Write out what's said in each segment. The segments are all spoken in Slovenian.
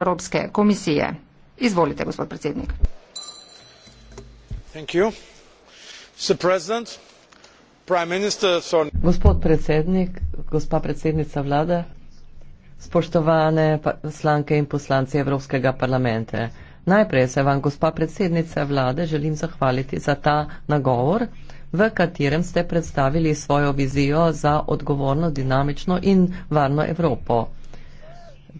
Evropske komisije. Izvolite, gospod predsednik. Gospod predsednik, gospa predsednica vlade, spoštovane poslanke in poslanci Evropskega parlamenta. Najprej se vam, gospa predsednica vlade, želim zahvaliti za ta nagovor, v katerem ste predstavili svojo vizijo za odgovorno, dinamično in varno Evropo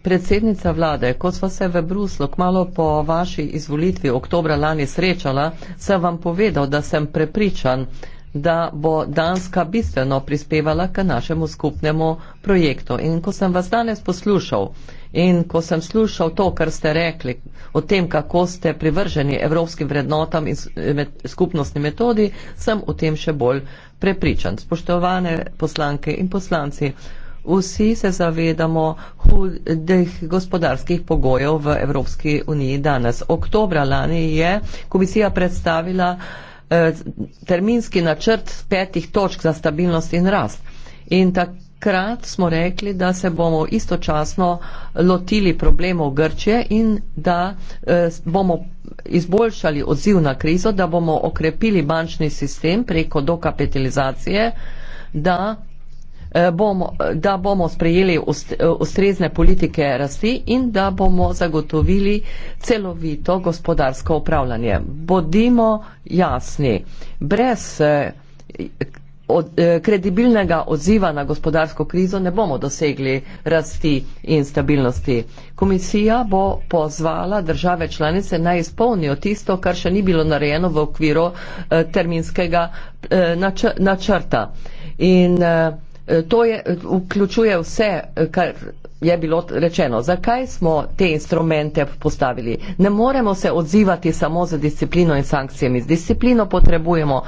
predsednica vlade, ko smo se v Bruslu kmalo po vaši izvolitvi oktobra lani srečala, sem vam povedal, da sem prepričan, da bo Danska bistveno prispevala k našemu skupnemu projektu. In ko sem vas danes poslušal in ko sem slušal to, kar ste rekli o tem, kako ste privrženi evropskim vrednotam in skupnostni metodi, sem o tem še bolj prepričan. Spoštovane poslanke in poslanci, Vsi se zavedamo hudih gospodarskih pogojev v Evropski uniji danes. Oktobra lani je komisija predstavila eh, terminski načrt petih točk za stabilnost in rast. In takrat smo rekli, da se bomo istočasno lotili problemov Grčije in da eh, bomo izboljšali odziv na krizo, da bomo okrepili bančni sistem preko dokapitalizacije, da Eh, bomo, da bomo sprejeli ustrezne politike rasti in da bomo zagotovili celovito gospodarsko upravljanje. Bodimo jasni, brez eh, od, eh, kredibilnega odziva na gospodarsko krizo ne bomo dosegli rasti in stabilnosti. Komisija bo pozvala države članice naj izpolnijo tisto, kar še ni bilo narejeno v okviru terminskega načrta. In uh, Eh, to je, eh, vključuje vse, eh, kar je bilo rečeno. Zakaj smo te instrumente postavili? Ne moremo se odzivati samo za disciplino in sankcijami. Z disciplino potrebujemo,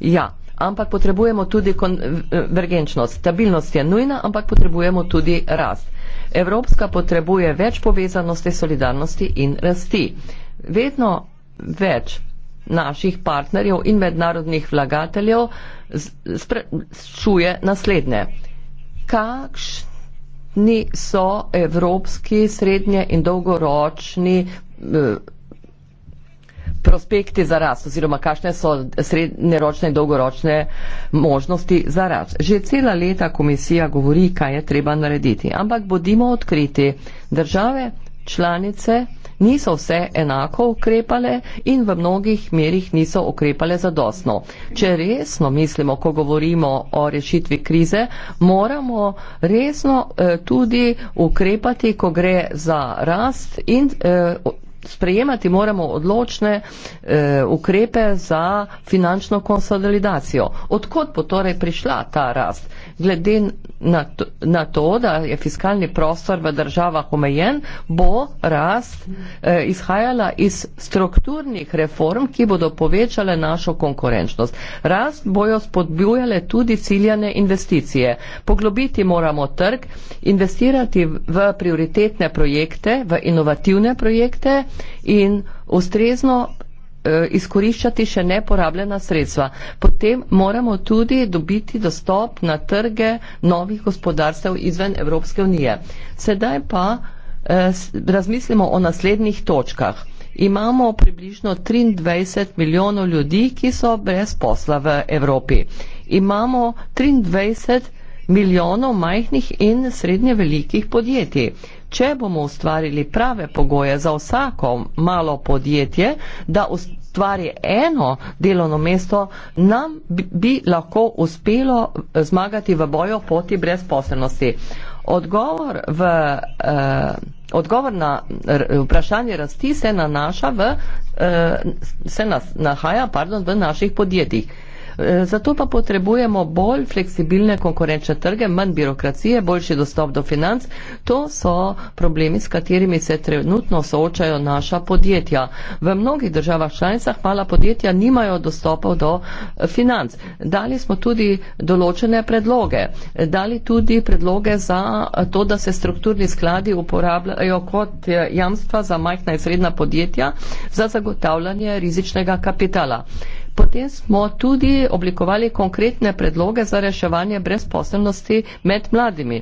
ja, ampak potrebujemo tudi konvergenčnost. Stabilnost je nujna, ampak potrebujemo tudi rast. Evropska potrebuje več povezanosti, solidarnosti in rasti. Vedno več naših partnerjev in mednarodnih vlagateljev čuje naslednje. Kakšni so evropski srednje in dolgoročni eh, prospekti za rast oziroma kakšne so srednjeročne in dolgoročne možnosti za rast. Že cela leta komisija govori, kaj je treba narediti, ampak bodimo odkriti. Države članice niso vse enako ukrepale in v mnogih merih niso ukrepale zadostno. Če resno mislimo, ko govorimo o rešitvi krize, moramo resno eh, tudi ukrepati, ko gre za rast in. Eh, Sprejemati moramo odločne e, ukrepe za finančno konsolidacijo. Odkot bo torej prišla ta rast? glede na to, na to, da je fiskalni prostor v državah omejen, bo rast eh, izhajala iz strukturnih reform, ki bodo povečale našo konkurenčnost. Rast bojo spodbujale tudi ciljane investicije. Poglobiti moramo trg, investirati v prioritetne projekte, v inovativne projekte in ustrezno Eh, izkoriščati še neporabljena sredstva. Potem moramo tudi dobiti dostop na trge novih gospodarstev izven Evropske unije. Sedaj pa eh, razmislimo o naslednjih točkah. Imamo približno 23 milijonov ljudi, ki so brez posla v Evropi. Imamo 23 milijonov milijonov majhnih in srednje velikih podjetij. Če bomo ustvarili prave pogoje za vsako malo podjetje, da ustvari eno delovno mesto, nam bi lahko uspelo eh, zmagati v boju poti brezposelnosti. Odgovor, v, eh, odgovor na vprašanje rasti se, nanaša v, eh, se nas, nahaja pardon, v naših podjetjih. Eh, zato pa potrebujemo bolj fleksibilne konkurenčne trge, manj birokracije, boljši dostop do financ. To so problemi, s katerimi se trenutno soočajo naša podjetja. V mnogih državah članicah mala podjetja nimajo dostopov do eh, financ. Dali smo tudi določene predloge. Dali tudi predloge za eh, to, da se strukturni skladi uporabljajo kot jamstva za majhna in srednja podjetja za zagotavljanje rizičnega kapitala. Potem smo tudi oblikovali konkretne predloge za reševanje brezposobnosti med mladimi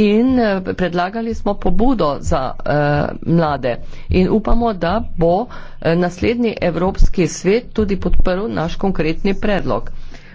in eh, predlagali smo pobudo za eh, mlade in upamo, da bo eh, naslednji Evropski svet tudi podprl naš konkretni predlog.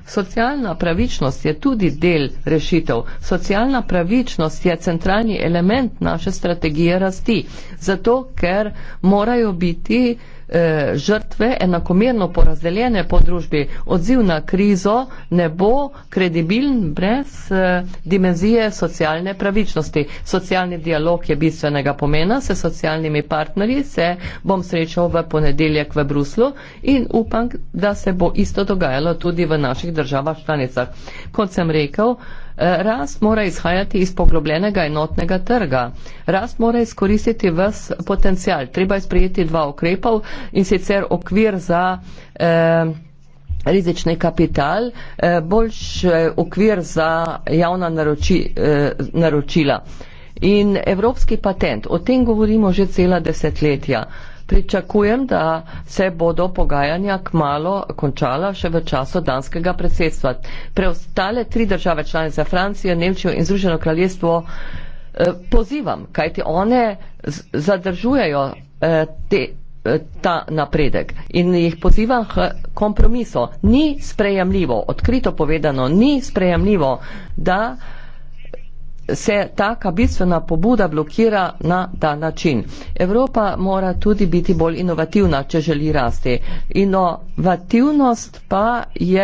Socialna pravičnost je tudi del rešitev. Socialna pravičnost je centralni element naše strategije rasti, zato ker morajo biti eh, Eh, žrtve enakomerno porazdeljene po družbi. Odziv na krizo ne bo kredibilen brez eh, dimenzije socialne pravičnosti. Socialni dialog je bistvenega pomena, se socialnimi partnerji se bom srečal v ponedeljek v Bruslu in upam, da se bo isto dogajalo tudi v naših državah članicah. Kot sem rekel, Eh, rast mora izhajati iz poglobljenega enotnega trga. Rast mora izkoristiti ves potencial. Treba je sprejeti dva ukrepov in sicer okvir za eh, rizični kapital, eh, boljši okvir za javna naroči, eh, naročila. In evropski patent, o tem govorimo že cela desetletja. Eh, Pričakujem, da se bodo pogajanja kmalo končala še v času danskega predsedstva. Preostale tri države članice Francije, Nemčijo in Združeno kraljestvo eh, pozivam, kajti one zadržujejo eh, te, eh, ta napredek in jih pozivam k kompromisu. Ni sprejemljivo, odkrito povedano, ni sprejemljivo, da se taka bistvena pobuda blokira na ta način. Evropa mora tudi biti bolj inovativna, če želi rasti. Inovativnost pa je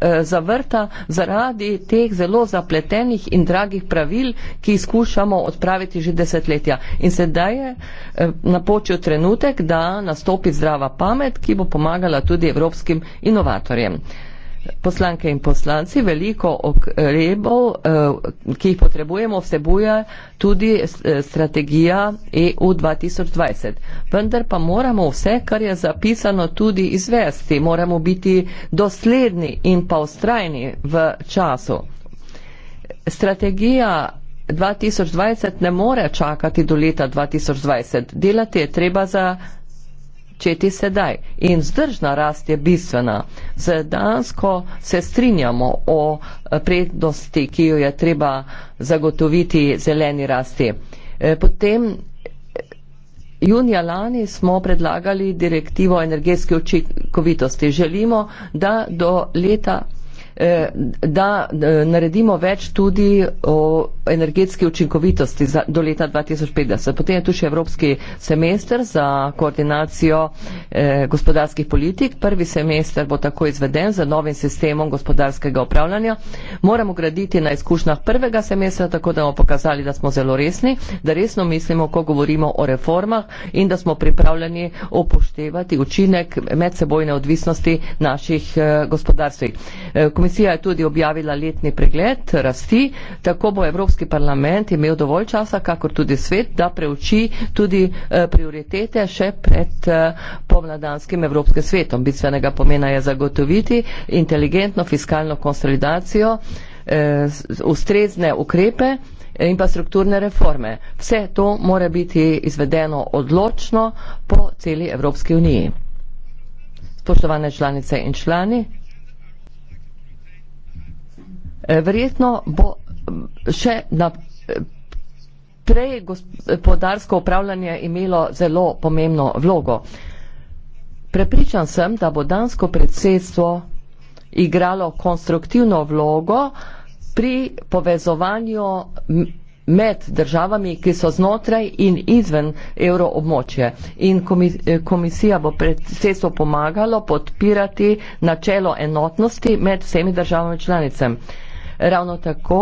eh, zavrta zaradi teh zelo zapletenih in dragih pravil, ki jih skušamo odpraviti že desetletja. In sedaj je eh, napočil trenutek, da nastopi zdrava pamet, ki bo pomagala tudi evropskim inovatorjem poslanke in poslanci, veliko okrebov, eh, ki jih potrebujemo, vsebuje tudi eh, strategija EU 2020. Vendar pa moramo vse, kar je zapisano, tudi izvesti. Moramo biti dosledni in pa ustrajni v času. Strategija 2020 ne more čakati do leta 2020. Delati je treba za začeti sedaj. In zdržna rast je bistvena. Zdansko se strinjamo o eh, prednosti, ki jo je treba zagotoviti zeleni rasti. Eh, potem eh, junija lani smo predlagali direktivo energetske učinkovitosti. Želimo, da do leta da naredimo več tudi o energetski učinkovitosti za, do leta 2050. Potem je tu še Evropski semester za koordinacijo eh, gospodarskih politik. Prvi semester bo tako izveden za novim sistemom gospodarskega upravljanja. Moramo graditi na izkušnjah prvega semestra, tako da bomo pokazali, da smo zelo resni, da resno mislimo, ko govorimo o reformah in da smo pripravljeni upoštevati učinek medsebojne odvisnosti naših eh, gospodarstv. Eh, komisija je tudi objavila letni pregled rasti, tako bo Evropski Evropski parlament imel dovolj časa, kakor tudi svet, da preuči tudi eh, prioritete še pred eh, pomladanskim Evropskim svetom. Bistvenega pomena je zagotoviti inteligentno fiskalno konsolidacijo, eh, ustrezne ukrepe in pa strukturne reforme. Vse to mora biti izvedeno odločno po celi Evropski uniji. Spoštovane članice in člani, verjetno bo še na prej gospodarsko upravljanje imelo zelo pomembno vlogo. Prepričan sem, da bo dansko predsedstvo igralo konstruktivno vlogo pri povezovanju med državami, ki so znotraj in izven euroobmočje. In komisija bo predsedstvo pomagalo podpirati načelo enotnosti med vsemi državami članicem. Ravno tako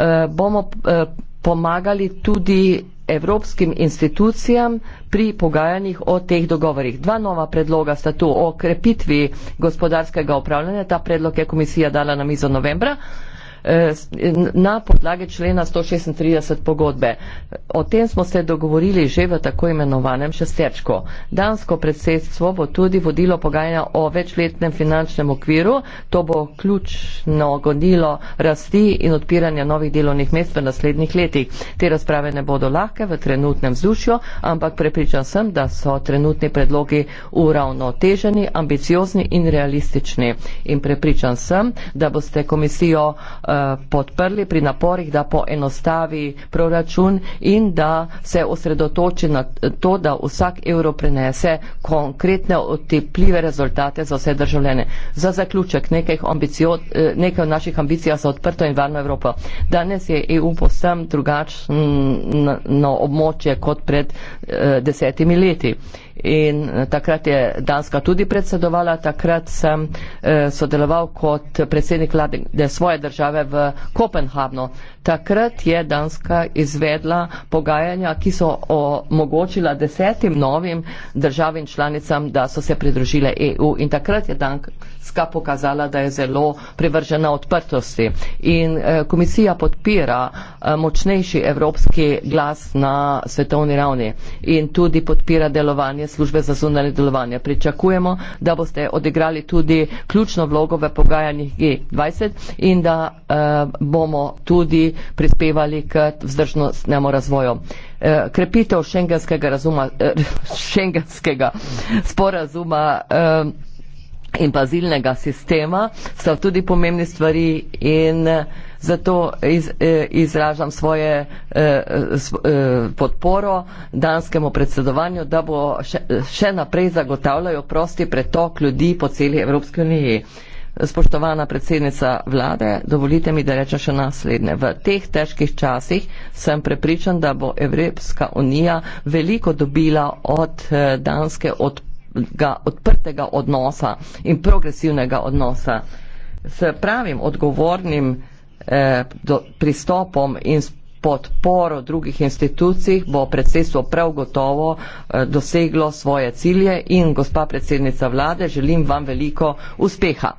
Eh, bomo eh, pomagali tudi evropskim institucijam pri pogajanjih o teh dogovorih. Dva nova predloga sta tu o krepitvi gospodarskega upravljanja. Ta predlog je komisija dala na mizo novembra na podlage člena 136 pogodbe. O tem smo se dogovorili že v tako imenovanem šesterčku. Dansko predsedstvo bo tudi vodilo pogajanja o večletnem finančnem okviru. To bo ključno gonilo rasti in odpiranja novih delovnih mest v naslednjih letih. Te razprave ne bodo lahke v trenutnem vzdušju, ampak prepričan sem, da so trenutni predlogi uravnoteženi, ambiciozni in realistični. In prepričan sem, da boste komisijo uh, Eh, podprli pri naporih, da poenostavi proračun in da se osredotoči na to, da vsak evro prenese konkretne otepljive rezultate za vse državljane. Za zaključek nekaj eh, naših ambicij za odprto in varno Evropo. Danes je EU posem drugačno območje kot pred eh, desetimi leti in eh, takrat je Danska tudi predsedovala, takrat sem eh, sodeloval kot predsednik vlade eh, svoje države v Kopenhavnu. Takrat je Danska izvedla pogajanja, ki so omogočila desetim novim državim članicam, da so se pridružile EU in takrat je Danska pokazala, da je zelo privržena odprtosti. In eh, komisija podpira eh, močnejši evropski glas na svetovni ravni in tudi podpira delovanje službe za zunanje delovanje. Pričakujemo, da boste odigrali tudi ključno vlogo v pogajanjih G20 in da eh, bomo tudi prispevali k vzdržnostnemu razvoju. Eh, krepitev šengenskega, razuma, eh, šengenskega sporazuma eh, in pazilnega sistema so tudi pomembni stvari in zato iz, izražam svoje podporo danskemu predsedovanju, da bo še, še naprej zagotavljajo prosti pretok ljudi po celi Evropske unije spoštovana predsednica vlade, dovolite mi, da rečem še naslednje. V teh težkih časih sem prepričan, da bo Evropska unija veliko dobila od eh, Danske od, ga, odprtega odnosa in progresivnega odnosa s pravim odgovornim eh, do, pristopom in s podporo drugih institucij bo predsedstvo prav gotovo eh, doseglo svoje cilje in gospa predsednica vlade, želim vam veliko uspeha.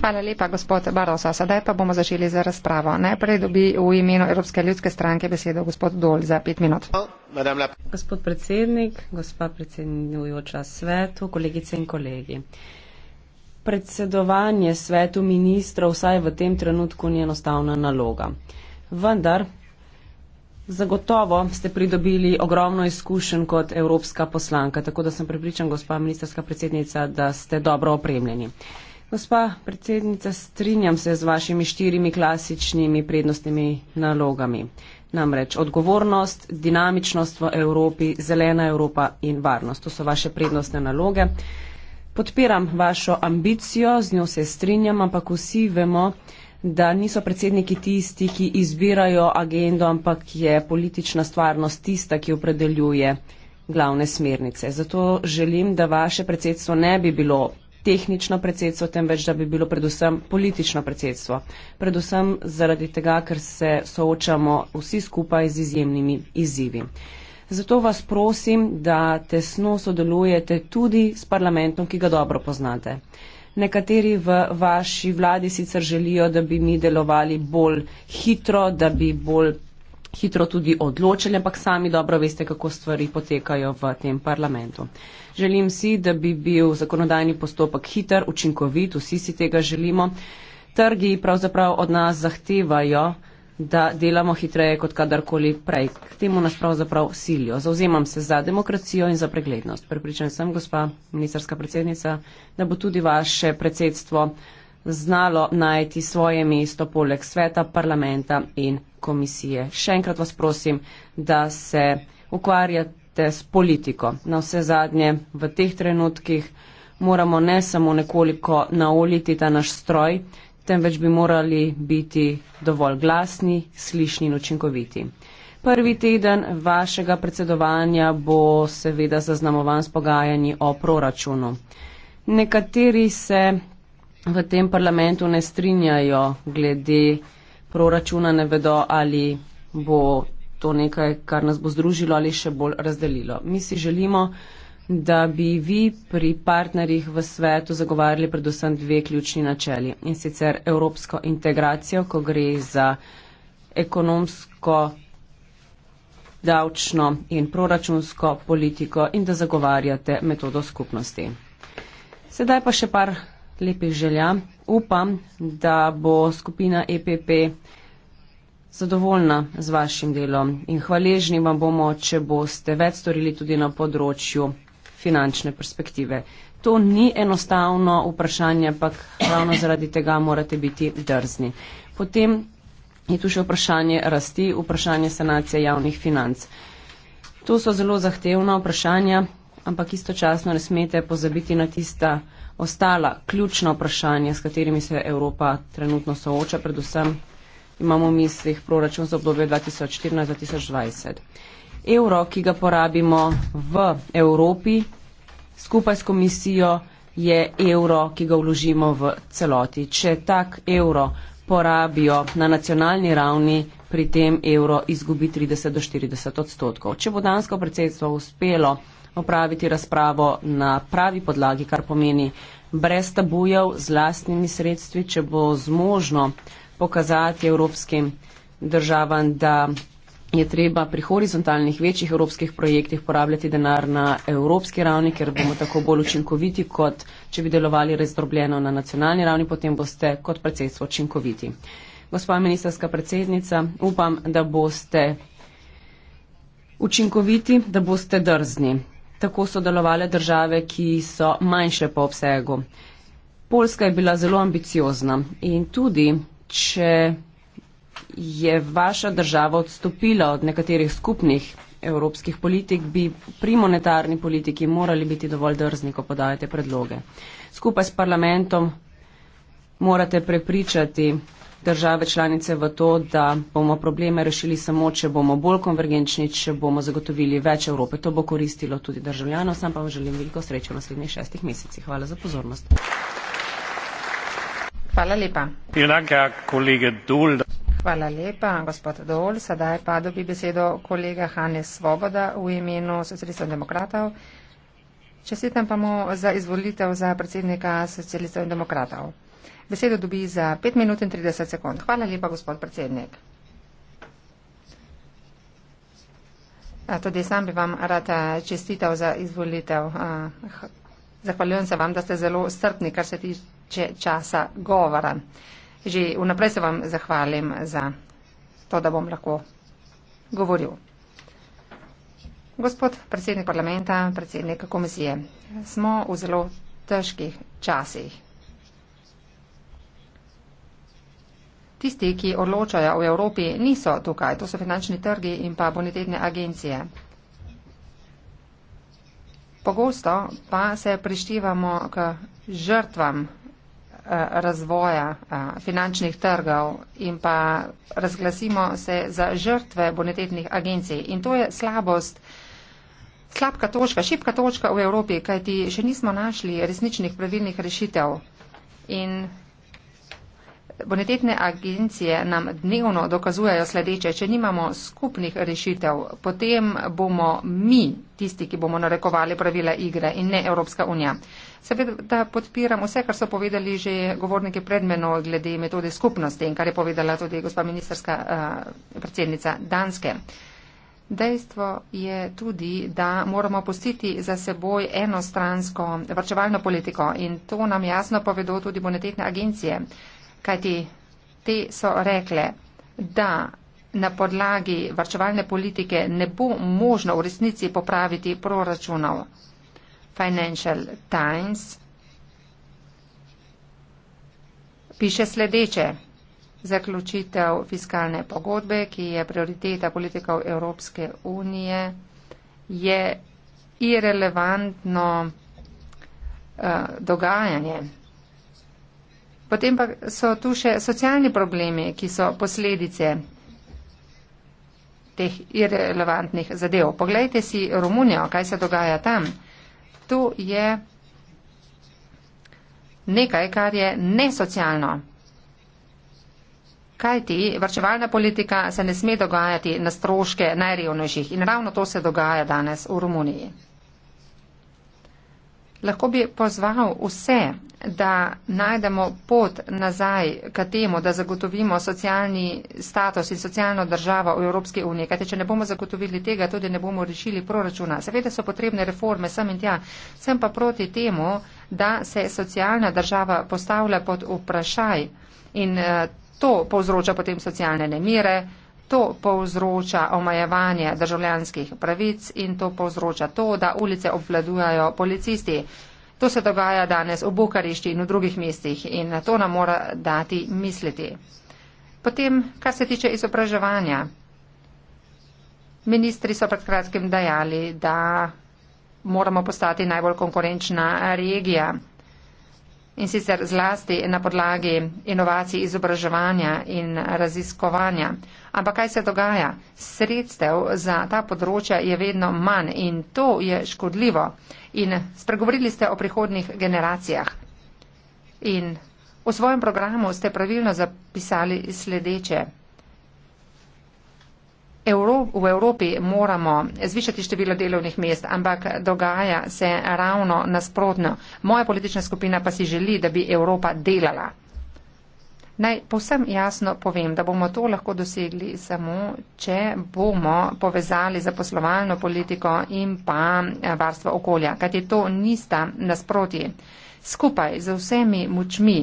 Hvala lepa, gospod Barosa. Sedaj pa bomo začeli z za razpravo. Najprej dobi v imenu Evropske ljudske stranke besedo gospod Dol za pet minut. Gospod predsednik, gospa predsednjujoča svetu, kolegice in kolegi predsedovanje svetu ministra vsaj v tem trenutku ni enostavna naloga. Vendar, zagotovo ste pridobili ogromno izkušenj kot evropska poslanka, tako da sem pripričan, gospa ministerska predsednica, da ste dobro opremljeni. Gospa predsednica, strinjam se z vašimi štirimi klasičnimi prednostnimi nalogami. Namreč odgovornost, dinamičnost v Evropi, zelena Evropa in varnost. To so vaše prednostne naloge. Podpiram vašo ambicijo, z njo se strinjam, ampak vsi vemo, da niso predsedniki tisti, ki izbirajo agendo, ampak je politična stvarnost tista, ki opredeljuje glavne smernice. Zato želim, da vaše predsedstvo ne bi bilo tehnično predsedstvo, temveč da bi bilo predvsem politično predsedstvo. Predvsem zaradi tega, ker se soočamo vsi skupaj z izjemnimi izzivi. Zato vas prosim, da tesno sodelujete tudi s parlamentom, ki ga dobro poznate. Nekateri v vaši vladi sicer želijo, da bi mi delovali bolj hitro, da bi bolj hitro tudi odločili, ampak sami dobro veste, kako stvari potekajo v tem parlamentu. Želim si, da bi bil zakonodajni postopek hiter, učinkovit, vsi si tega želimo. Trgi pravzaprav od nas zahtevajo, da delamo hitreje kot kadarkoli prej. K temu nas pravzaprav silijo. Zauzemam se za demokracijo in za preglednost. Pripričan sem, gospa ministerska predsednica, da bo tudi vaše predsedstvo znalo najti svoje mesto poleg sveta, parlamenta in komisije. Še enkrat vas prosim, da se ukvarjate s politiko. Na vse zadnje v teh trenutkih moramo ne samo nekoliko naoliti ta naš stroj, temveč bi morali biti dovolj glasni, slišni in učinkoviti. Prvi teden vašega predsedovanja bo seveda zaznamovan s pogajanji o proračunu. Nekateri se v tem parlamentu ne strinjajo glede proračuna, ne vedo, ali bo to nekaj, kar nas bo združilo ali še bolj razdelilo. Mi si želimo, da bi vi pri partnerjih v svetu zagovarjali predvsem dve ključni načeli in sicer evropsko integracijo, ko gre za ekonomsko, davčno in proračunsko politiko in da zagovarjate metodo skupnosti. Sedaj pa še par lepih želja. Upam, da bo skupina EPP zadovoljna z vašim delom in hvaležni vam bomo, če boste več storili tudi na področju finančne perspektive. To ni enostavno vprašanje, ampak ravno zaradi tega morate biti drzni. Potem je tu še vprašanje rasti, vprašanje sanacije javnih financ. To so zelo zahtevna vprašanja, ampak istočasno ne smete pozabiti na tista ostala ključna vprašanja, s katerimi se Evropa trenutno sooča, predvsem imamo v mislih proračun za obdobje 2014-2020 evro, ki ga porabimo v Evropi, skupaj s komisijo je evro, ki ga vložimo v celoti. Če tak evro porabijo na nacionalni ravni, pri tem evro izgubi 30 do 40 odstotkov. Če bo dansko predsedstvo uspelo opraviti razpravo na pravi podlagi, kar pomeni brez tabujev z lastnimi sredstvi, če bo zmožno pokazati evropskim državam, da je treba pri horizontalnih večjih evropskih projektih porabljati denar na evropski ravni, ker bomo tako bolj učinkoviti, kot če bi delovali razdrobljeno na nacionalni ravni, potem boste kot predsedstvo učinkoviti. Gospa ministerska predsednica, upam, da boste učinkoviti, da boste drzni. Tako so delovale države, ki so manjše po obsegu. Poljska je bila zelo ambiciozna in tudi, če je vaša država odstopila od nekaterih skupnih evropskih politik, bi pri monetarni politiki morali biti dovolj drzni, ko podajate predloge. Skupaj s parlamentom morate prepričati države članice v to, da bomo probleme rešili samo, če bomo bolj konvergenčni, če bomo zagotovili več Evrope. To bo koristilo tudi državljanom. Sam pa vam želim veliko sreče v naslednjih šestih mesecih. Hvala za pozornost. Hvala lepa. Hvala lepa. Hvala lepa, gospod Dol. Sedaj pa dobi besedo kolega Hanes Svoboda v imenu socialistov in demokratov. Čestitam pa mu za izvolitev za predsednika socialistov in demokratov. Besedo dobi za 5 minut in 30 sekund. Hvala lepa, gospod predsednik. Tudi sam bi vam rada čestitev za izvolitev. Zahvaljujem se vam, da ste zelo strpni, kar se tiče časa govora. Že vnaprej se vam zahvalim za to, da bom lahko govoril. Gospod predsednik parlamenta, predsednik komisije, smo v zelo težkih časih. Tisti, ki odločajo v Evropi, niso tukaj. To so finančni trgi in pa bonitetne agencije. Pogosto pa se prištivamo k žrtvam Eh, razvoja eh, finančnih trgov in pa razglasimo se za žrtve bonitetnih agencij. In to je slabost, slabka točka, šipka točka v Evropi, kajti še nismo našli resničnih pravilnih rešitev. In bonitetne agencije nam dnevno dokazujejo sledeče, če nimamo skupnih rešitev, potem bomo mi tisti, ki bomo narekovali pravila igre in ne Evropska unija. Seveda podpiram vse, kar so povedali že govorniki pred menoj glede metode skupnosti in kar je povedala tudi gospa ministerska eh, predsednica Danske. Dejstvo je tudi, da moramo pustiti za seboj enostransko vrčevalno politiko in to nam jasno povedo tudi bonitetne agencije, kajti te so rekle, da na podlagi vrčevalne politike ne bo možno v resnici popraviti proračunov. Financial Times piše sledeče. Zaključitev fiskalne pogodbe, ki je prioriteta politikov Evropske unije, je irrelevantno uh, eh, dogajanje. Potem pa so tu še socialni problemi, ki so posledice teh irrelevantnih zadev. Poglejte si Romunijo, kaj se dogaja tam to je nekaj, kar je nesocialno. Kaj ti, vrčevalna politika se ne sme dogajati na stroške najrevnejših in ravno to se dogaja danes v Romuniji. Lahko bi pozval vse, da najdemo pot nazaj k temu, da zagotovimo socialni status in socialno državo v Evropski uniji. Kajte, če ne bomo zagotovili tega, tudi ne bomo rešili proračuna. Seveda so potrebne reforme sem in tja. Sem pa proti temu, da se socialna država postavlja pod vprašaj in eh, to povzroča potem socialne nemire, To povzroča omajevanje državljanskih pravic in to povzroča to, da ulice obvladujajo policisti. To se dogaja danes v Bukarišti in v drugih mestih in na to nam mora dati misliti. Potem, kar se tiče izobraževanja. Ministri so pred kratkim dejali, da moramo postati najbolj konkurenčna regija in sicer zlasti na podlagi inovacij izobraževanja in raziskovanja. Ampak kaj se dogaja? Sredstev za ta področja je vedno manj in to je škodljivo. In spregovorili ste o prihodnih generacijah. In v svojem programu ste pravilno zapisali sledeče v Evropi moramo zvišati število delovnih mest, ampak dogaja se ravno nasprotno. Moja politična skupina pa si želi, da bi Evropa delala. Naj povsem jasno povem, da bomo to lahko dosegli samo, če bomo povezali zaposlovalno politiko in pa varstvo okolja, kajti to nista nasproti. Skupaj z vsemi močmi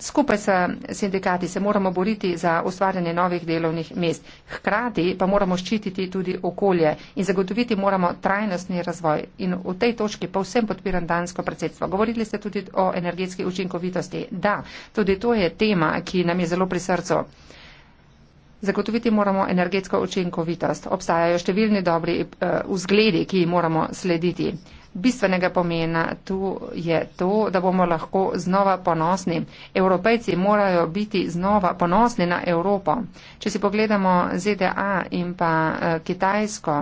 Skupaj s sindikati se moramo boriti za ustvarjanje novih delovnih mest. Hkrati pa moramo ščititi tudi okolje in zagotoviti moramo trajnostni razvoj. In v tej točki povsem podpiram dansko predsedstvo. Govorili ste tudi o energetski učinkovitosti. Da, tudi to je tema, ki nam je zelo pri srcu. Zagotoviti moramo energetsko učinkovitost. Obstajajo številni dobri eh, vzgledi, uh, ki jih moramo slediti. Bistvenega pomena tu je to, da bomo lahko znova ponosni. Evropejci morajo biti znova ponosni na Evropo. Če si pogledamo ZDA in pa eh, Kitajsko,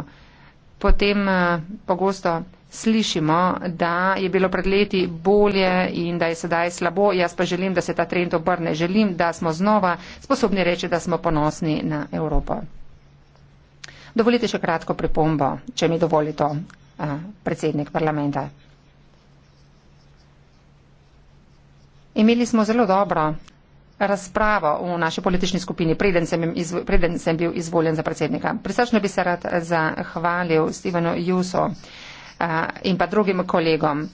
potem eh, pogosto slišimo, da je bilo pred leti bolje in da je sedaj slabo. Jaz pa želim, da se ta trend obrne. Želim, da smo znova sposobni reči, da smo ponosni na Evropo. Dovolite še kratko pripombo, če mi dovolite. Eh, predsednik parlamenta. Imeli smo zelo dobro razpravo v naši politični skupini, preden sem, izvo, preden sem bil izvoljen za predsednika. Prisrčno bi se rad zahvalil Stevenu Juso eh, in pa drugim kolegom.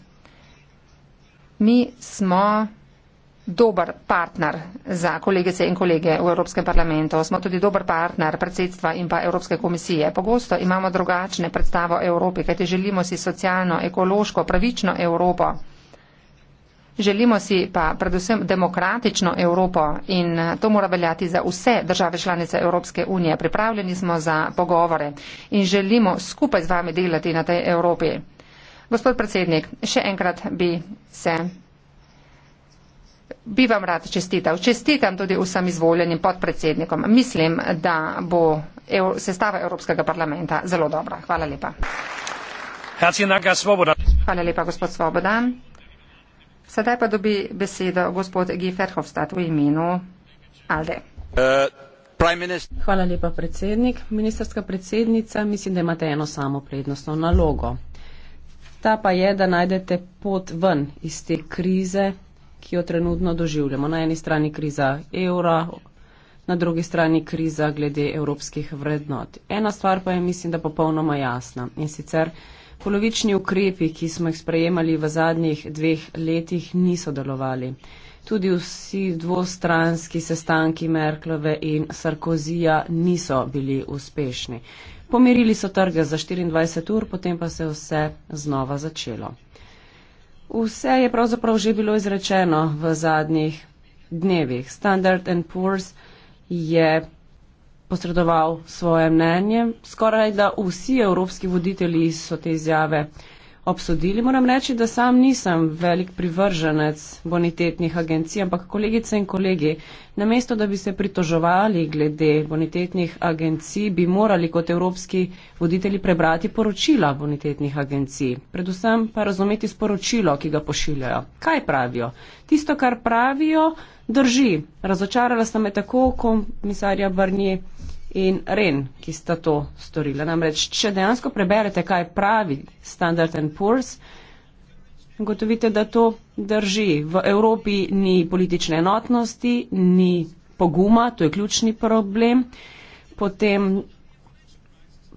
Mi smo dober partner za kolegice in kolege v Evropskem parlamentu. Smo tudi dober partner predsedstva in pa Evropske komisije. Pogosto imamo drugačne predstavo Evropi, kajti želimo si socialno, ekološko, pravično Evropo. Želimo si pa predvsem demokratično Evropo in to mora veljati za vse države članice Evropske unije. Pripravljeni smo za pogovore in želimo skupaj z vami delati na tej Evropi. Gospod predsednik, še enkrat bi se Bi vam rad čestital. Čestitam tudi vsem izvoljenim podpredsednikom. Mislim, da bo sestava Evropskega parlamenta zelo dobra. Hvala lepa. Hvala lepa, gospod Svoboda. Sedaj pa dobi besedo gospod G. Ferhofstadt v imenu Alde. Eh, Hvala lepa, predsednik. Ministrska predsednica, mislim, da imate eno samo prednostno nalogo. Ta pa je, da najdete pot ven iz te krize ki jo trenutno doživljamo. Na eni strani kriza evra, na drugi strani kriza glede evropskih vrednot. Ena stvar pa je, mislim, da popolnoma jasna in sicer polovični ukrepi, ki smo jih sprejemali v zadnjih dveh letih, niso delovali. Tudi vsi dvostranski sestanki Merklove in Sarkozija niso bili uspešni. Pomirili so trge za 24 ur, potem pa se je vse znova začelo. Vse je pravzaprav že bilo izrečeno v zadnjih dnevih. Standard and Poor's je posredoval svoje mnenje. Skoraj da vsi evropski voditelji so te izjave obsodili. Moram reči, da sam nisem velik privrženec bonitetnih agencij, ampak kolegice in kolegi, namesto da bi se pritoževali glede bonitetnih agencij, bi morali kot evropski voditelji prebrati poročila bonitetnih agencij, predvsem pa razumeti sporočilo, ki ga pošiljajo. Kaj pravijo? Tisto, kar pravijo, drži. Razočarala sta me tako komisarja Barni in REN, ki sta to storila. Namreč, če dejansko preberete, kaj pravi Standard Poor's, gotovite, da to drži. V Evropi ni politične enotnosti, ni poguma, to je ključni problem. Potem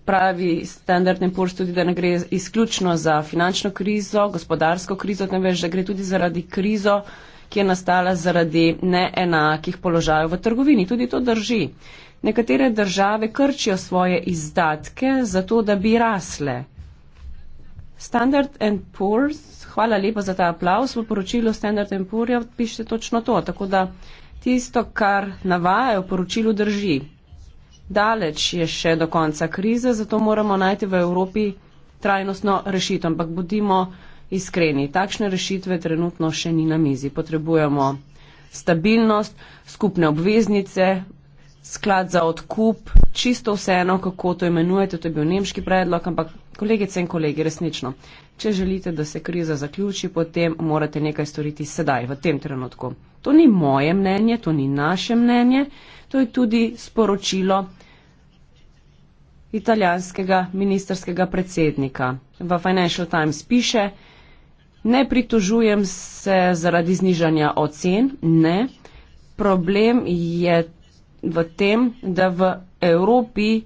pravi Standard Poor's tudi, da ne gre izključno za finančno krizo, gospodarsko krizo, temveč, da gre tudi zaradi krizo, ki je nastala zaradi neenakih položajev v trgovini. Tudi to drži nekatere države krčijo svoje izdatke, zato da bi rasle. Standard and Poor's, hvala lepa za ta aplaus, v poročilu Standard and Poor's piše točno to, tako da tisto, kar navajajo v poročilu, drži. Daleč je še do konca krize, zato moramo najti v Evropi trajnostno rešitev, ampak bodimo iskreni, takšne rešitve trenutno še ni na mizi. Potrebujemo stabilnost, skupne obveznice, sklad za odkup, čisto vseeno, kako to imenujete, to je bil nemški predlog, ampak kolegice in kolegi, resnično, če želite, da se kriza zaključi, potem morate nekaj storiti sedaj, v tem trenutku. To ni moje mnenje, to ni naše mnenje, to je tudi sporočilo italijanskega ministerskega predsednika. V Financial Times piše, ne pritožujem se zaradi znižanja ocen, ne. Problem je v tem, da v Evropi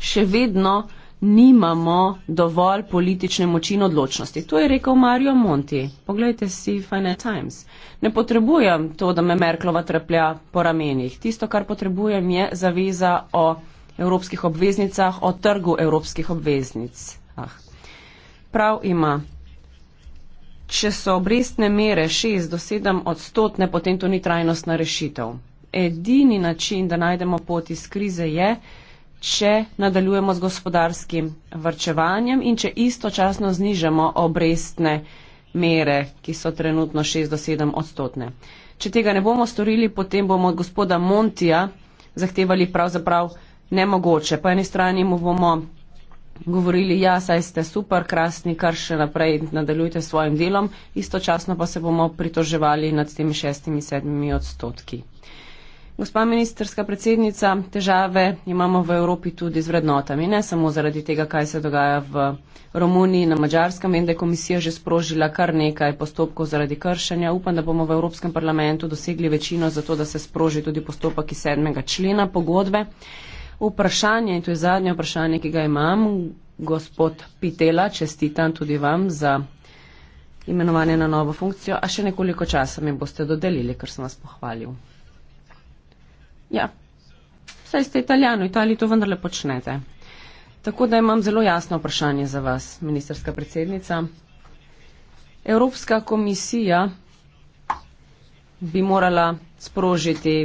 še vedno nimamo dovolj politične moči in odločnosti. To je rekel Mario Monti. Poglejte si Financial Times. Ne potrebujem to, da me Merklova treplja po ramenih. Tisto, kar potrebujem, je zaveza o evropskih obveznicah, o trgu evropskih obveznic. Ah. Prav ima. Če so obrestne mere 6 do 7 odstotne, potem to ni trajnostna rešitev edini način, da najdemo pot iz krize, je, če nadaljujemo z gospodarskim vrčevanjem in če istočasno znižamo obrestne mere, ki so trenutno 6 do 7 odstotne. Če tega ne bomo storili, potem bomo od gospoda Montija zahtevali pravzaprav nemogoče. Po eni strani mu bomo govorili, ja, saj ste super, krasni, kar še naprej nadaljujte s svojim delom, istočasno pa se bomo pritoževali nad temi šestimi, sedmimi odstotki. Gospa ministerska predsednica, težave imamo v Evropi tudi z vrednotami, ne samo zaradi tega, kaj se dogaja v Romuniji, na Mačarskem. Vem, da je komisija že sprožila kar nekaj postopkov zaradi kršenja. Upam, da bomo v Evropskem parlamentu dosegli večino za to, da se sproži tudi postopek iz sedmega člena pogodbe. Vprašanje, in to je zadnje vprašanje, ki ga imam, gospod Pitela, čestitam tudi vam za imenovanje na novo funkcijo, a še nekoliko časa mi boste dodelili, ker sem vas pohvalil. Ja, saj ste Italijan, v Italiji to vendarle počnete. Tako da imam zelo jasno vprašanje za vas, ministerska predsednica. Evropska komisija bi morala sprožiti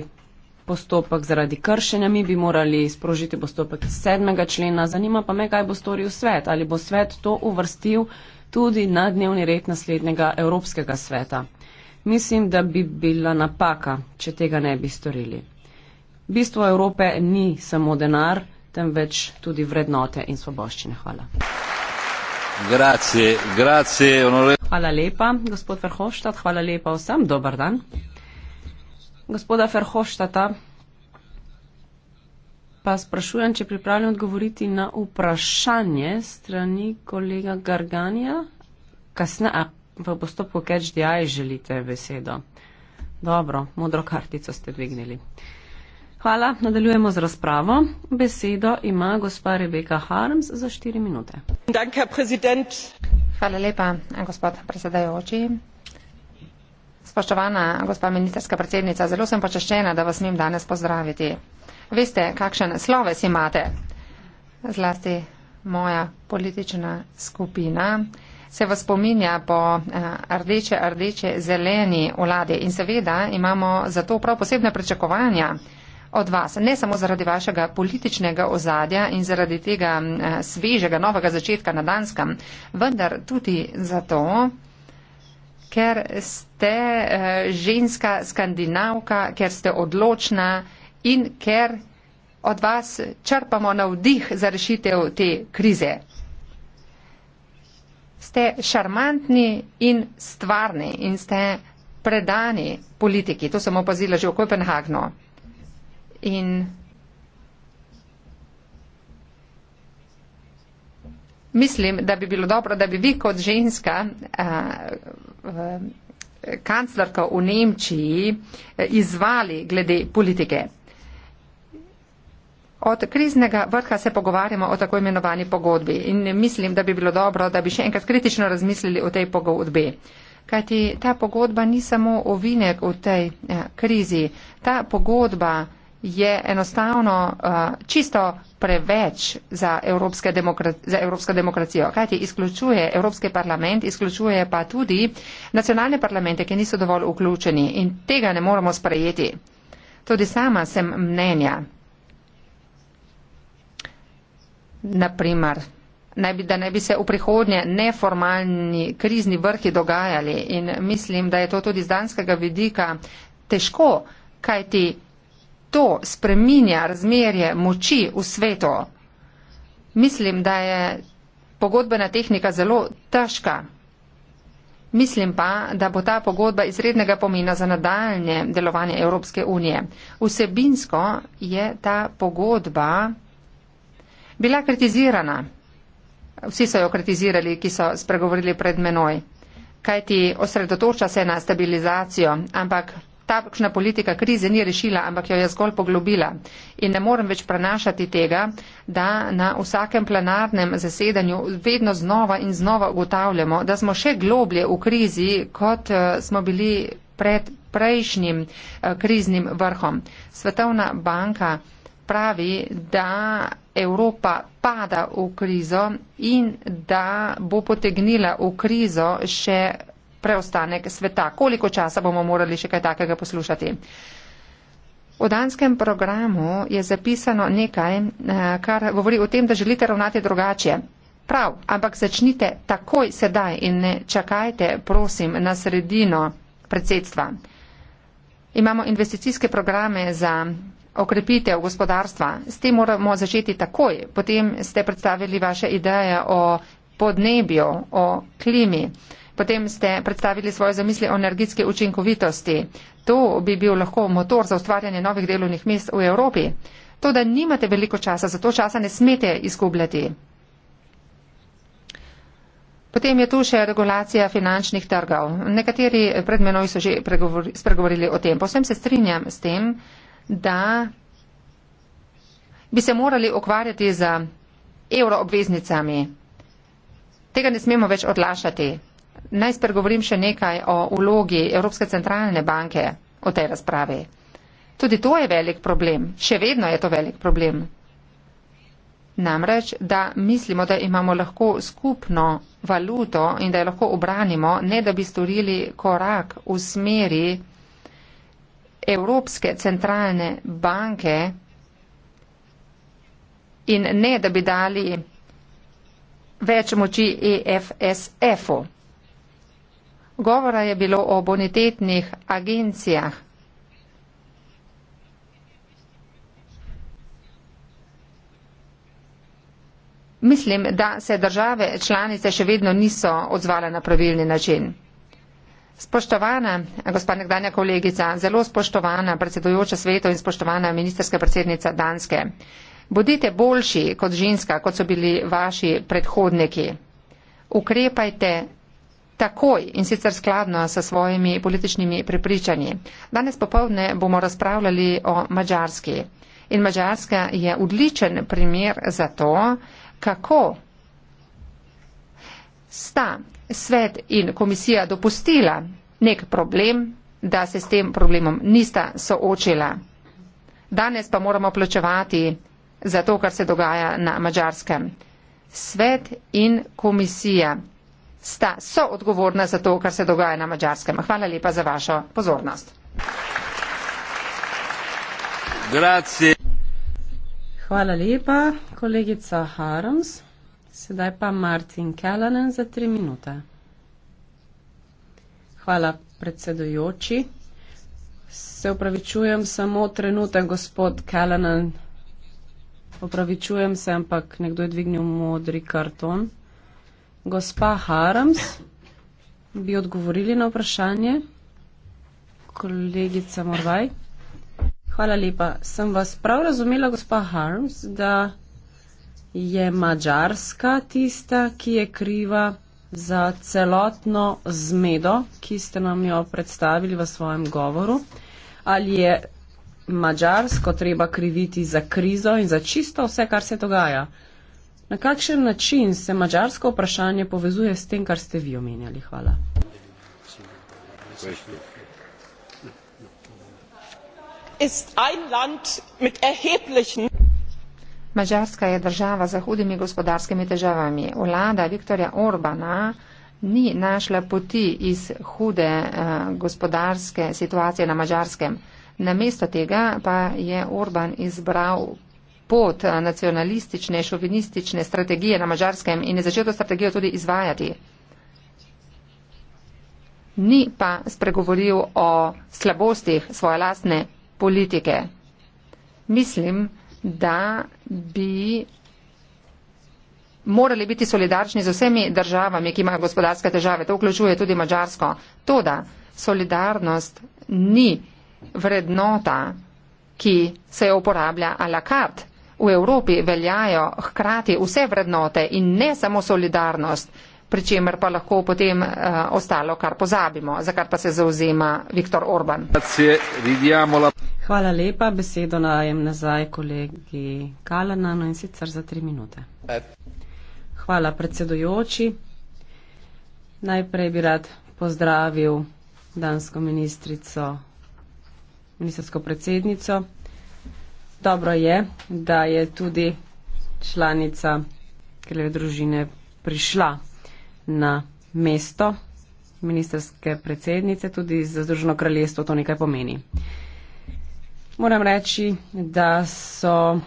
postopek zaradi kršenja, mi bi morali sprožiti postopek sedmega člena. Zanima pa me, kaj bo storil svet, ali bo svet to uvrstil tudi na dnevni red naslednjega Evropskega sveta. Mislim, da bi bila napaka, če tega ne bi storili. Bistvo Evrope ni samo denar, temveč tudi vrednote in svoboščine. Hvala. Grazie, grazie, hvala lepa, gospod Verhoštat, hvala lepa vsem, dober dan. Gospoda Verhoštata pa sprašujem, če pripravljam odgovoriti na vprašanje strani kolega Garganja. Kasne, a v postopku catch the eye želite besedo. Dobro, modro kartico ste dvignili. Hvala. Nadaljujemo z razpravo. Besedo ima gospa Rebeka Harms za štiri minute. Hvala lepa, gospod predsedajoči. Spoštovana gospa ministerska predsednica, zelo sem počaščena, da vas smem danes pozdraviti. Veste, kakšen sloves imate? Zlasti moja politična skupina se vas spominja po eh, rdeče, rdeče, zeleni vladi in seveda imamo zato prav posebne pričakovanja od vas. Ne samo zaradi vašega političnega ozadja in zaradi tega eh, svežega novega začetka na Danskem, vendar tudi zato, ker ste eh, ženska skandinavka, ker ste odločna in ker od vas črpamo navdih za rešitev te krize. Ste šarmantni in stvarni in ste predani politiki. To sem opazila že v Kopenhagnu in mislim, da bi bilo dobro, da bi vi kot ženska kanclerka v Nemčiji izvali glede politike. Od kriznega vrha se pogovarjamo o tako imenovani pogodbi in mislim, da bi bilo dobro, da bi še enkrat kritično razmislili o tej pogodbi. Kajti ta pogodba ni samo ovinek v tej krizi. Ta pogodba je enostavno uh, čisto preveč za, evropske za evropsko demokracijo. Kajti izključuje Evropski parlament, izključuje pa tudi nacionalne parlamente, ki niso dovolj vključeni in tega ne moremo sprejeti. Tudi sama sem mnenja, naprimer, da ne bi se v prihodnje neformalni krizni vrhi dogajali in mislim, da je to tudi z danskega vidika težko, kajti to spreminja razmerje moči v svetu. Mislim, da je pogodbena tehnika zelo težka. Mislim pa, da bo ta pogodba izrednega pomena za nadaljne delovanje Evropske unije. Vsebinsko je ta pogodba bila kritizirana. Vsi so jo kritizirali, ki so spregovorili pred menoj. Kajti osredotoča se na stabilizacijo, ampak takšna politika krize ni rešila, ampak jo je zgolj poglobila. In ne morem več prenašati tega, da na vsakem plenarnem zasedanju vedno znova in znova ugotavljamo, da smo še globlje v krizi, kot eh, smo bili pred prejšnjim eh, kriznim vrhom. Svetovna banka pravi, da Evropa pada v krizo in da bo potegnila v krizo še preostanek sveta. Koliko časa bomo morali še kaj takega poslušati? V danskem programu je zapisano nekaj, eh, kar govori o tem, da želite ravnati drugače. Prav, ampak začnite takoj sedaj in ne čakajte, prosim, na sredino predsedstva. Imamo investicijske programe za okrepitev gospodarstva. S tem moramo začeti takoj. Potem ste predstavili vaše ideje o podnebju, o klimi. Potem ste predstavili svoje zamisli o energetske učinkovitosti. To bi bil lahko motor za ustvarjanje novih delovnih mest v Evropi. To, da nimate veliko časa, zato časa ne smete izgubljati. Potem je tu še regulacija finančnih trgov. Nekateri pred menoj so že spregovorili o tem. Posem se strinjam s tem, da bi se morali ukvarjati z evroobveznicami. Tega ne smemo več odlašati. Naj spregovorim še nekaj o vlogi Evropske centralne banke v tej razpravi. Tudi to je velik problem, še vedno je to velik problem. Namreč, da mislimo, da imamo lahko skupno valuto in da jo lahko obranimo, ne da bi storili korak v smeri Evropske centralne banke in ne da bi dali več moči EFSF-u. Govora je bilo o bonitetnih agencijah. Mislim, da se države članice še vedno niso odzvale na pravilni način. Spoštovana, gospa nekdanja kolegica, zelo spoštovana predsedujoča svetu in spoštovana ministerska predsednica Danske, bodite boljši kot ženska, kot so bili vaši predhodniki. Ukrepajte takoj in sicer skladno s svojimi političnimi prepričanji. Danes popovdne bomo razpravljali o Mačarski. In Mačarska je odličen primer za to, kako sta svet in komisija dopustila nek problem, da se s tem problemom nista soočila. Danes pa moramo plačevati za to, kar se dogaja na Mačarskem. Svet in komisija sta soodgovorna za to, kar se dogaja na Mačarskem. Hvala lepa za vašo pozornost. Grazie. Hvala lepa, kolegica Harms. Sedaj pa Martin Kellanen za tri minute. Hvala, predsedujoči. Se upravičujem samo trenutek, gospod Kellanen. Upravičujem se, ampak nekdo je dvignil modri karton. Gospa Harams, bi odgovorili na vprašanje? Kolegica Morvaj. Hvala lepa. Sem vas prav razumela, gospa Harms, da je Mačarska tista, ki je kriva za celotno zmedo, ki ste nam jo predstavili v svojem govoru. Ali je Mačarsko treba kriviti za krizo in za čisto vse, kar se dogaja? Na kakšen način se mačarsko vprašanje povezuje s tem, kar ste vi omenjali? Hvala. Mačarska je država z hudimi gospodarskimi težavami. Vlada Viktorja Orbana ni našla poti iz hude eh, gospodarske situacije na mačarskem. Namesto tega pa je Orban izbral pot eh, nacionalistične, šovinistične strategije na mačarskem in je začel to strategijo tudi izvajati. Ni pa spregovoril o slabostih svoje lastne politike. Mislim, da bi morali biti solidarčni z vsemi državami, ki imajo gospodarske težave. To vključuje tudi Mačarsko. To, da solidarnost ni vrednota, ki se jo uporablja a la carte, V Evropi veljajo hkrati vse vrednote in ne samo solidarnost, pri čemer pa lahko potem uh, ostalo, kar pozabimo, za kar pa se zauzema Viktor Orban. Hvala lepa, besedo najem nazaj kolegi Kalanano in sicer za tri minute. Eh. Hvala predsedujoči. Najprej bi rad pozdravil dansko ministrico, ministersko predsednico. Dobro je, da je tudi članica Kraljeve družine prišla na mesto ministerske predsednice, tudi za Združeno kraljestvo to nekaj pomeni. Moram reči, da so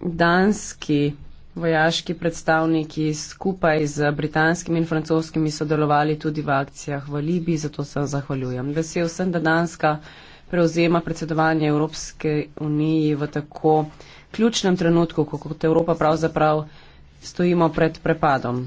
danski vojaški predstavniki skupaj z britanskimi in francoskimi sodelovali tudi v akcijah v Libiji, zato se zahvaljujem. Vesel sem, da danska prevzema predsedovanje Evropske unije v tako ključnem trenutku, ko kot Evropa pravzaprav stojimo pred prepadom.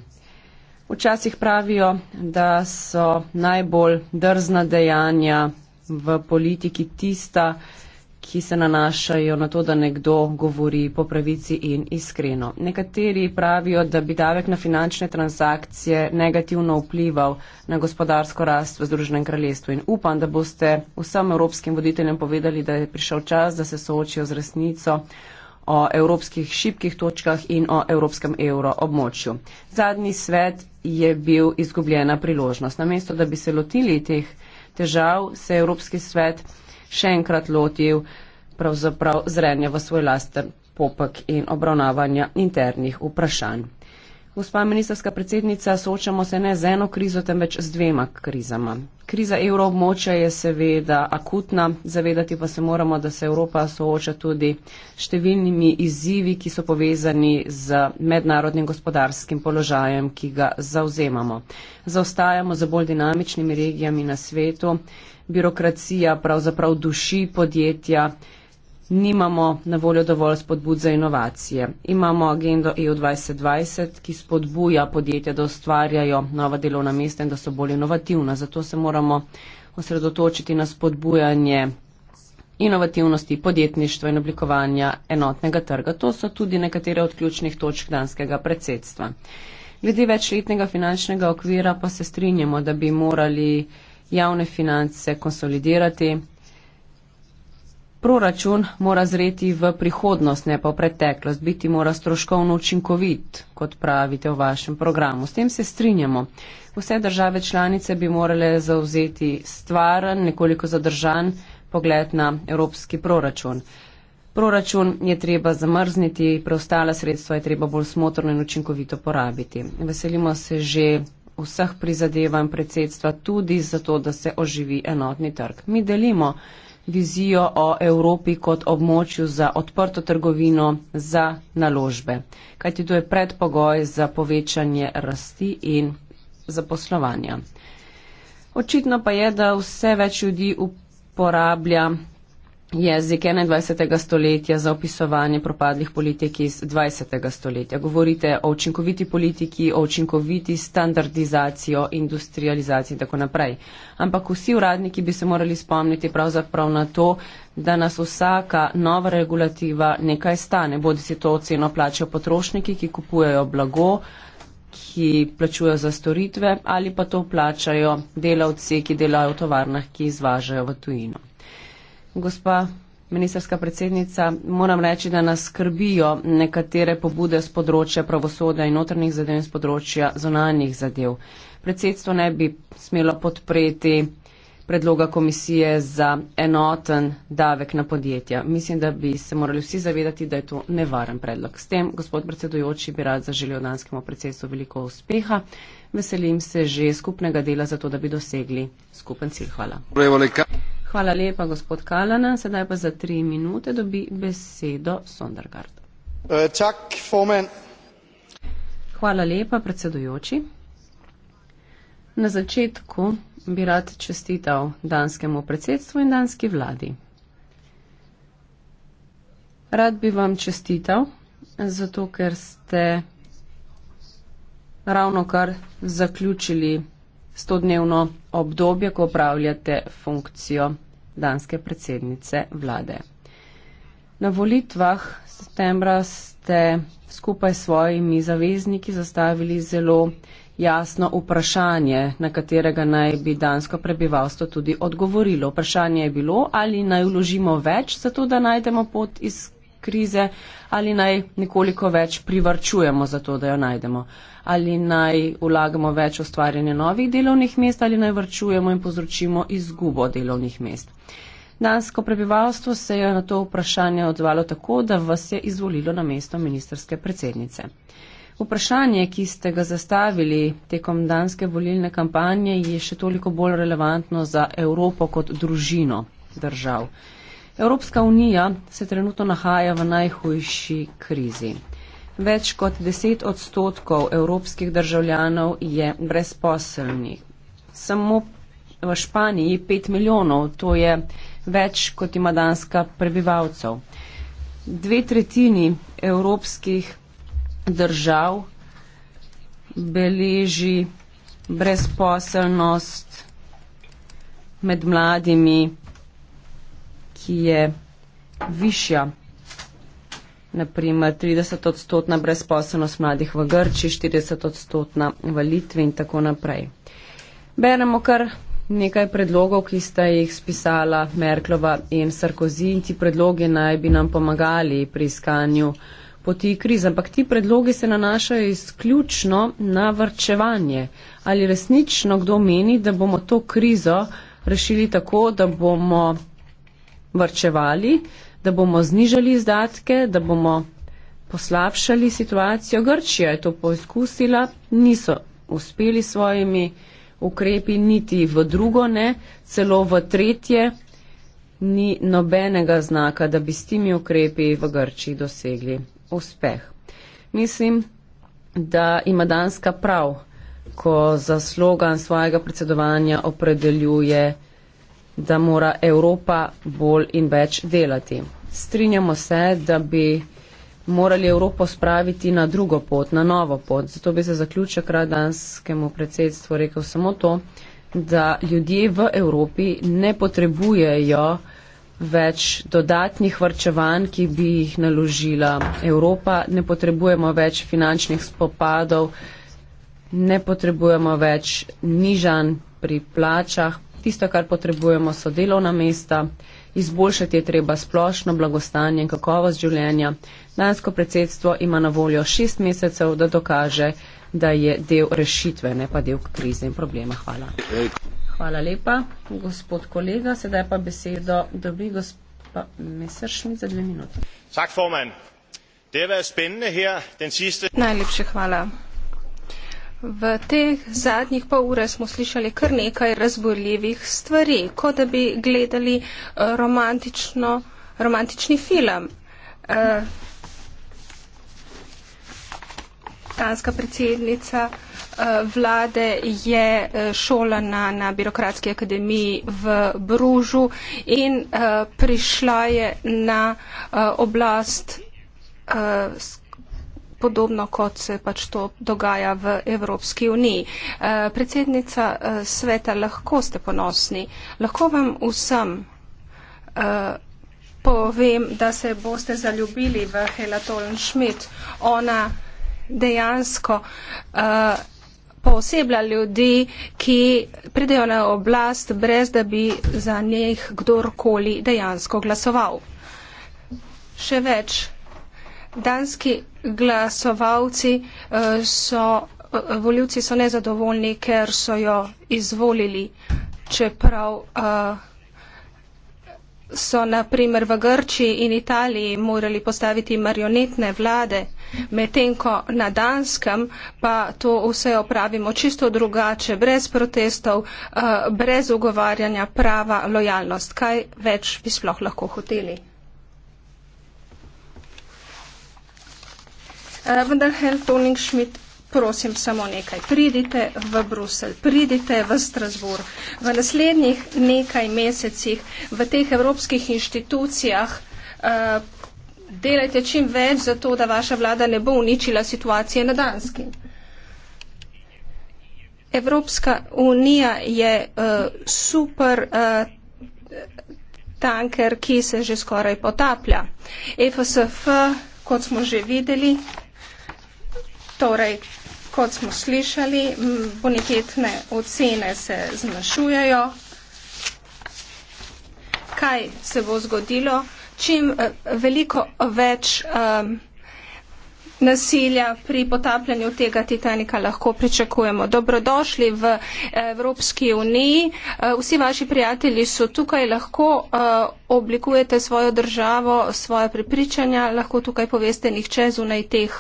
Včasih pravijo, da so najbolj drzna dejanja v politiki tista, ki ki se nanašajo na to, da nekdo govori po pravici in iskreno. Nekateri pravijo, da bi davek na finančne transakcije negativno vplival na gospodarsko rast v Združenem kraljestvu in upam, da boste vsem evropskim voditeljem povedali, da je prišel čas, da se soočijo z resnico o evropskih šibkih točkah in o evropskem evro območju. Zadnji svet je bil izgubljena priložnost. Namesto, da bi se lotili teh težav, se je Evropski svet še enkrat lotil pravzaprav zrenja v svoj lasten popek in obravnavanja internih vprašanj. Gospa ministerska predsednica, soočamo se ne z eno krizo, temveč z dvema krizama. Kriza evroobmočja je seveda akutna, zavedati pa se moramo, da se Evropa sooča tudi številnimi izzivi, ki so povezani z mednarodnim gospodarskim položajem, ki ga zauzemamo. Zaostajamo za bolj dinamičnimi regijami na svetu, birokracija pravzaprav duši podjetja, nimamo na voljo dovolj spodbud za inovacije. Imamo agendo EU 2020, ki spodbuja podjetja, da ustvarjajo nova delovna mesta in da so bolj inovativna. Zato se moramo osredotočiti na spodbujanje inovativnosti podjetništva in oblikovanja enotnega trga. To so tudi nekatere od ključnih točk danskega predsedstva. Glede večletnega finančnega okvira pa se strinjamo, da bi morali javne finance konsolidirati. Proračun mora zreti v prihodnost, ne pa v preteklost, biti mora stroškovno učinkovit, kot pravite v vašem programu. S tem se strinjamo. Vse države članice bi morale zauzeti stvaren, nekoliko zadržan pogled na evropski proračun. Proračun je treba zamrzniti, preostala sredstva je treba bolj smotrno in učinkovito porabiti. Veselimo se že vseh prizadevanj predsedstva tudi zato, da se oživi enotni trg. Mi delimo vizijo o Evropi kot območju za odprto trgovino, za naložbe. Kaj ti to je predpogoj za povečanje rasti in zaposlovanja. Očitno pa je, da vse več ljudi uporablja jezik 21. stoletja za opisovanje propadlih politik iz 20. stoletja. Govorite o učinkoviti politiki, o učinkoviti standardizacijo, industrializaciji in tako naprej. Ampak vsi uradniki bi se morali spomniti pravzaprav na to, da nas vsaka nova regulativa nekaj stane, bodi si to ceno plačajo potrošniki, ki kupujejo blago ki plačujejo za storitve ali pa to plačajo delavci, ki delajo v tovarnah, ki izvažajo v tujino. Gospa ministerska predsednica, moram reči, da nas skrbijo nekatere pobude z področja pravosodja in notrnih zadev in z področja zonalnih zadev. Predsedstvo ne bi smelo podpreti predloga komisije za enoten davek na podjetja. Mislim, da bi se morali vsi zavedati, da je to nevaren predlog. S tem, gospod predsedujoči, bi rad zaželil danskemu predsedstvu veliko uspeha. Veselim se že skupnega dela za to, da bi dosegli skupen cilj. Hvala. Prevolika. Hvala lepa, gospod Kalana. Sedaj pa za tri minute dobi besedo Sondergaard. Čak, eh, Fomen. Hvala lepa, predsedujoči. Na začetku bi rad čestital danskemu predsedstvu in danski vladi. Rad bi vam čestital, zato ker ste ravno kar zaključili stodnevno obdobje, ko upravljate funkcijo danske predsednice vlade. Na volitvah septembra ste skupaj s svojimi zavezniki zastavili zelo jasno vprašanje, na katerega naj bi dansko prebivalstvo tudi odgovorilo. Vprašanje je bilo, ali naj vložimo več, zato da najdemo pot iz krize, ali naj nekoliko več privarčujemo za to, da jo najdemo, ali naj vlagamo več v ustvarjanje novih delovnih mest, ali naj vrčujemo in povzročimo izgubo delovnih mest. Dansko prebivalstvo se je na to vprašanje odzvalo tako, da vas je izvolilo na mesto ministerske predsednice. Vprašanje, ki ste ga zastavili tekom danske volilne kampanje, je še toliko bolj relevantno za Evropo kot družino držav. Evropska unija se trenutno nahaja v najhujši krizi. Več kot 10 odstotkov evropskih državljanov je brezposelnih. Samo v Španiji 5 milijonov, to je več kot ima danska prebivalcev. Dve tretjini evropskih držav beleži brezposelnost med mladimi ki je višja. Naprimer, 30 odstotna brezposobnost mladih v Grči, 40 odstotna v Litvi in tako naprej. Beremo kar nekaj predlogov, ki sta jih spisala Merklova in Sarkozy in ti predlogi naj bi nam pomagali pri iskanju poti krize. Ampak ti predlogi se nanašajo izključno na vrčevanje. Ali resnično kdo meni, da bomo to krizo rešili tako, da bomo vrčevali, da bomo znižali izdatke, da bomo poslabšali situacijo. Grčija je to poizkusila, niso uspeli svojimi ukrepi niti v drugo, ne, celo v tretje. Ni nobenega znaka, da bi s temi ukrepi v Grčiji dosegli uspeh. Mislim, da ima Danska prav, ko za slogan svojega predsedovanja opredeljuje da mora Evropa bolj in več delati. Strinjamo se, da bi morali Evropo spraviti na drugo pot, na novo pot. Zato bi se zaključek radanskemu predsedstvu rekel samo to, da ljudje v Evropi ne potrebujejo več dodatnih vrčevanj, ki bi jih naložila Evropa, ne potrebujemo več finančnih spopadov, ne potrebujemo več nižanj pri plačah, Tisto, kar potrebujemo, so delovna mesta, izboljšati je treba splošno blagostanje in kakovost življenja. Dansko predsedstvo ima na voljo šest mesecev, da dokaže, da je del rešitve, ne pa del krize in problema. Hvala. Hvala lepa, gospod kolega. Sedaj pa besedo dobi gospod Messerschmidt za dve minute. Najlepše hvala. V teh zadnjih pol ure smo slišali kar nekaj razborljivih stvari, kot da bi gledali eh, romantični film. Eh, danska predsednica eh, vlade je šolana na Birokratski akademiji v Bružu in prišla je na oblast s podobno, kot se pač to dogaja v Evropski uniji. Eh, predsednica eh, sveta, lahko ste ponosni, lahko vam vsem eh, povem, da se boste zaljubili v Hela Tolen Schmidt. Ona dejansko poseblja ljudi, ki pridejo na oblast, brez da bi za njih kdorkoli dejansko glasoval. Še več, danski glasovalci eh, so, eh, voljivci so nezadovoljni, ker so jo izvolili, čeprav eh, so naprimer v Grčiji in Italiji morali postaviti marionetne vlade, medtem ko na Danskem pa to vse opravimo čisto drugače, brez protestov, brez ugovarjanja prava lojalnost. Kaj več bi sploh lahko hoteli? Eh, vendar Heltoning Schmidt, prosim samo nekaj, pridite v Brusel, pridite v Strasbur. V naslednjih nekaj mesecih v teh evropskih inštitucijah eh, delajte čim več za to, da vaša vlada ne bo uničila situacije na Danski. Evropska unija je uh, super uh, tanker, ki se že skoraj potaplja. EFSF, kot smo že videli, Torej, kot smo slišali, bonitetne ocene se zmanjšujejo. Kaj se bo zgodilo? Čim eh, veliko več um, nasilja pri potapljanju tega Titanika lahko pričakujemo. Dobrodošli v eh, Evropski uniji. Eh, vsi vaši prijatelji so tukaj, lahko oblikujete svojo državo, svoje prepričanja, lahko tukaj poveste, nihče zunaj teh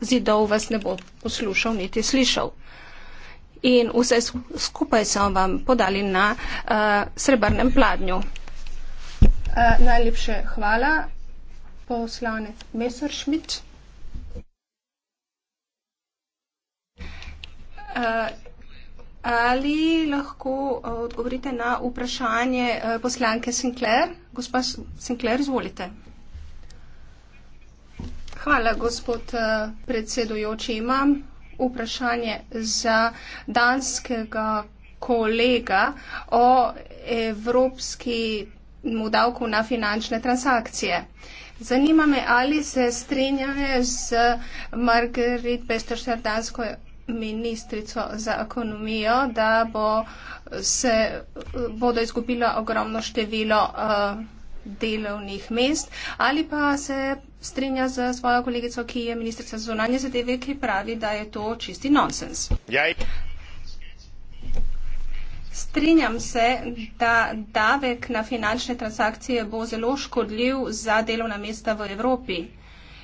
zidov vas ne bo poslušal niti slišal. In vse skupaj so vam podali na uh, srebrnem pladnju. Uh, najlepše hvala, poslane Messerschmidt. Uh, ali lahko odgovorite na vprašanje uh, poslanke Sinclair? Gospa Sinclair, izvolite. Hvala, gospod eh, predsedujoči. Imam vprašanje za danskega kolega o evropski davku na finančne transakcije. Zanima me, ali se strinjate z Margaret Besterstad, dansko ministrico za ekonomijo, da bo se, bodo izgubila ogromno število. Uh, delovnih mest ali pa se strinja z svojo kolegico, ki je ministrica za zunanje zadeve, ki pravi, da je to čisti nonsens. Jaj. Strinjam se, da davek na finančne transakcije bo zelo škodljiv za delovna mesta v Evropi,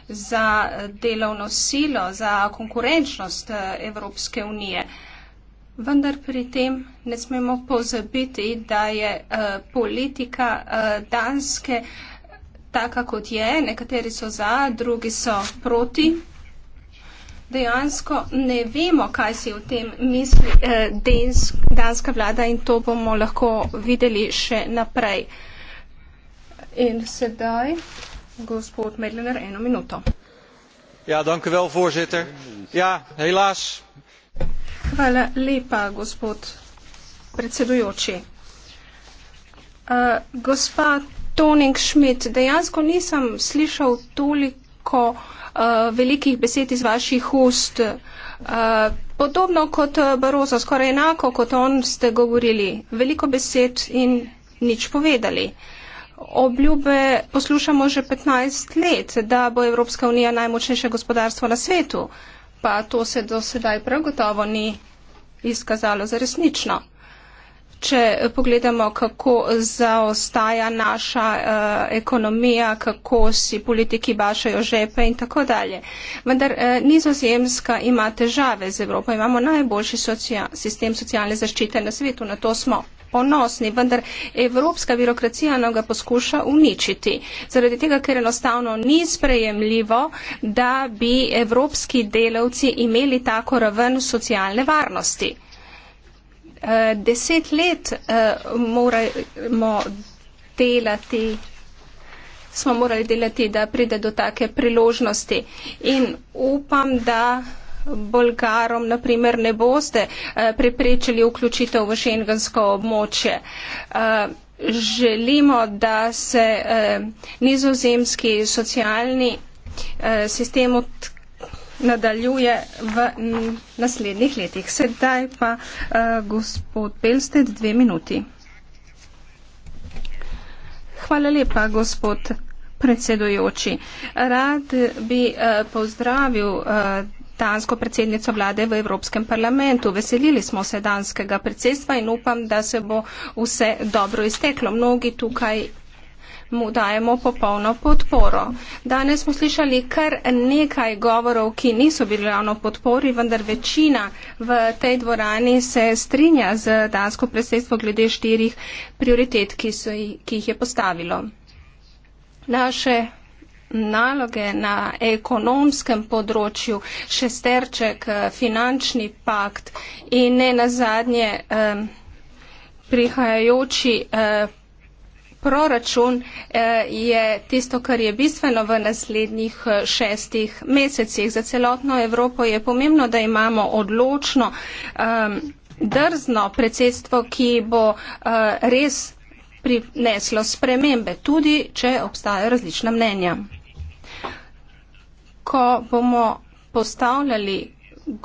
za delovno silo, za konkurenčnost eh, Evropske unije. Uh, Vendar pri tem ne smemo pozabiti, da je uh, politika uh, Danske taka, kot je. Nekateri so za, drugi so proti. Dejansko ne vemo, kaj si v tem misli uh, eh, densk, danska vlada in to bomo lahko videli še naprej. In sedaj, gospod Medlener, eno minuto. Ja, dankjewel, voorzitter. Ja, helaas. Hvala lepa, gospod predsedujoči. Uh, gospa Toning Schmidt, dejansko nisem slišal toliko uh, velikih besed iz vaših ust. Uh, podobno kot Barozo, skoraj enako kot on ste govorili. Veliko besed in nič povedali. Obljube poslušamo že 15 let, da bo Evropska unija najmočnejše gospodarstvo na svetu pa to se do sedaj prav gotovo ni izkazalo za resnično. Če pogledamo, kako zaostaja naša uh, ekonomija, kako si politiki bašajo žepe in tako dalje. Vendar uh, nizozemska ima težave z Evropo. Imamo najboljši socia sistem socialne zaščite na svetu, na to smo ponosni, vendar evropska birokracija nam ga poskuša uničiti. Zaradi tega, ker enostavno ni sprejemljivo, da bi evropski delavci imeli tako raven socialne varnosti uh, deset let uh, moramo delati, smo morali delati, da pride do take priložnosti. In upam, da Bolgarom, naprimer, ne boste uh, preprečili vključitev v šengensko območje. Uh, Želimo, da se eh, nizozemski socialni eh, sistem odkrije nadaljuje v naslednjih letih. Sedaj pa uh, gospod Pelsted, dve minuti. Hvala lepa, gospod predsedujoči. Rad bi uh, pozdravil uh, dansko predsednico vlade v Evropskem parlamentu. Veselili smo se danskega predsedstva in upam, da se bo vse dobro izteklo. Mnogi tukaj mu dajemo popolno podporo. Danes smo slišali kar nekaj govorov, ki niso bili ravno podpori, vendar večina v tej dvorani se strinja z dansko predsedstvo glede štirih prioritet, ki, so, ki jih je postavilo. Naše naloge na ekonomskem področju, šesterček, eh, finančni pakt in ne nazadnje eh, prihajajoči eh, proračun eh, je tisto, kar je bistveno v naslednjih eh, šestih mesecih. Za celotno Evropo je pomembno, da imamo odločno, ehm, drzno predsedstvo, ki bo eh, res prineslo spremembe, tudi če obstajajo različna mnenja. Ko bomo postavljali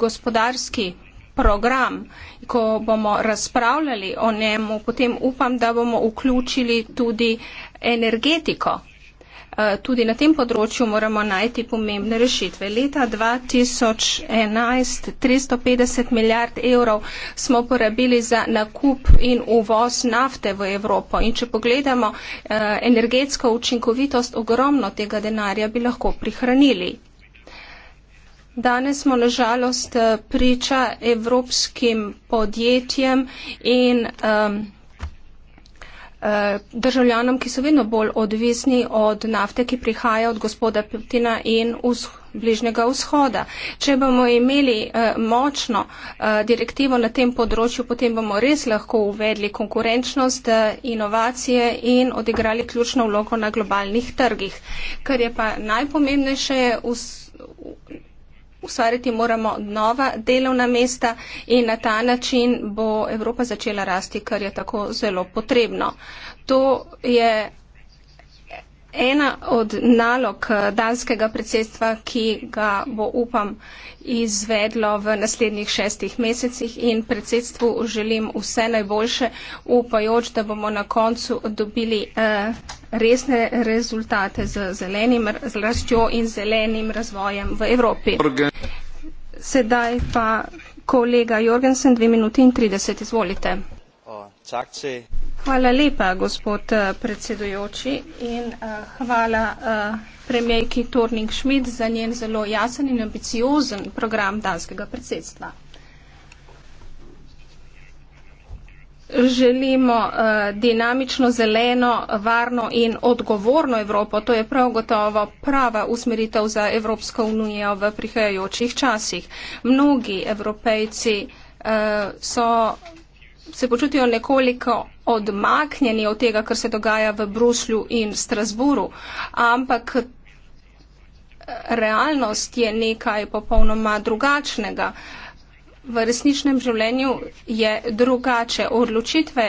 gospodarski program ko bomo razpravljali o njemu, potem upam, da bomo vključili tudi energetiko. Eh, tudi na tem področju moramo najti pomembne rešitve. Leta 2011 350 milijard evrov smo porabili za nakup in uvoz nafte v Evropo. In če pogledamo eh, energetsko učinkovitost, ogromno tega denarja bi lahko prihranili. Danes smo na žalost eh, priča evropskim podjetjem in um, državljanom, ki so vedno bolj odvisni od nafte, ki prihaja od gospoda Putina in vz, bližnjega vzhoda. Če bomo imeli uh, močno uh, direktivo na tem področju, potem bomo res lahko uvedli konkurenčnost, uh, inovacije in odigrali ključno vlogo na globalnih trgih. Kar je pa najpomembnejše, vz, ustvariti moramo nova delovna mesta in na ta način bo Evropa začela rasti, kar je tako zelo potrebno. To je ena od nalog danskega predsedstva, ki ga bo upam izvedlo v naslednjih šestih mesecih in predsedstvu želim vse najboljše, upajoč, da bomo na koncu dobili. Eh, resne rezultate z zelenim rastjo in zelenim razvojem v Evropi. Sedaj pa kolega Jorgensen, dve minuti in trideset, izvolite. Hvala lepa, gospod eh, predsedujoči in uh, hvala uh, eh, premijerki Torning Schmidt za njen zelo jasen in ambiciozen program danskega predsedstva. želimo uh, dinamično, zeleno, varno in odgovorno Evropo. To je prav gotovo prava usmeritev za Evropsko unijo v prihajajočih časih. Mnogi evropejci uh, so, se počutijo nekoliko odmaknjeni od tega, kar se dogaja v Bruslju in Strasburu, ampak eh, realnost je nekaj popolnoma drugačnega. Uh, v resničnem življenju je drugače. Odločitve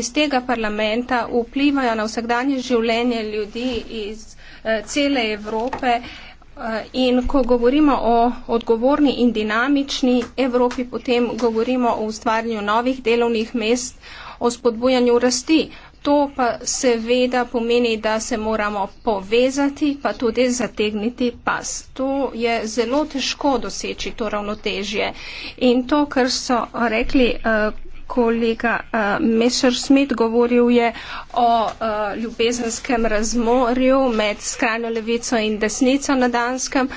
iz tega parlamenta vplivajo na vsakdanje življenje ljudi iz eh, cele Evrope. Eh, in ko govorimo o odgovorni in dinamični Evropi, potem govorimo o ustvarjanju novih delovnih mest, o spodbujanju rasti To pa seveda pomeni, da se moramo povezati, pa tudi zategniti pas. To je zelo težko doseči, to ravnotežje. In to, kar so rekli eh, kolega eh, Messerschmidt, govoril je o eh, ljubezenskem razmorju med skrajno levico in desnico na danskem,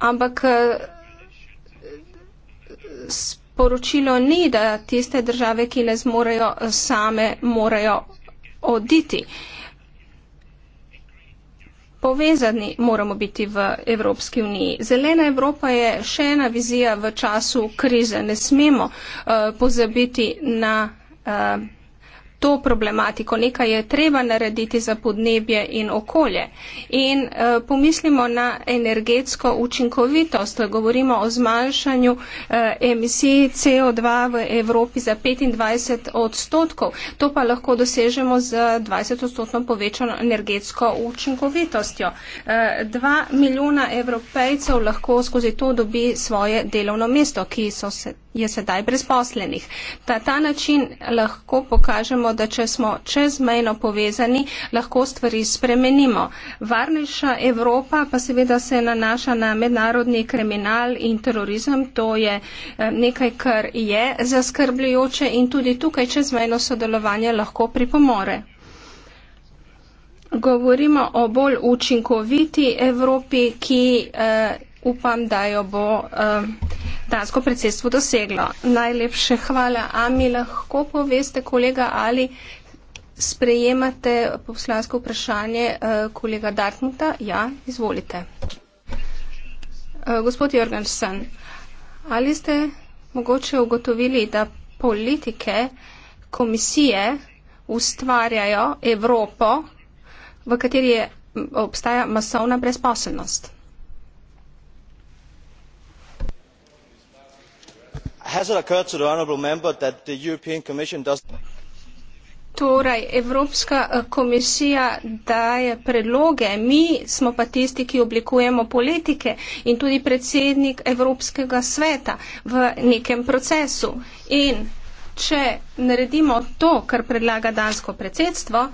ampak poročilo ni, da tiste države, ki ne zmorejo same, morajo oditi. Povezani moramo biti v Evropski uniji. Zelena Evropa je še ena vizija v času krize. Ne smemo uh, pozabiti na. Uh, to problematiko. Nekaj je treba narediti za podnebje in okolje. In e, pomislimo na energetsko učinkovitost. Govorimo o zmanjšanju e, emisij CO2 v Evropi za 25 odstotkov. To pa lahko dosežemo z 20 odstotkov povečano energetsko učinkovitostjo. E, dva milijona evropejcev lahko skozi to dobi svoje delovno mesto, ki so se je sedaj brezposlenih. Ta, ta način lahko pokažemo, da če smo čezmejno povezani, lahko stvari spremenimo. Varnejša Evropa pa seveda se nanaša na mednarodni kriminal in terorizem. To je eh, nekaj, kar je zaskrbljujoče in tudi tukaj čezmejno sodelovanje lahko pripomore. Govorimo o bolj učinkoviti Evropi, ki uh, upam, da jo bo. Uh, dansko predsedstvo doseglo. Najlepše hvala. A mi lahko poveste, kolega, ali sprejemate poslansko vprašanje eh, kolega Dartmuta? Ja, izvolite. Eh, gospod Jorgensen, ali ste mogoče ugotovili, da politike komisije ustvarjajo Evropo, v kateri je, obstaja masovna brezposelnost? has it occurred to the honourable member that the european commission does. torej evropska eh, komisija daje predloge mi smo pa tisti ki oblikujemo politike in tudi predsednik evropskega sveta v nekem procesu in če naredimo to kar predlaga dansko predsedstvo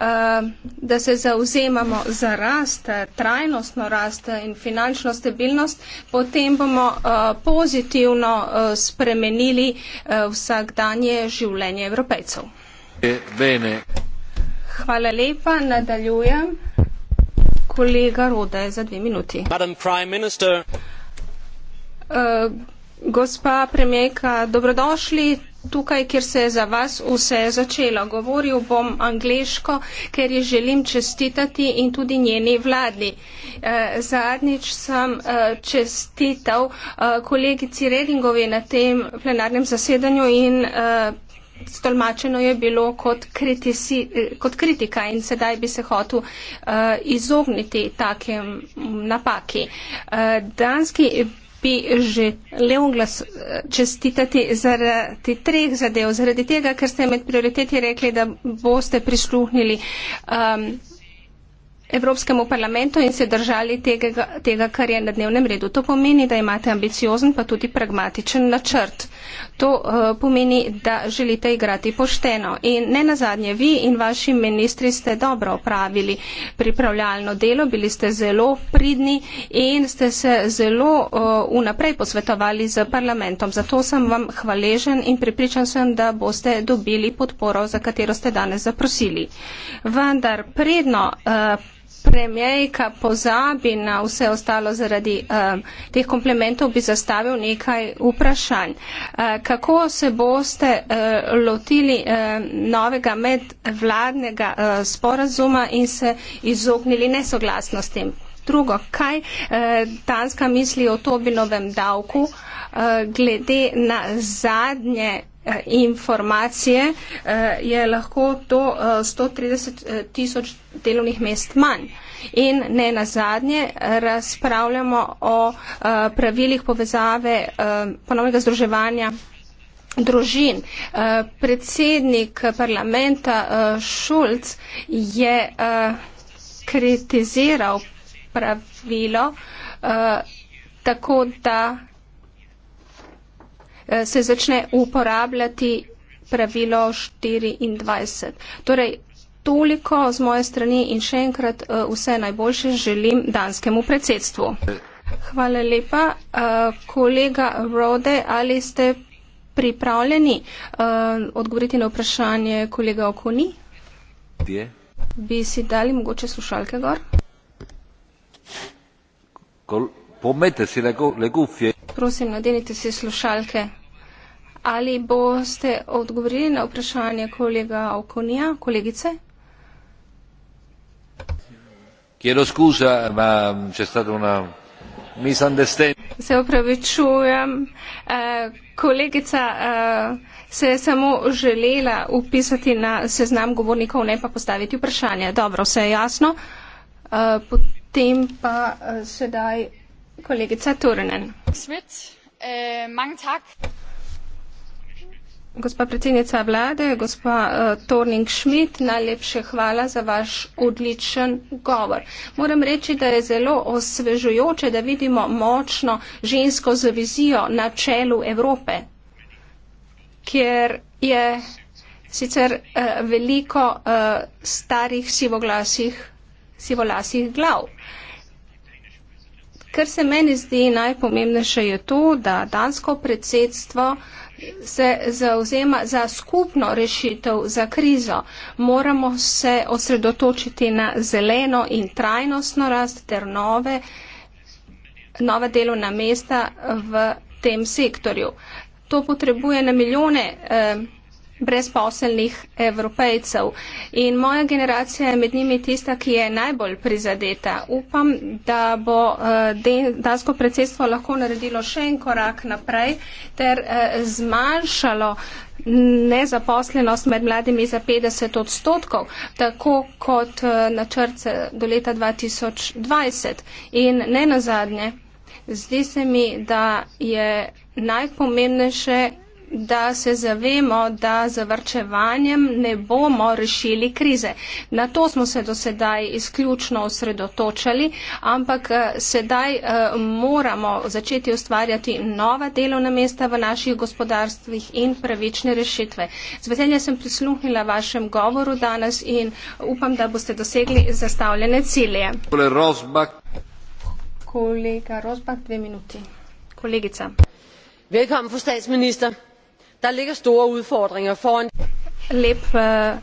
Ehm, da se zauzemamo za rast, trajnostno rast in finančno stabilnost, potem bomo eh, pozitivno eh, spremenili eh, vsakdanje življenje evropejcev. E, bene. Hvala lepa, nadaljujem. Kolega Rode za dve minuti. Uh, gospa premijerka, dobrodošli tukaj, kjer se je za vas vse začelo. Govoril bom angliško, ker ji želim čestitati in tudi njeni vladi. Eh, zadnjič sem eh, čestital eh, kolegici Redingovi na tem plenarnem zasedanju in stolmačeno je bilo kot, kritisi, kot kritika in sedaj bi se hotel uh, izogniti takem napaki. Uh, danski bi že Leonglas čestitati zaradi treh zadev. Zaradi tega, ker ste med prioriteti rekli, da boste prisluhnili um, Evropskemu parlamentu in se držali tega, tega, kar je na dnevnem redu. To pomeni, da imate ambiciozen pa tudi pragmatičen načrt. To uh, pomeni, da želite igrati pošteno. In ne nazadnje, vi in vaši ministri ste dobro opravili pripravljalno delo, bili ste zelo pridni in ste se zelo uh, eh, unaprej posvetovali z parlamentom. Zato sem vam hvaležen in pripričan sem, da boste dobili podporo, za katero ste danes zaprosili. Vendar predno uh, premijejka pozabi na vse ostalo zaradi uh, teh komplementov, bi zastavil nekaj vprašanj. Uh, kako se boste uh, lotili uh, novega medvladnega uh, sporazuma in se izognili nesoglasnostim? Drugo, kaj eh, Danska misli o Tobinovem davku eh, glede na zadnje Eh, informacije, eh, je lahko to 130 eh, tisoč delovnih mest manj. In ne na zadnje, razpravljamo o pravilih povezave ponovnega združevanja družin. Predsednik parlamenta Šulc je kritiziral pravilo tako, da Eh, se začne uporabljati pravilo 24. Torej, toliko z moje strani in še enkrat eh, vse najboljše želim danskemu predsedstvu. Hvala lepa. Eh, kolega Rode, ali ste pripravljeni odgovoriti na vprašanje kolega Okuni? Kje? Bi si dali mogoče slušalke gor? Kol Po mete si le gufje. Prosim, nadenite si slušalke. Ali boste odgovorili na vprašanje kolega Okonija, kolegice? Kjero skuza, ma če mm, sta to na misunderstanding. Se opravičujem. Eh, kolegica eh, se je samo želela upisati na seznam govornikov, ne pa postaviti vprašanje. Dobro, vse je jasno. Eh, potem pa sedaj kolegica Turnen. Smit, eh, manj tak. Gospa predsednica vlade, gospa uh, Torning Schmidt, najlepše hvala za vaš odličen govor. Moram reči, da je zelo osvežujoče, da vidimo močno žensko zavizijo na čelu Evrope, kjer je sicer uh, veliko uh, starih sivoglasih, sivolasih glav. Uh, Kar se meni zdi najpomembnejše je to, da dansko predsedstvo se zauzema za skupno rešitev za krizo. Moramo se osredotočiti na zeleno in trajnostno rast ter nove, nova delovna mesta v tem sektorju. To potrebuje na milijone. Eh, brezposelnih evropejcev. In moja generacija je med njimi tista, ki je najbolj prizadeta. Upam, da bo eh, dansko predsedstvo lahko naredilo še en korak naprej ter eh, zmanjšalo nezaposlenost med mladimi za 50 odstotkov, tako kot eh, načrt do leta 2020. In ne nazadnje, zdi se mi, da je najpomembnejše da se zavemo, da zavrčevanjem ne bomo rešili krize. Na to smo se do sedaj izključno osredotočali, ampak eh, sedaj eh, moramo začeti ustvarjati nova delovna mesta v naših gospodarstvih in pravične rešitve. Z veseljem sem prisluhnila vašem govoru danes in upam, da boste dosegli zastavljene cilje. Kolega Rosbach, dve minuti. Kolegica. Velkommen, fru statsminister. Der ligger store udfordringer foran. Lep eh,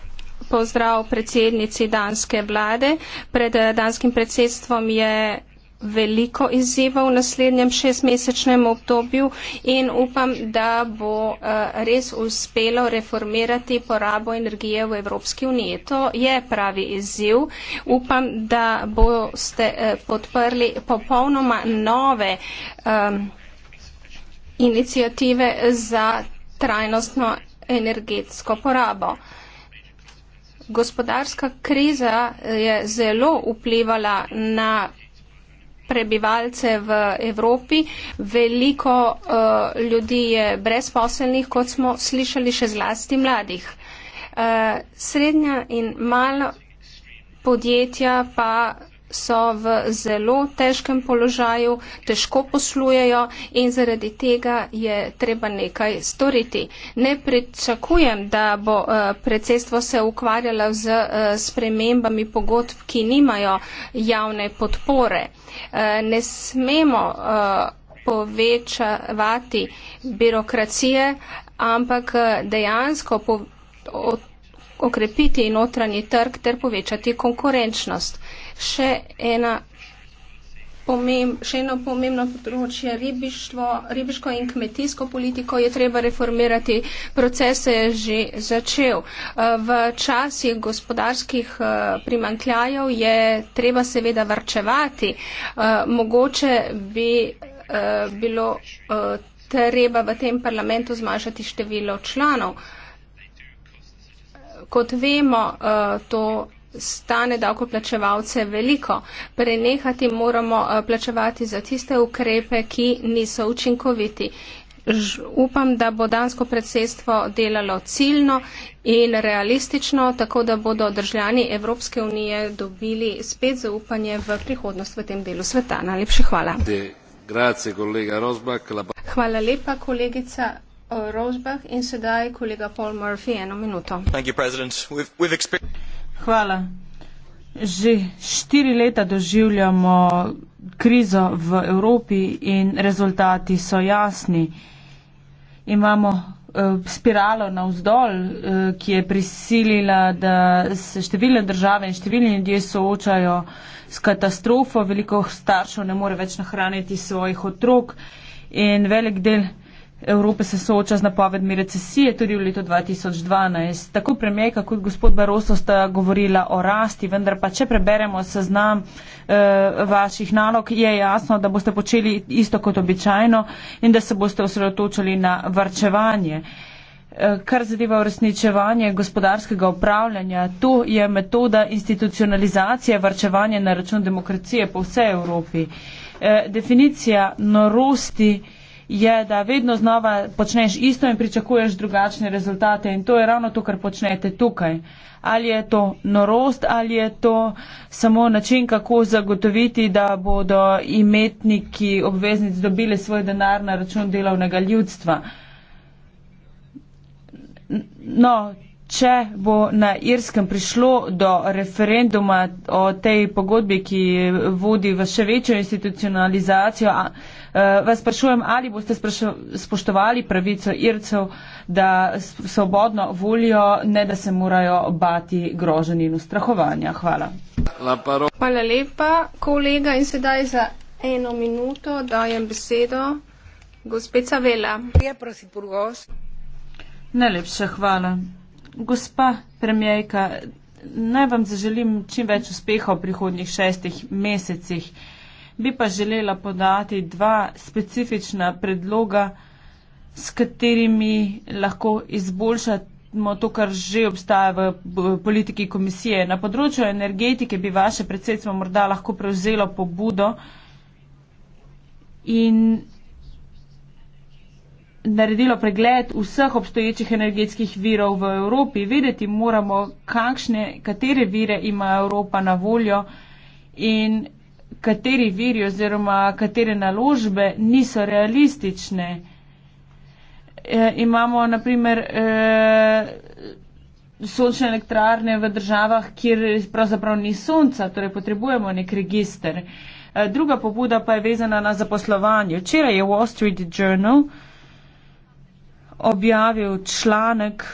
pozdrav predsednici danske vlade. Pred eh, danskim predsedstvom je veliko izzivov v naslednjem šestmesečnem obdobju in upam, da bo eh, res uspelo reformirati porabo energije v Evropski uniji. To je pravi izziv. Upam, da boste podprli popolnoma nove um, inicijative za trajnostno energetsko porabo. Gospodarska kriza je zelo vplivala na prebivalce v Evropi. Veliko uh, ljudi je brezposelnih, kot smo slišali, še zlasti mladih. Uh, srednja in mala podjetja pa so v zelo težkem položaju, težko poslujejo in zaradi tega je treba nekaj storiti. Ne pričakujem, da bo eh, predsedstvo se ukvarjalo z eh, spremembami pogodb, ki nimajo javne podpore. Eh, ne smemo povečavati birokracije, ampak dejansko. Po, od, okrepiti notranji trg ter povečati konkurenčnost. Še ena. Še eno pomembno področje ribištvo, ribiško in kmetijsko politiko je treba reformirati. Proces je že začel. V časih gospodarskih eh, primankljajev je treba seveda vrčevati. Eh, mogoče bi eh, bilo treba v tem parlamentu zmanjšati število članov kot vemo, eh, to stane davkoplačevalce veliko. Prenehati moramo eh, plačevati za tiste ukrepe, ki niso učinkoviti. Upam, da bo dansko predsedstvo delalo ciljno in realistično, tako da bodo državljani Evropske unije dobili spet zaupanje v prihodnost v tem delu sveta. Najlepša hvala. Hvala lepa, kolegica. Rosbach in sedaj kolega Paul Murphy eno minuto. Hvala. Že štiri leta doživljamo krizo v Evropi in rezultati so jasni. Imamo eh, spiralo navzdol, eh, ki je prisilila, da se številne države in številni ljudje soočajo s katastrofo, veliko staršev ne more več nahraniti svojih otrok in velik del Evrope se sooča z napovedmi recesije tudi v letu 2012. Tako premijer, kot gospod Barroso sta govorila o rasti, vendar pa če preberemo seznam eh, vaših nalog, je jasno, da boste počeli isto kot običajno in da se boste osredotočili na varčevanje. Eh, kar zadeva uresničevanje gospodarskega upravljanja, to je metoda institucionalizacije varčevanja na račun demokracije po vsej Evropi. Eh, definicija norosti je, da vedno znova počneš isto in pričakuješ drugačne rezultate in to je ravno to, kar počnete tukaj. Ali je to norost, ali je to samo način, kako zagotoviti, da bodo imetniki obveznic dobili svoj denar na račun delovnega ljudstva. No, če bo na Irskem prišlo do referenduma o tej pogodbi, ki vodi v še večjo institucionalizacijo, a, Eh, vas sprašujem, ali boste spoštovali pravico Ircev, da svobodno volijo, ne da se morajo bati groženi in ustrahovanja. Hvala. Hvala lepa, kolega. In sedaj za eno minuto dajem besedo gospod Savela. Ja, Najlepša hvala. Gospa premijajka, naj vam zaželim čim več uspeha v prihodnjih šestih mesecih. Bi pa želela podati dva specifična predloga, s katerimi lahko izboljšamo to, kar že obstaja v politiki komisije. Na področju energetike bi vaše predsedstvo morda lahko prevzelo pobudo in naredilo pregled vseh obstoječih energetskih virov v Evropi. Vedeti moramo, kakšne, katere vire ima Evropa na voljo in kateri viri oziroma katere naložbe niso realistične. E, imamo naprimer e, sončne elektrarne v državah, kjer pravzaprav ni sonca, torej potrebujemo nek register. E, druga pobuda pa je vezana na zaposlovanje. Včeraj je Wall Street Journal objavil članek,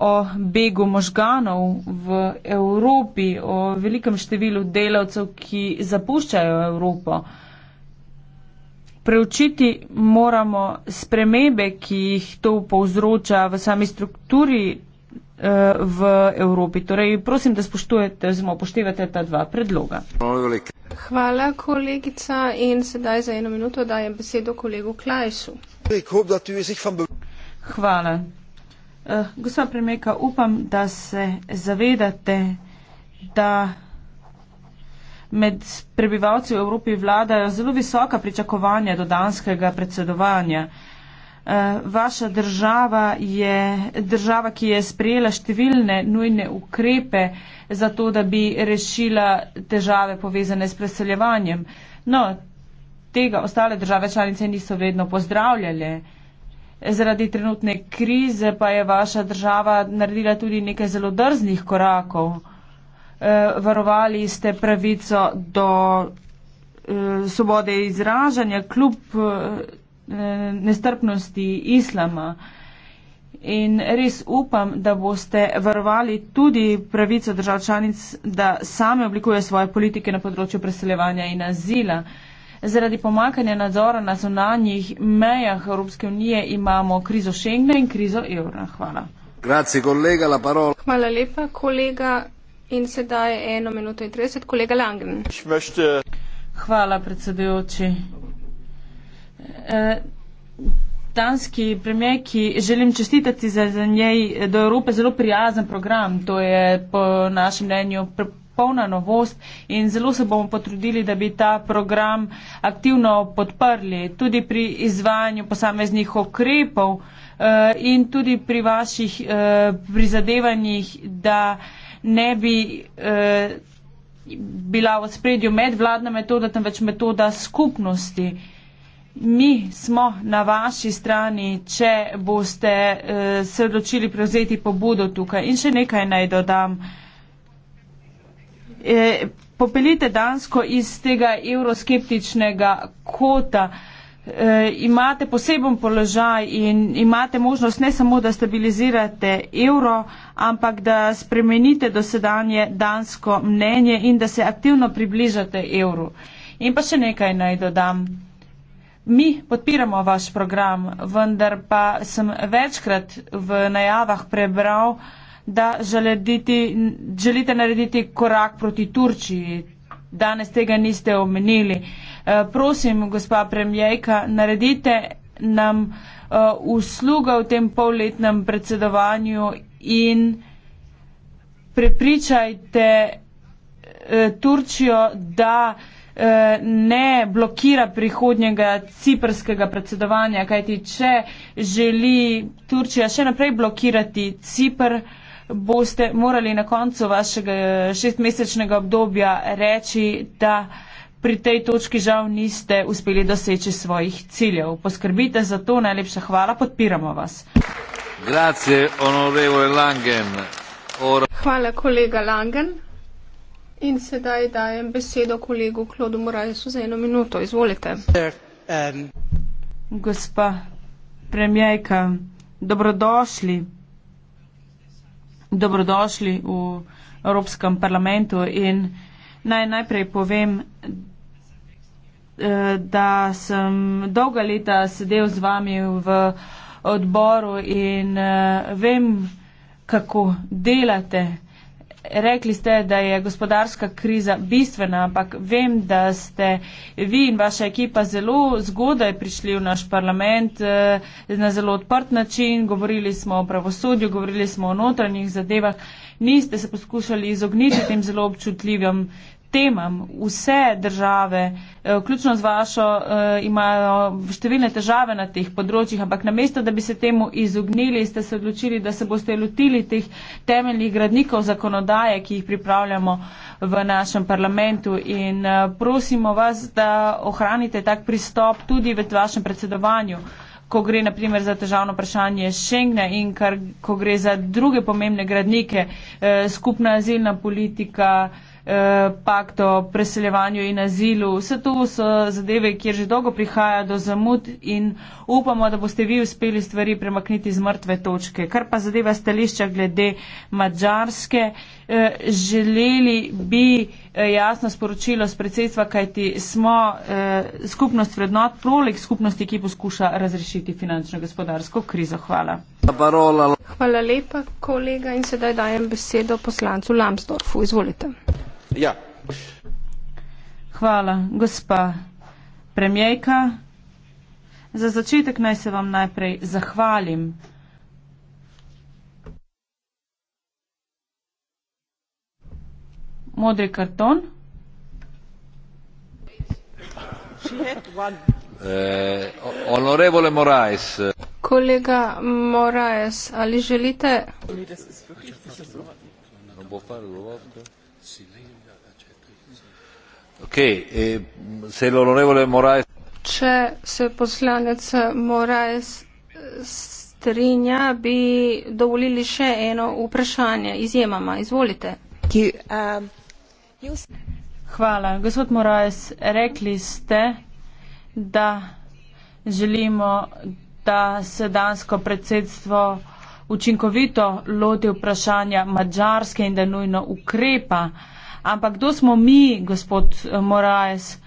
o begu možganov v Evropi, o velikem številu delavcev, ki zapuščajo Evropo. Preučiti moramo spremembe, ki jih to povzroča v sami strukturi eh, v Evropi. Torej, prosim, da spoštujete, zelo poštevate ta dva predloga. Hvala, kolegica. In sedaj za eno minuto dajem besedo kolegu Klajsu. Hvala. Eh, gospa premijerka, upam, da se zavedate, da med prebivalci v Evropi vladajo zelo visoka pričakovanja do danskega predsedovanja. Eh, vaša država je država, ki je sprejela številne nujne ukrepe za to, da bi rešila težave povezane s preseljevanjem. No, tega ostale države članice niso vedno pozdravljale. Zaradi trenutne krize pa je vaša država naredila tudi nekaj zelo drznih korakov. Eh, varovali ste pravico do eh, svobode izražanja kljub eh, nestrpnosti islama. In res upam, da boste varovali tudi pravico držav članic, da same oblikuje svoje politike na področju preseljevanja in azila. Zaradi pomakanja nadzora na zunanjih mejah Evropske unije imamo krizo Schengna in krizo evra. Hvala. Grazie, kolega, la parola. Hvala lepa, kolega. In sedaj eno minuto in 30, kolega Langen. Möchte... Hvala, predsedujoči. E, danski premijer, ki želim čestitati za, za njej do Evrope, zelo prijazen program. To je po našem mnenju pr popolna novost in zelo se bomo potrudili, da bi ta program aktivno podprli tudi pri izvajanju posameznih okrepov eh, in tudi pri vaših eh, prizadevanjih, da ne bi eh, bila v spredju medvladna metoda, temveč metoda skupnosti. Mi smo na vaši strani, če boste eh, se odločili prevzeti pobudo tukaj. In še nekaj naj dodam. Eh, Eh, popeljite Dansko iz tega evroskeptičnega kota. E, imate poseben položaj in imate možnost ne samo, da stabilizirate evro, ampak da spremenite dosedanje dansko mnenje in da se aktivno približate evru. In pa še nekaj naj dodam. Mi podpiramo vaš program, vendar pa sem večkrat v najavah prebral, da želediti, želite narediti korak proti Turčiji. Danes tega niste omenili. E, prosim, gospa premjejka, naredite nam e, eh, usluga v tem polletnem predsedovanju in prepričajte e, Turčijo, da ne blokira prihodnjega ciprskega predsedovanja, kajti če želi Turčija še naprej blokirati Cipr, boste morali na koncu vašega eh, šestmesečnega obdobja reči, da pri tej točki žal niste uspeli doseči svojih ciljev. Poskrbite za to, najlepša hvala, podpiramo vas. Grazie, Or... Hvala, kolega Langen. In sedaj dajem besedo kolegu Klodu Morajesu za eno minuto. Izvolite. Um, Gospa premijajka, dobrodošli dobrodošli v Evropskem parlamentu in naj najprej povem, eh, da sem dolga leta sedel z vami v odboru in eh, vem, kako delate. Rekli ste, da je gospodarska kriza bistvena, ampak vem, da ste vi in vaša ekipa zelo zgodaj prišli v naš parlament eh, na zelo odprt način. Govorili smo o pravosodju, govorili smo o notranjih zadevah. Niste se poskušali izogniti tem zelo občutljivim temam. Vse države, eh, vključno z vašo, eh, imajo številne težave na teh področjih, ampak namesto, da bi se temu izognili, ste se odločili, da se boste lotili teh temeljnih gradnikov zakonodaje, ki jih pripravljamo v našem parlamentu. In eh, prosimo vas, da ohranite tak pristop tudi v vašem predsedovanju ko gre naprimer za težavno vprašanje Schengna in kar, ko gre za druge pomembne gradnike, eh, skupna azilna politika, eh, Eh, pakt o preseljevanju in azilu. Vse to so zadeve, kjer že dolgo prihaja do zamud in upamo, da boste vi uspeli stvari premakniti z mrtve točke. Kar pa zadeva stališča glede Mačarske, eh, želeli bi eh, jasno sporočilo z predsedstva, kajti smo skupnost vrednot, prolik skupnosti, ki poskuša razrešiti finančno-gospodarsko krizo. Hvala. Hvala lepa, kolega, in sedaj dajem besedo poslancu Lambsdorfu. Izvolite. Ja. Hvala. Gospa premijejka, za začetek naj se vam najprej zahvalim. Modri karton. Eh, honorable Moraes. Kolega Moraes, ali želite? Ne bo par govoril. E, Če se poslanec Moraes strinja, bi dovolili še eno vprašanje. Izjemama, izvolite. Eh, Hvala. Gospod Moraes, rekli ste, da želimo, da se dansko predsedstvo učinkovito loti vprašanja Mačarske in da nujno ukrepa. Ampak kdo smo mi, gospod eh, Moraes?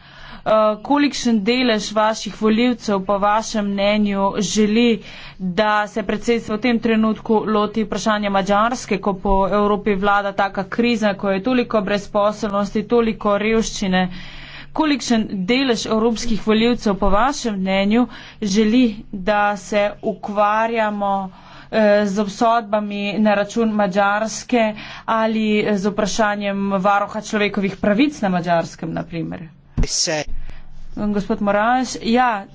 Uh, kolikšen delež vaših voljivcev po vašem mnenju želi, da se predsedstvo v tem trenutku loti vprašanja Mačarske, ko po Evropi vlada taka kriza, ko je toliko brezposobnosti, toliko revščine? Kolikšen delež evropskih voljivcev po vašem mnenju želi, da se ukvarjamo uh, Eh, z obsodbami na račun Mačarske ali z vprašanjem varoha človekovih pravic na Mačarskem, naprimer. Gospod Moraš, ja,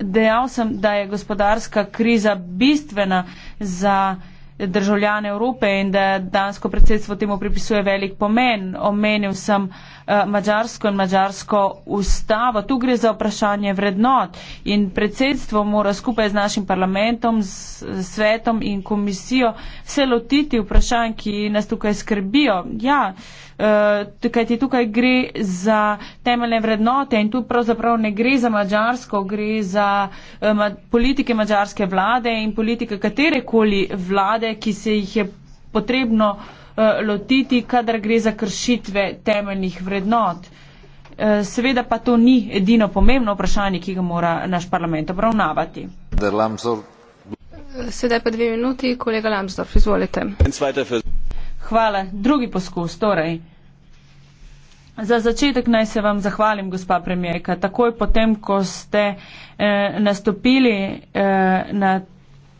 dejal sem, da je gospodarska kriza bistvena za državljane Evrope in da dansko predsedstvo temu pripisuje velik pomen. Omenil sem, Eh, Mačarsko in Mačarsko ustavo. Tu gre za vprašanje vrednot in predsedstvo mora skupaj z našim parlamentom, s svetom in komisijo se lotiti vprašanj, ki nas tukaj skrbijo. Ja, eh, kaj ti tukaj gre za temeljne vrednote in tu pravzaprav ne gre za Mačarsko, gre za eh, politike mačarske vlade in politike katerekoli vlade, ki se jih je potrebno Eh, lotiti, kadar gre za kršitve temeljnih vrednot. Eh, seveda pa to ni edino pomembno vprašanje, ki ga mora naš parlament obravnavati. Sedaj pa dve minuti, kolega Lambsdorff, izvolite. Hvala. Drugi poskus, torej. Za začetek naj se vam zahvalim, gospa premijerka. Takoj potem, ko ste eh, nastopili eh, na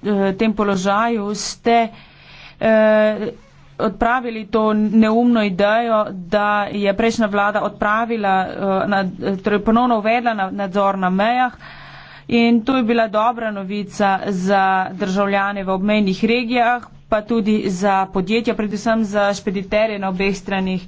eh, tem položaju, ste. Eh, odpravili to neumno idejo, da je prejšnja vlada odpravila, eh, torej ponovno uvedla nadzor na mejah. In to je bila dobra novica za državljane v obmejnih regijah, pa tudi za podjetja, predvsem za špediterje na obeh stranih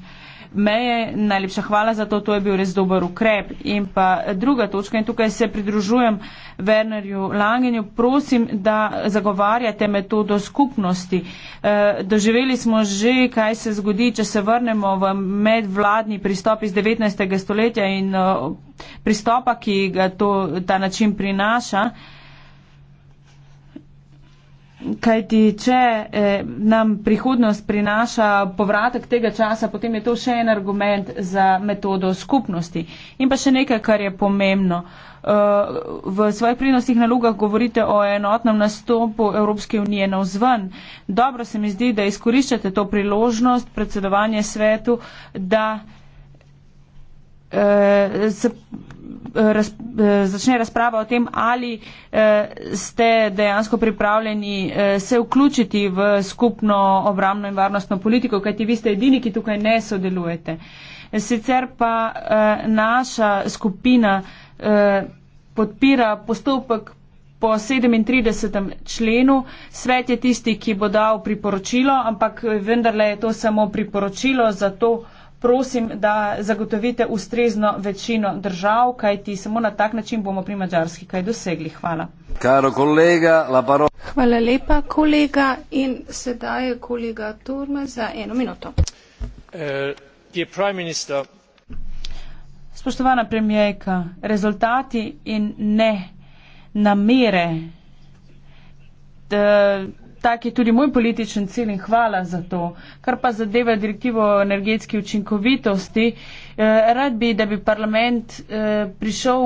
meje. Najlepša hvala za to, to je bil res dober ukrep. In pa druga točka, in tukaj se pridružujem Wernerju Langenju, prosim, da zagovarjate metodo skupnosti. E, doživeli smo že, kaj se zgodi, če se vrnemo v medvladni pristop iz 19. stoletja in e, pristopa, ki ga to, ta način prinaša. Kaj ti, če eh, nam prihodnost prinaša povratek tega časa, potem je to še en argument za metodo skupnosti. In pa še nekaj, kar je pomembno. Uh, v svojih prednostih nalogah govorite o enotnem nastopu Evropske unije na vzven. Dobro se mi zdi, da izkoriščate to priložnost predsedovanje svetu, da eh, se raz, eh, začne razprava o tem, ali eh, ste dejansko pripravljeni eh, se vključiti v skupno obramno in varnostno politiko, kajti vi ste edini, ki tukaj ne sodelujete. Sicer pa naša skupina podpira postopek po 37. členu. Svet je tisti, ki bo dal priporočilo, ampak vendarle je to samo priporočilo za to, prosim, da zagotovite ustrezno večino držav, kajti samo na tak način bomo pri Mačarski kaj dosegli. Hvala. Kolega, Hvala lepa, kolega. In sedaj je kolega Turme za eno minuto. Eh, Spoštovana premijerka, rezultati in ne namere tak je tudi moj političen cilj in hvala za to. Kar pa zadeva direktivo o energetski učinkovitosti, eh, rad bi, da bi parlament eh, prišel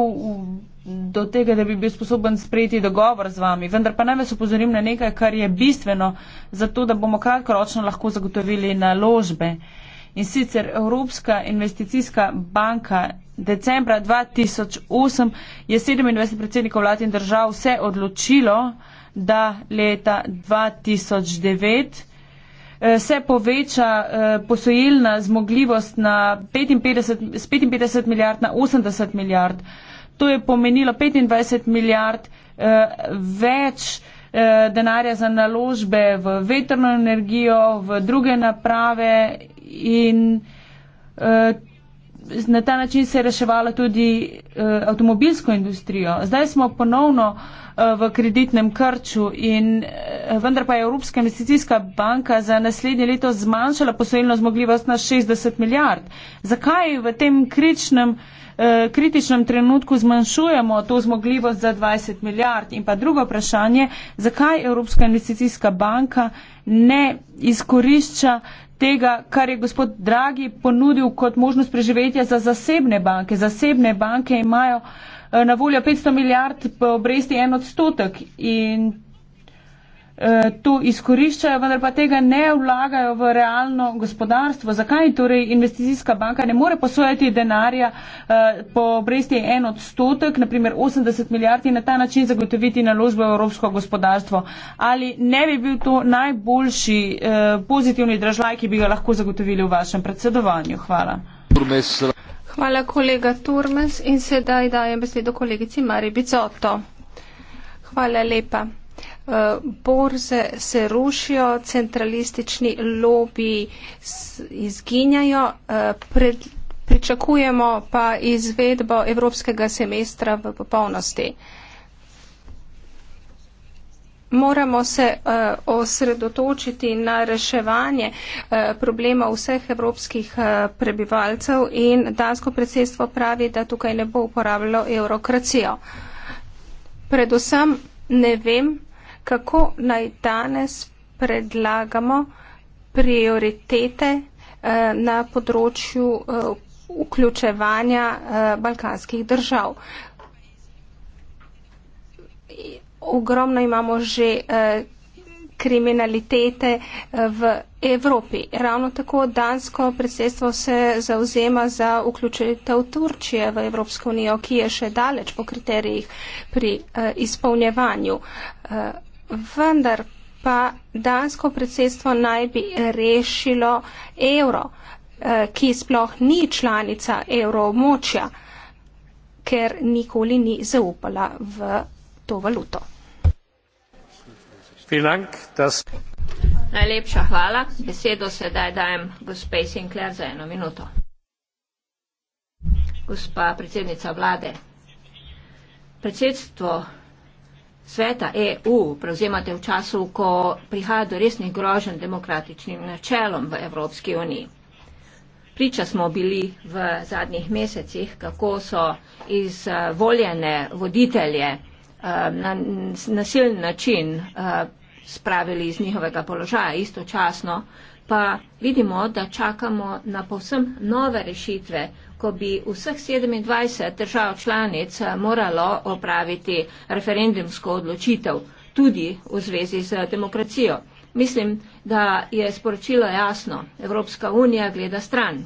do tega, da bi bil sposoben sprejeti dogovor z vami. Vendar pa naj vas upozorim na nekaj, kar je bistveno za to, da bomo kratkoročno lahko zagotovili naložbe. In sicer Evropska investicijska banka decembra 2008 je 27 predsednikov vlad in držav vse odločilo, da leta 2009 eh, se poveča eh, posojilna zmogljivost na 55, z 55 milijard na 80 milijard. To je pomenilo 25 milijard eh, več denarja za naložbe v vetrno energijo, v druge naprave in na ta način se je reševala tudi eh, avtomobilsko industrijo. Zdaj smo ponovno eh, v kreditnem krču in eh, vendar pa je Evropska investicijska banka za naslednje leto zmanjšala posojilno zmogljivost na 60 milijard. Zakaj v tem kričnem, eh, kritičnem trenutku zmanjšujemo to zmogljivost za 20 milijard? In pa drugo vprašanje, zakaj Evropska investicijska banka ne izkorišča eh, tega, kar je gospod Dragi ponudil kot možnost preživetja za zasebne banke. Zasebne banke imajo eh, na voljo 500 milijard obresti en odstotek in Eh, to izkoriščajo, vendar pa tega ne vlagajo v realno gospodarstvo. Zakaj torej investicijska banka ne more posojati denarja eh, po obresti en odstotek, naprimer 80 milijard in na ta način zagotoviti naložbo v evropsko gospodarstvo? Ali ne bi bil to najboljši eh, pozitivni držaj, ki bi ga lahko zagotovili v vašem predsedovanju? Hvala. Hvala kolega Turmes in sedaj dajem besedo kolegici Mari Bicotto. Hvala lepa. Eh, borze se rušijo, centralistični lobi izginjajo, eh, pred, pričakujemo pa izvedbo evropskega semestra v popolnosti. Moramo se uh, osredotočiti na reševanje uh, problema vseh evropskih uh, prebivalcev in dansko predsedstvo pravi, da tukaj ne bo uporabljalo evrokracijo. Predvsem ne vem, kako naj danes predlagamo prioritete eh, na področju eh, vključevanja eh, balkanskih držav. Ogromno imamo že kriminalitete v Evropi. Ravno tako dansko predsedstvo se zauzema za vključitev Turčije v Evropsko unijo, ki je še daleč po kriterijih pri izpolnjevanju vendar pa dansko predsedstvo naj bi rešilo evro, eh, ki sploh ni članica evroobmočja, ker nikoli ni zaupala v to valuto. Najlepša hvala. Besedo sedaj dajem gospe Sinclair za eno minuto. Gospa predsednica vlade, predsedstvo sveta EU prevzemate v času, ko prihaja do resnih grožen demokratičnim načelom v Evropski uniji. Priča smo bili v zadnjih mesecih, kako so izvoljene voditelje eh, na nasiln način eh, spravili iz njihovega položaja istočasno, pa vidimo, da čakamo na povsem nove rešitve ko bi vseh 27 držav članic eh, moralo opraviti referendumsko odločitev tudi v zvezi z demokracijo. Mislim, da je sporočilo jasno. Evropska unija gleda stran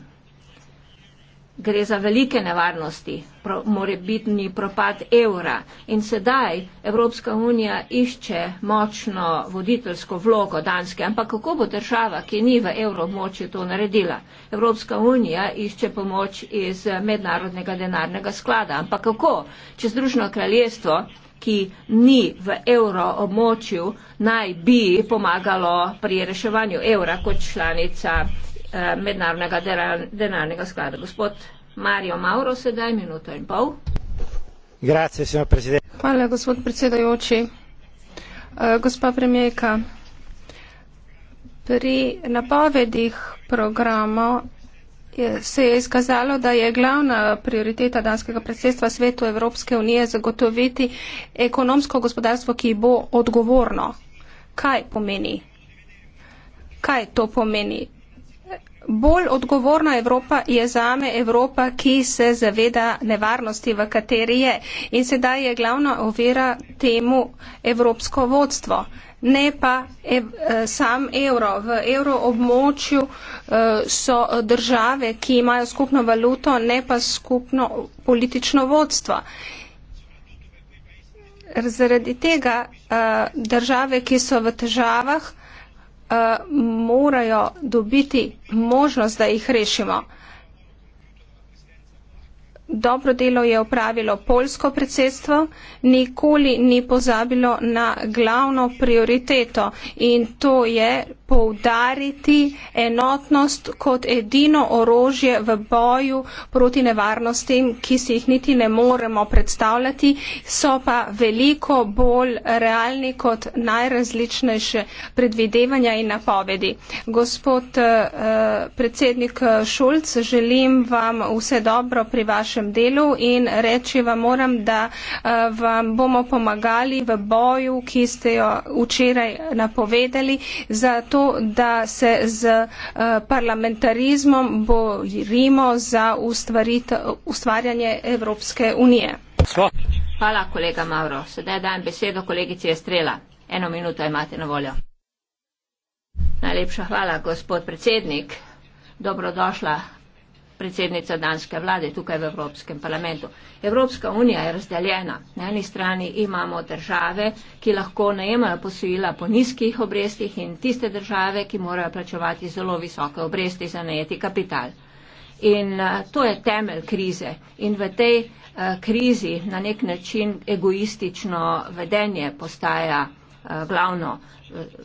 gre za velike nevarnosti, pro, more biti propad evra. In sedaj Evropska unija išče močno voditeljsko vlogo Danske, ampak kako bo država, ki ni v evromočju, to naredila? Evropska unija išče pomoč iz mednarodnega denarnega sklada, ampak kako, če Združeno kraljestvo ki ni v evro območju, naj bi pomagalo pri reševanju evra kot članica Eh, mednarodnega denarnega sklada. Gospod Mario Mauro, sedaj minuto in pol. Grazie, Hvala, gospod predsedajoči. Eh, gospa premijeka, pri napovedih programov se je izkazalo, da je glavna prioriteta danskega predsedstva svetu Evropske unije zagotoviti ekonomsko gospodarstvo, ki bo odgovorno. Kaj pomeni? Kaj to pomeni? Bolj odgovorna Evropa je zame Evropa, ki se zaveda nevarnosti, v kateri je. In sedaj je glavna ovira temu evropsko vodstvo, ne pa ev, eh, sam evro. V evroobmočju eh, so države, ki imajo skupno valuto, ne pa skupno politično vodstvo. Zaradi tega eh, države, ki so v težavah, uh, morajo dobiti možnost, da jih rešimo dobro delo je opravilo polsko predsedstvo, nikoli ni pozabilo na glavno prioriteto in to je poudariti enotnost kot edino orožje v boju proti nevarnostim, ki si jih niti ne moremo predstavljati, so pa veliko bolj realni kot najrazličnejše predvidevanja in napovedi. Gospod eh, predsednik Šulc, želim vam vse dobro pri vašem vašem delu in reči vam moram, da eh, vam bomo pomagali v boju, ki ste jo včeraj napovedali, zato da se z eh, parlamentarizmom borimo za ustvarjanje Evropske unije. Hvala, kolega Mauro. Sedaj dajem besedo kolegici Estrela. Eno minuto imate na voljo. Najlepša hvala, gospod predsednik. Dobrodošla predsednica danske vlade tukaj v Evropskem parlamentu. Evropska unija je razdeljena. Na eni strani imamo države, ki lahko najemajo posojila po nizkih obrestih in tiste države, ki morajo plačevati zelo visoke obresti za najeti kapital. In uh, to je temelj krize. In v tej uh, krizi na nek način egoistično vedenje postaja uh, glavno.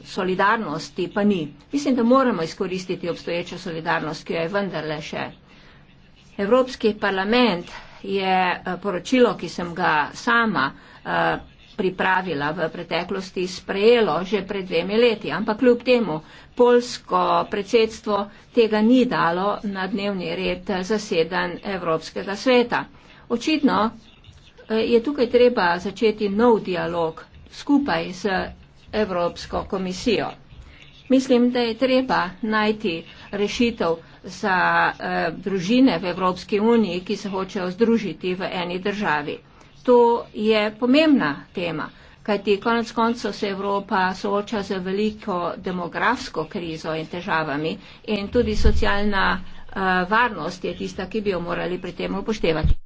Solidarnosti pa ni. Mislim, da moramo izkoristiti obstoječo solidarnost, ki jo je vendarle še Evropski parlament je eh, poročilo, ki sem ga sama eh, pripravila v preteklosti, sprejelo že pred dvemi leti, ampak kljub temu polsko predsedstvo tega ni dalo na dnevni red zaseden Evropskega sveta. Očitno eh, je tukaj treba začeti nov dialog skupaj z Evropsko komisijo. Mislim, da je treba najti rešitev, za eh, družine v Evropski uniji, ki se hočejo združiti v eni državi. To je pomembna tema, kajti konec koncev se Evropa sooča z veliko demografsko krizo in težavami in tudi socialna eh, varnost je tista, ki bi jo morali pri tem upoštevati.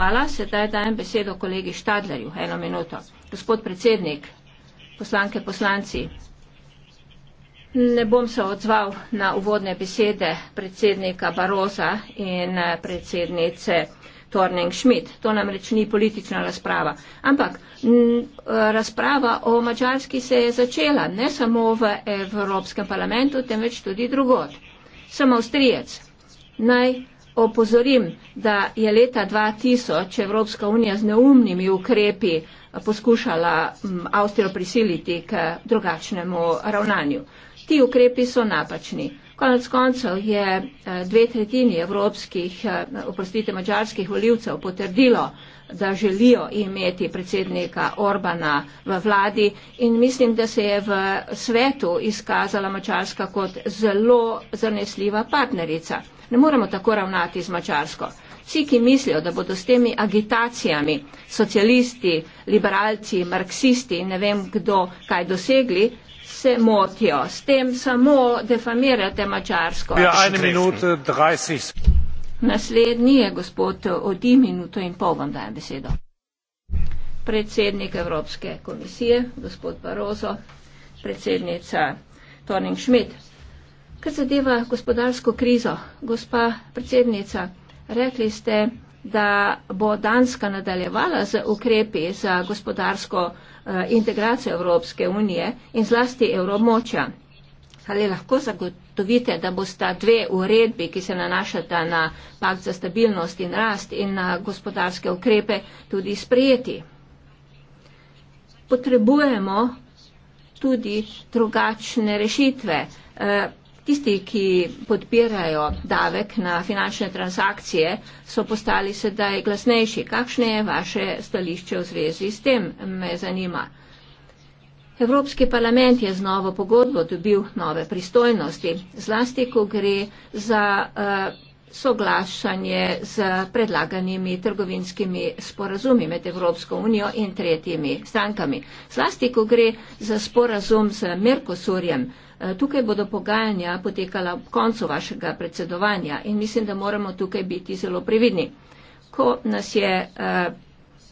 Hvala, sedaj dajem besedo kolegi Štadlerju. Eno minuto. Gospod predsednik, poslanke, poslanci. Ne bom se odzval na uvodne besede predsednika Baroza in eh, predsednice Torning Schmidt. To namreč ni politična razprava. Ampak m, razprava o Mačarski se je začela ne samo v Evropskem parlamentu, temveč tudi drugod. Sem Avstrijec. Naj opozorim, da je leta 2000 Evropska unija z neumnimi ukrepi eh, poskušala Avstrijo prisiliti k drugačnemu ravnanju ti ukrepi so napačni. Konec koncev je eh, dve tretjini evropskih, eh, oprostite, mađarskih voljivcev potrdilo, da želijo imeti predsednika Orbana v vladi in mislim, da se je v svetu izkazala Mačarska kot zelo zanesljiva partnerica. Ne moremo tako ravnati z Mačarsko. Vsi, ki mislijo, da bodo s temi agitacijami socialisti, liberalci, marksisti in ne vem kdo kaj dosegli, se motijo. S tem samo defamirate Mačarsko. Ja, eno minuto, dvajset. Naslednji je gospod Odi, minuto in pol vam dajem besedo. Predsednik Evropske komisije, gospod Barozo, predsednica Toning Schmidt. Kar zadeva gospodarsko krizo, gospa predsednica, rekli ste, da bo Danska nadaljevala z ukrepi za gospodarsko eh, integracijo Evropske unije in zlasti evromoča. Ali lahko zagotovite, da bosta dve uredbi, ki se nanašata na pakt za stabilnost in rast in na gospodarske ukrepe, tudi sprejeti? Potrebujemo tudi drugačne rešitve. Eh, Tisti, ki podpirajo davek na finančne transakcije, so postali sedaj glasnejši. Kakšno je vaše stališče v zvezi s tem, me zanima. Evropski parlament je z novo pogodbo dobil nove pristojnosti, zlasti, ko gre za uh, soglašanje z predlaganimi trgovinskimi sporazumi med Evropsko unijo in tretjimi strankami. Zlasti, ko gre za sporazum z Merkosurjem. Uh, Tukaj bodo pogajanja potekala ob koncu vašega predsedovanja in mislim, da moramo tukaj biti zelo previdni. Ko nas je eh,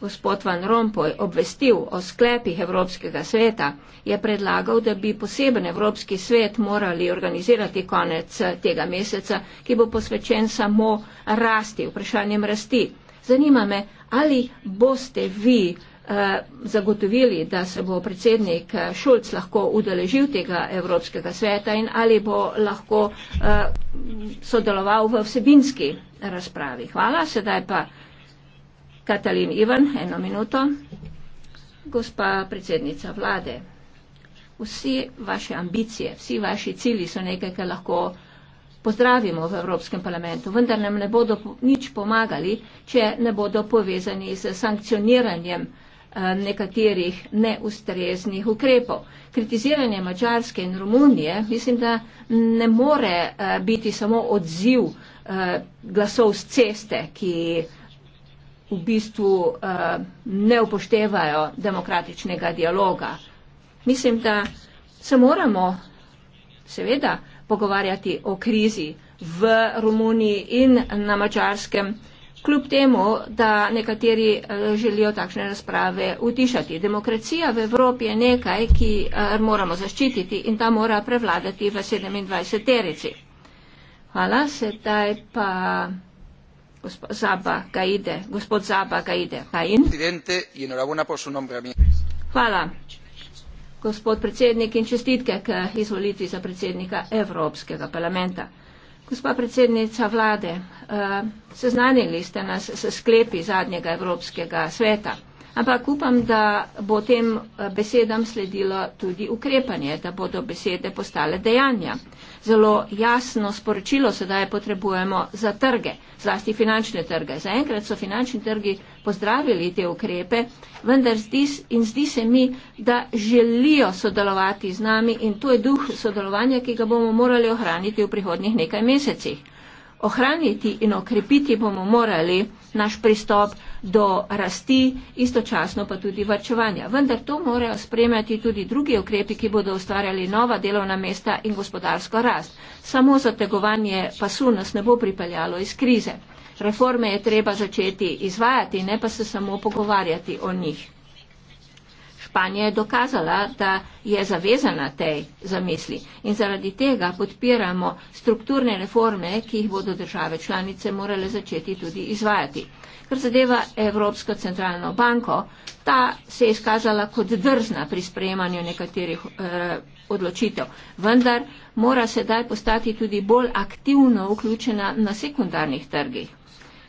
gospod Van Rompuy obvestil o sklepih Evropskega sveta, je predlagal, da bi poseben Evropski svet morali organizirati konec eh, tega meseca, ki bo posvečen samo rasti, vprašanjem rasti. Zanima me, ali boste vi Eh, zagotovili, da se bo predsednik eh, Šulc lahko udeležil tega Evropskega sveta in ali bo lahko eh, sodeloval v vsebinski razpravi. Hvala, sedaj pa Katalin Ivan, eno minuto. Gospa predsednica vlade, vsi vaše ambicije, vsi vaši cilji so nekaj, kar lahko pozdravimo v Evropskem parlamentu, vendar nam ne bodo nič pomagali, če ne bodo povezani z sankcioniranjem Eh, nekaterih neustreznih ukrepov. Kritiziranje Mačarske in Romunije mislim, da ne more eh, biti samo odziv eh, glasov z ceste, ki v bistvu ne upoštevajo demokratičnega dialoga. Mislim, da se moramo seveda pogovarjati o krizi v Romuniji in na Mačarskem. Kljub temu, da nekateri eh, želijo takšne razprave utišati. Demokracija v Evropi je nekaj, ki eh, moramo zaščititi in ta mora prevladati v 27 terici. Hvala, sedaj pa Zaba Gaide, gospod Zaba Gaide. Hvala, gospod predsednik in čestitke k izvolitvi za predsednika Evropskega parlamenta. Gospa predsednica vlade, eh, seznanili ste nas s sklepi zadnjega Evropskega sveta, ampak upam, da bo tem eh, besedam sledilo tudi ukrepanje, da bodo besede postale dejanja zelo jasno sporočilo sedaj potrebujemo za trge, zlasti finančne trge. Zaenkrat so finančni trgi pozdravili te ukrepe, vendar zdi, in zdi se mi, da želijo sodelovati z nami in to je duh sodelovanja, ki ga bomo morali ohraniti v prihodnjih nekaj mesecih. Ohraniti in okrepiti bomo morali naš pristop do rasti, istočasno pa tudi varčevanja. Vendar to morajo spremljati tudi drugi ukrepi, ki bodo ustvarjali nova delovna mesta in gospodarsko rast. Samo zategovanje pasu nas ne bo pripeljalo iz krize. Reforme je treba začeti izvajati, ne pa se samo pogovarjati o njih. Španija je dokazala, da je zavezana tej zamisli in zaradi tega podpiramo strukturne reforme, ki jih bodo države članice morale začeti tudi izvajati. Kar zadeva Evropsko centralno banko, ta se je izkazala kot drzna pri sprejemanju nekaterih eh, odločitev, vendar mora sedaj postati tudi bolj aktivno vključena na sekundarnih trgih.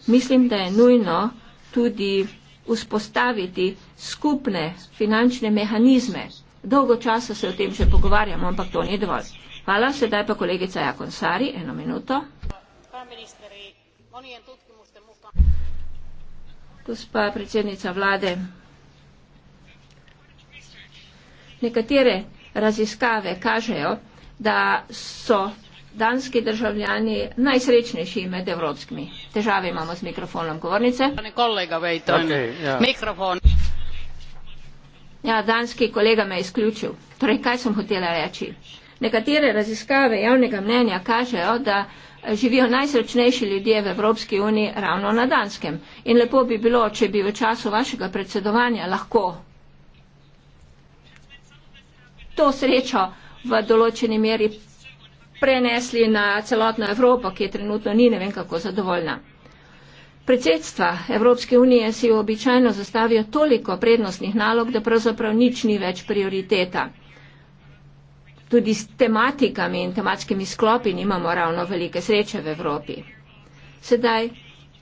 Mislim, da je nujno tudi vzpostaviti skupne finančne mehanizme. Dolgo časa se o tem že pogovarjamo, ampak to ni dovolj. Hvala, sedaj pa kolegica Jakonsari, eno minuto. Gospa predsednica vlade, nekatere raziskave kažejo, da so danski državljani najsrečnejši med evropskimi. Težave imamo z mikrofonom govornice. Okay, yeah. Ja. Mikrofon. Ja, danski kolega me je izključil. Torej, kaj sem hotela reči? Nekatere raziskave javnega mnenja kažejo, da živijo najsrečnejši ljudje v Evropski uniji ravno na Danskem. In lepo bi bilo, če bi v času vašega predsedovanja lahko to srečo v določeni meri prenesli na celotno Evropo, ki je trenutno ni ne vem kako zadovoljna. Predsedstva Evropske unije si običajno zastavijo toliko prednostnih nalog, da pravzaprav nič ni več prioriteta. Tudi s tematikami in tematskimi sklopi nimamo ravno velike sreče v Evropi. Sedaj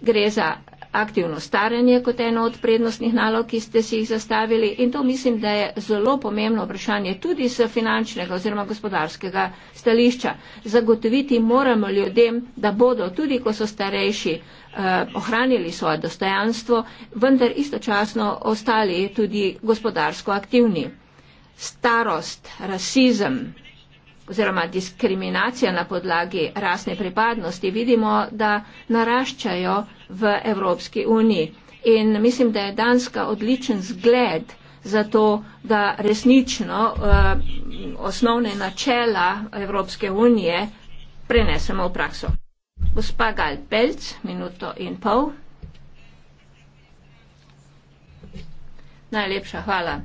gre za aktivno staranje kot eno od prednostnih nalog, ki ste si jih zastavili in to mislim, da je zelo pomembno vprašanje tudi z finančnega oziroma gospodarskega stališča. Zagotoviti moramo ljudem, da bodo tudi, ko so starejši, eh, ohranili svoje dostojanstvo, vendar istočasno ostali tudi gospodarsko aktivni. Starost, rasizem oziroma diskriminacija na podlagi rasne pripadnosti vidimo, da naraščajo v Evropski uniji. In mislim, da je Danska odličen zgled za to, da resnično eh, osnovne načela Evropske unije prenesemo v prakso. Gospa Galpelc, minuto in pol. Najlepša hvala,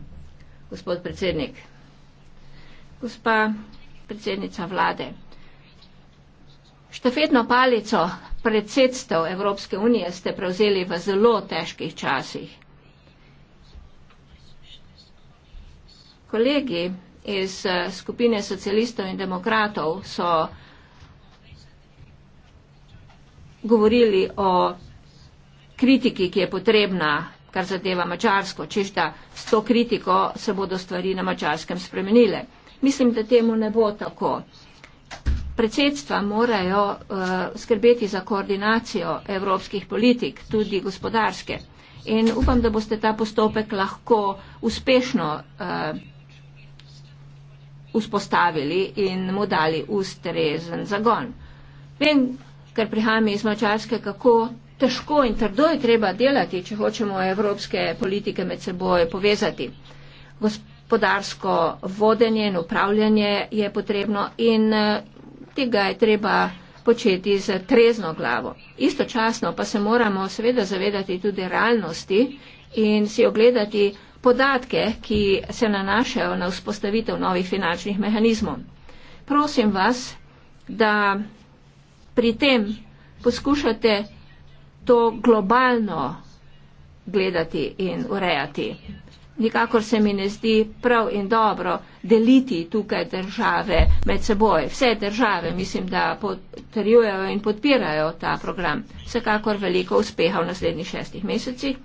gospod predsednik. Gospa predsednica vlade, štafetno palico predsedstev Evropske unije ste prevzeli v zelo težkih časih. Kolegi iz eh, skupine socialistov in demokratov so govorili o kritiki, ki je potrebna, kar zadeva mačarsko, češ da s to kritiko se bodo stvari na mačarskem spremenile. Mislim, da temu ne bo tako predsedstva morajo uh, skrbeti za koordinacijo evropskih politik, tudi gospodarske. In upam, da boste ta postopek lahko uspešno uh, vzpostavili in mu dali ustrezen zagon. Vem, ker prihajam iz Mačarske, kako težko in trdo je treba delati, če hočemo evropske politike med seboj povezati. Gospodarsko vodenje in upravljanje je potrebno in eh, tega je treba početi z trezno glavo. Istočasno pa se moramo seveda zavedati tudi realnosti in si ogledati podatke, ki se nanašajo na vzpostavitev novih finančnih mehanizmov. Prosim vas, da pri tem poskušate to globalno gledati in urejati nikakor se mi ne zdi prav in dobro deliti tukaj države med seboj. Vse države mislim, da potrjujejo in podpirajo ta program. Vsekakor veliko uspeha v naslednjih šestih mesecih.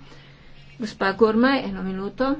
Gospa Gurma, eno minuto.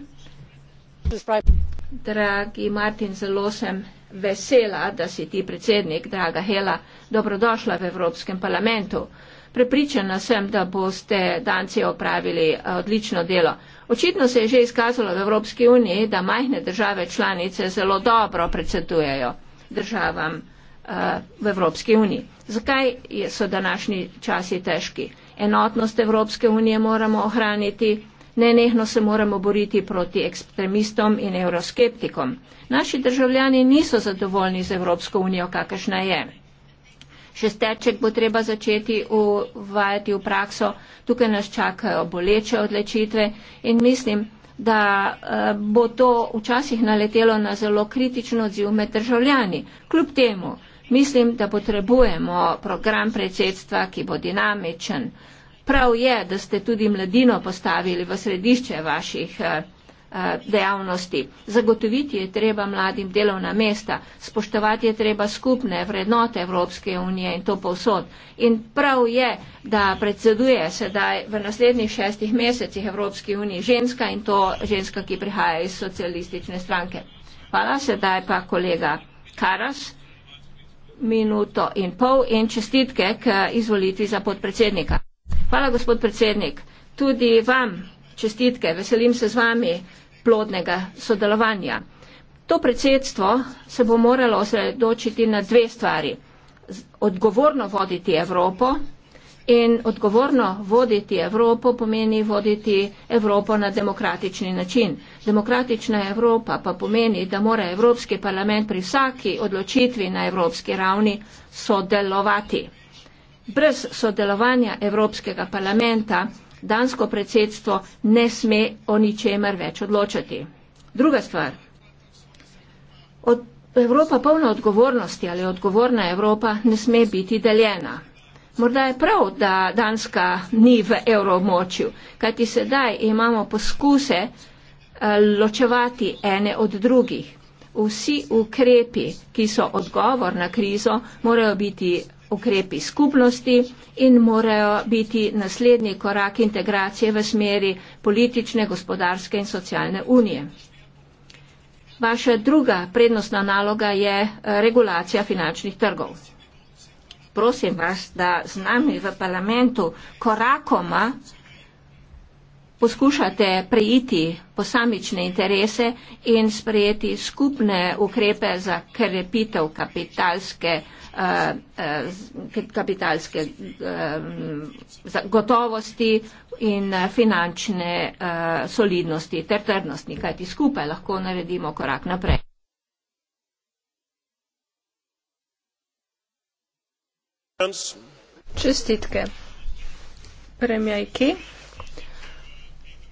Dragi Martin, zelo sem vesela, da si ti predsednik, draga Hela, dobrodošla v Evropskem parlamentu. Prepričana sem, da boste danci opravili odlično delo. Očitno se je že izkazalo v Evropski uniji, da majhne države članice zelo dobro predsedujejo državam uh, v Evropski uniji. Zakaj so današnji časi težki? Enotnost Evropske unije moramo ohraniti, nenehno se moramo boriti proti ekstremistom in euroskeptikom. Naši državljani niso zadovoljni z Evropsko unijo, kakršna je šesterček bo treba začeti uvajati v prakso. Tukaj nas čakajo boleče odločitve in mislim, da eh, bo to včasih naletelo na zelo kritično odziv med državljani. Kljub temu mislim, da potrebujemo program predsedstva, ki bo dinamičen. Prav je, da ste tudi mladino postavili v središče vaših eh, Eh, dejavnosti. Zagotoviti je treba mladim delovna mesta, spoštovati je treba skupne vrednote Evropske unije in to povsod. In prav je, da predseduje sedaj v naslednjih šestih mesecih Evropske unije ženska in to ženska, ki prihaja iz socialistične stranke. Hvala, sedaj pa kolega Karas, minuto in pol in čestitke k izvolitvi za podpredsednika. Hvala, gospod predsednik. Tudi vam čestitke, veselim se z vami plodnega sodelovanja. To predsedstvo se bo moralo osredočiti na dve stvari. Odgovorno voditi Evropo in odgovorno voditi Evropo pomeni voditi Evropo na demokratični način. Demokratična Evropa pa pomeni, da mora Evropski parlament pri vsaki odločitvi na evropski ravni sodelovati. Brez sodelovanja Evropskega parlamenta dansko predsedstvo ne sme o ničemer več odločati. Druga stvar. Od Evropa polna odgovornosti ali odgovorna Evropa ne sme biti deljena. Morda je prav, da Danska ni v evromočju, kajti sedaj imamo poskuse eh, ločevati ene od drugih. Vsi ukrepi, ki so odgovor na krizo, morajo biti ukrepi skupnosti in morajo biti naslednji korak integracije v smeri politične, gospodarske in socialne unije. Vaša druga prednostna naloga je eh, regulacija finančnih trgov. Prosim vas, da z nami v parlamentu korakoma poskušate prejiti posamične interese in sprejeti skupne ukrepe za krepitev kapitalske Eh, eh, kapitalske eh, gotovosti in finančne solidnosti ter trdnosti, kajti skupaj lahko naredimo korak naprej. Čestitke. Premjajki.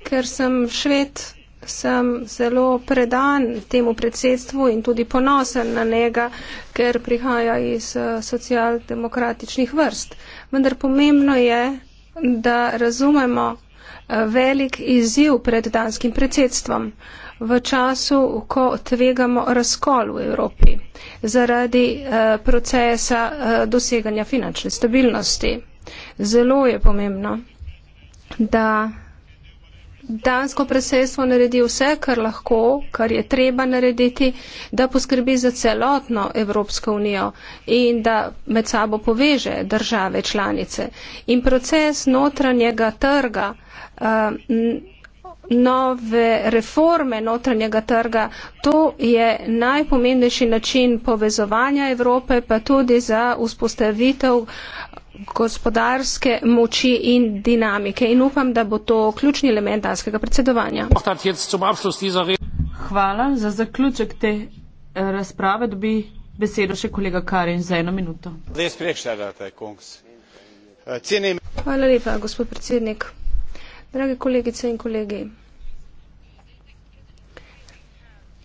Ker sem šved, sem zelo predan temu predsedstvu in tudi ponosen na njega, ker prihaja iz eh, socialdemokratičnih vrst. Vendar pomembno je, da razumemo eh, velik izziv pred danskim predsedstvom v času, ko tvegamo razkol v Evropi zaradi eh, procesa doseganja finančne stabilnosti. Zelo je pomembno, da dansko predsedstvo naredi vse, kar lahko, kar je treba narediti, da poskrbi za celotno Evropsko unijo in da med sabo poveže države članice. In proces notranjega trga. Uh, nove reforme notranjega trga. To je najpomembnejši način povezovanja Evrope, pa tudi za vzpostavitev uh, gospodarske moči in dinamike. In upam, da bo to ključni element danskega predsedovanja. Hvala. Za zaključek te eh, razprave dobi besedo še kolega Karin za eno minuto. Hvala lepa, gospod predsednik. Dragi kolegice in kolegi.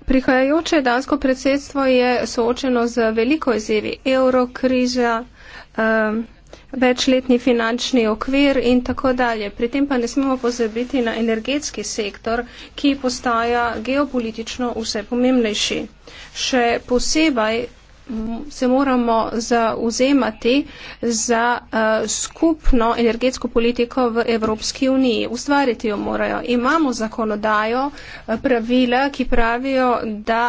Prihajajoče dansko predsedstvo je soočeno z veliko izzivi. Euro, križa, um, eh, večletni finančni okvir in tako dalje. Pri tem pa ne smemo pozabiti na energetski sektor, ki postaja geopolitično vse pomembnejši. Še posebej se moramo zauzemati za uh, skupno energetsko politiko v Evropski uniji. Ustvariti jo morajo. Imamo zakonodajo, eh, pravila, ki pravijo, da.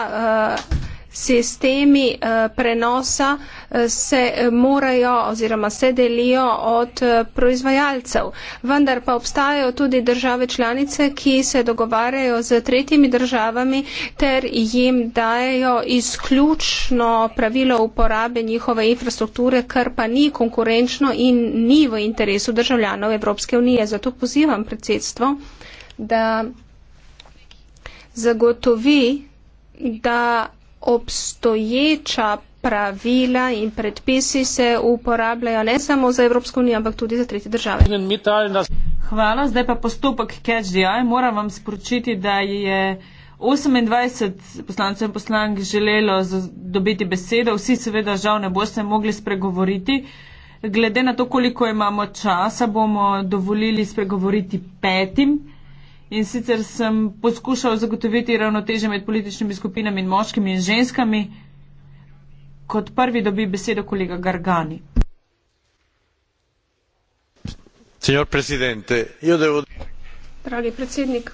Uh, sistemi eh, prenosa eh, se morajo oziroma se delijo od eh, proizvajalcev. Vendar pa obstajajo tudi države članice, ki se dogovarjajo z tretjimi državami ter jim dajo izključno pravilo uporabe njihove infrastrukture, kar pa ni konkurenčno in ni v interesu državljanov Evropske unije. Zato pozivam predsedstvo, da zagotovi, da obstoječa pravila in predpisi se uporabljajo ne samo za Evropsko unijo, ampak tudi za tretje države. Hvala, zdaj pa postopek Catch the Eye. Moram vam sporočiti, da je 28 poslancev in poslank želelo dobiti besedo, vsi seveda žal ne boste mogli spregovoriti. Glede na to, koliko imamo časa, bomo dovolili spregovoriti petim. In sicer sem poskušal zagotoviti ravnoteže med političnimi skupinami in moškimi in ženskami. Kot prvi dobi besedo kolega Gargani. Dragi predsednik,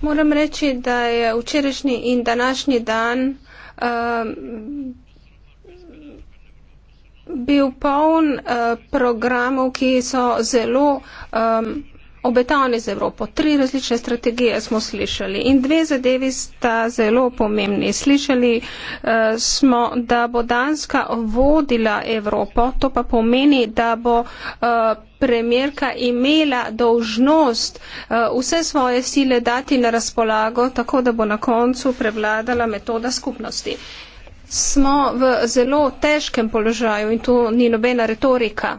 moram reči, da je včerajšnji in današnji dan um, bil poln uh, programov, ki so zelo. Um, obetavni za Evropo. Tri različne strategije smo slišali in dve zadevi sta zelo pomembni. Slišali uh, smo, da bo Danska vodila Evropo, to pa pomeni, da bo uh, eh, premjerka imela dolžnost eh, vse svoje sile dati na razpolago, tako da bo na koncu prevladala metoda skupnosti. Smo v zelo težkem položaju in to ni nobena retorika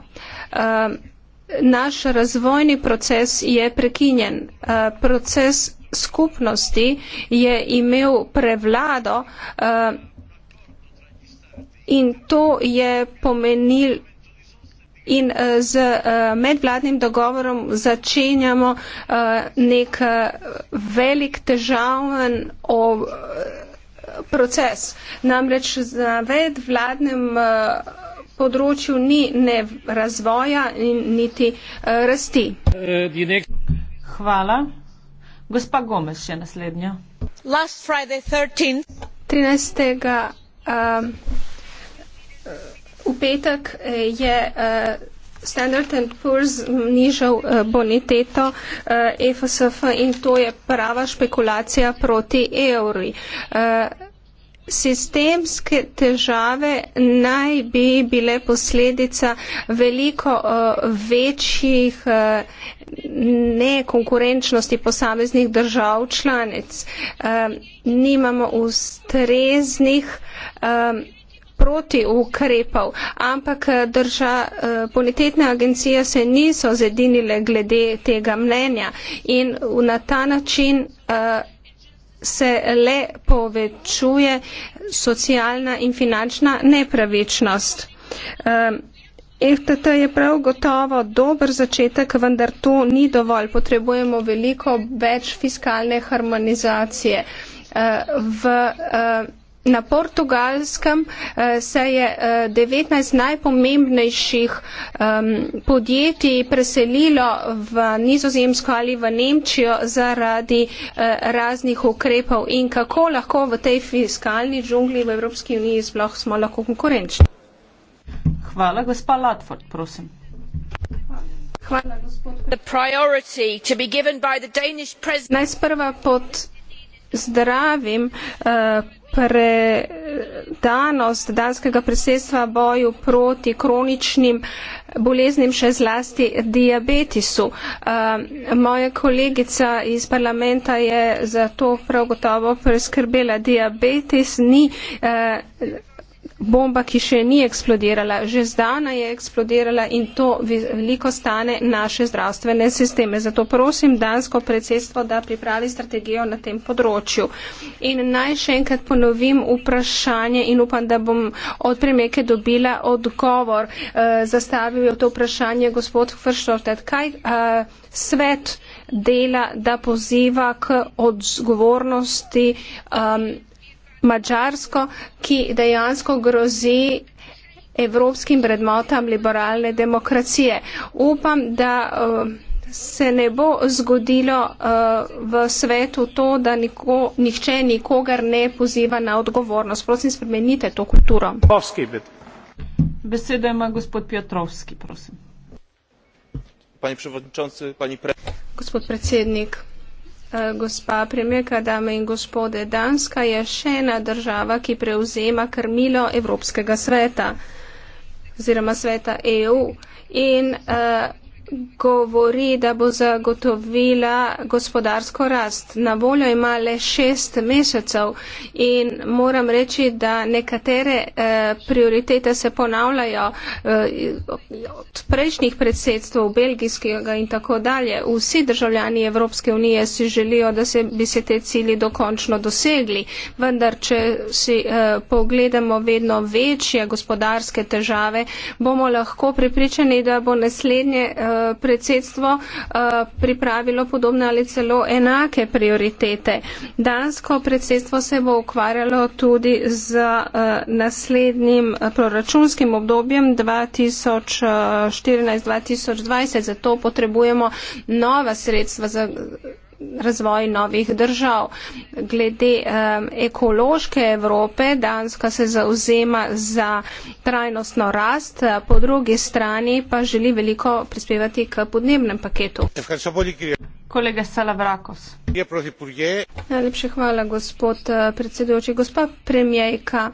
naš razvojni proces je prekinjen. Eh, proces skupnosti je imel prevlado eh, in to je pomenil in eh, z medvladnim dogovorom začenjamo nek velik težaven o proces. Namreč na medvladnem področju ni ne razvoja in niti eh, rasti. Hvala. Gospa Gomez še naslednja. 13. Uh, um, v petek eh, je uh, Standard Poor's nižal uh, boniteto uh, FSF e in to je prava špekulacija proti evri. Uh, sistemske težave naj bi bile posledica veliko uh, večjih uh, nekonkurenčnosti posameznih držav članic. Uh, nimamo ustreznih um, proti ukrepov, ampak drža, bonitetne agencije se niso zedinile glede tega mnenja in na ta način uh, se le povečuje socialna in finančna nepravičnost. FTT ehm, e je prav gotovo dober začetek, vendar to ni dovolj. Potrebujemo veliko več fiskalne harmonizacije. Ehm, v ehm, Na portugalskem eh, se je 19 eh, najpomembnejših podjetij preselilo v nizozemsko ali v Nemčijo zaradi eh, raznih ukrepov in kako lahko v tej fiskalni džungli v Evropski uniji sploh smo lahko konkurenčni. Hvala, gospa Latford, prosim. Hvala, gospod. Najsprva pod zdravim uh, predanost danskega predsedstva boju proti kroničnim boleznim, še zlasti diabetisu. Ehm, moja kolegica iz parlamenta je za to prav gotovo preskrbela diabetis, ni eh, bomba, ki še ni eksplodirala, že zdana je eksplodirala in to veliko stane naše zdravstvene sisteme. Zato prosim dansko predsedstvo, da pripravi strategijo na tem področju. In naj še enkrat ponovim vprašanje in upam, da bom od premijeke dobila odgovor. E, zastavil je to vprašanje gospod Hrštovtet. Kaj e, svet dela, da poziva k odgovornosti? E, Mačarsko, ki dejansko grozi evropskim vrednotam liberalne demokracije. Upam, da eh, se ne bo zgodilo eh, v svetu to, da niko, nihče nikogar ne poziva na odgovornost. Prosim, spremenite to kulturo. Beseda ima gospod Pjotrovski, prosim. Pani predsednik. Eh, gospa premijerka, dame in gospode, Danska je še ena država, ki prevzema krmilo Evropskega sveta oziroma sveta EU. In uh, govori, da bo zagotovila gospodarsko rast. Na voljo ima le šest mesecev in moram reči, da nekatere eh, prioritete se ponavljajo eh, od prejšnjih predsedstv, belgijskega in tako dalje. Vsi državljani Evropske unije si želijo, da se, bi se te cili dokončno dosegli, vendar če si eh, pogledamo vedno večje gospodarske težave, bomo lahko pripričani, da bo naslednje. Eh, predsedstvo eh, pripravilo podobne ali celo enake prioritete. Dansko predsedstvo se bo ukvarjalo tudi z eh, naslednjim eh, proračunskim obdobjem 2014-2020, zato potrebujemo nova sredstva za razvoj novih držav. Glede um, ekološke Evrope, Danska se zauzema za trajnostno rast, po drugi strani pa želi veliko prispevati k podnebnem paketu. Kolega Salavrakos. Najlepše hvala, gospod eh, predsedujoči. Gospa premijejka,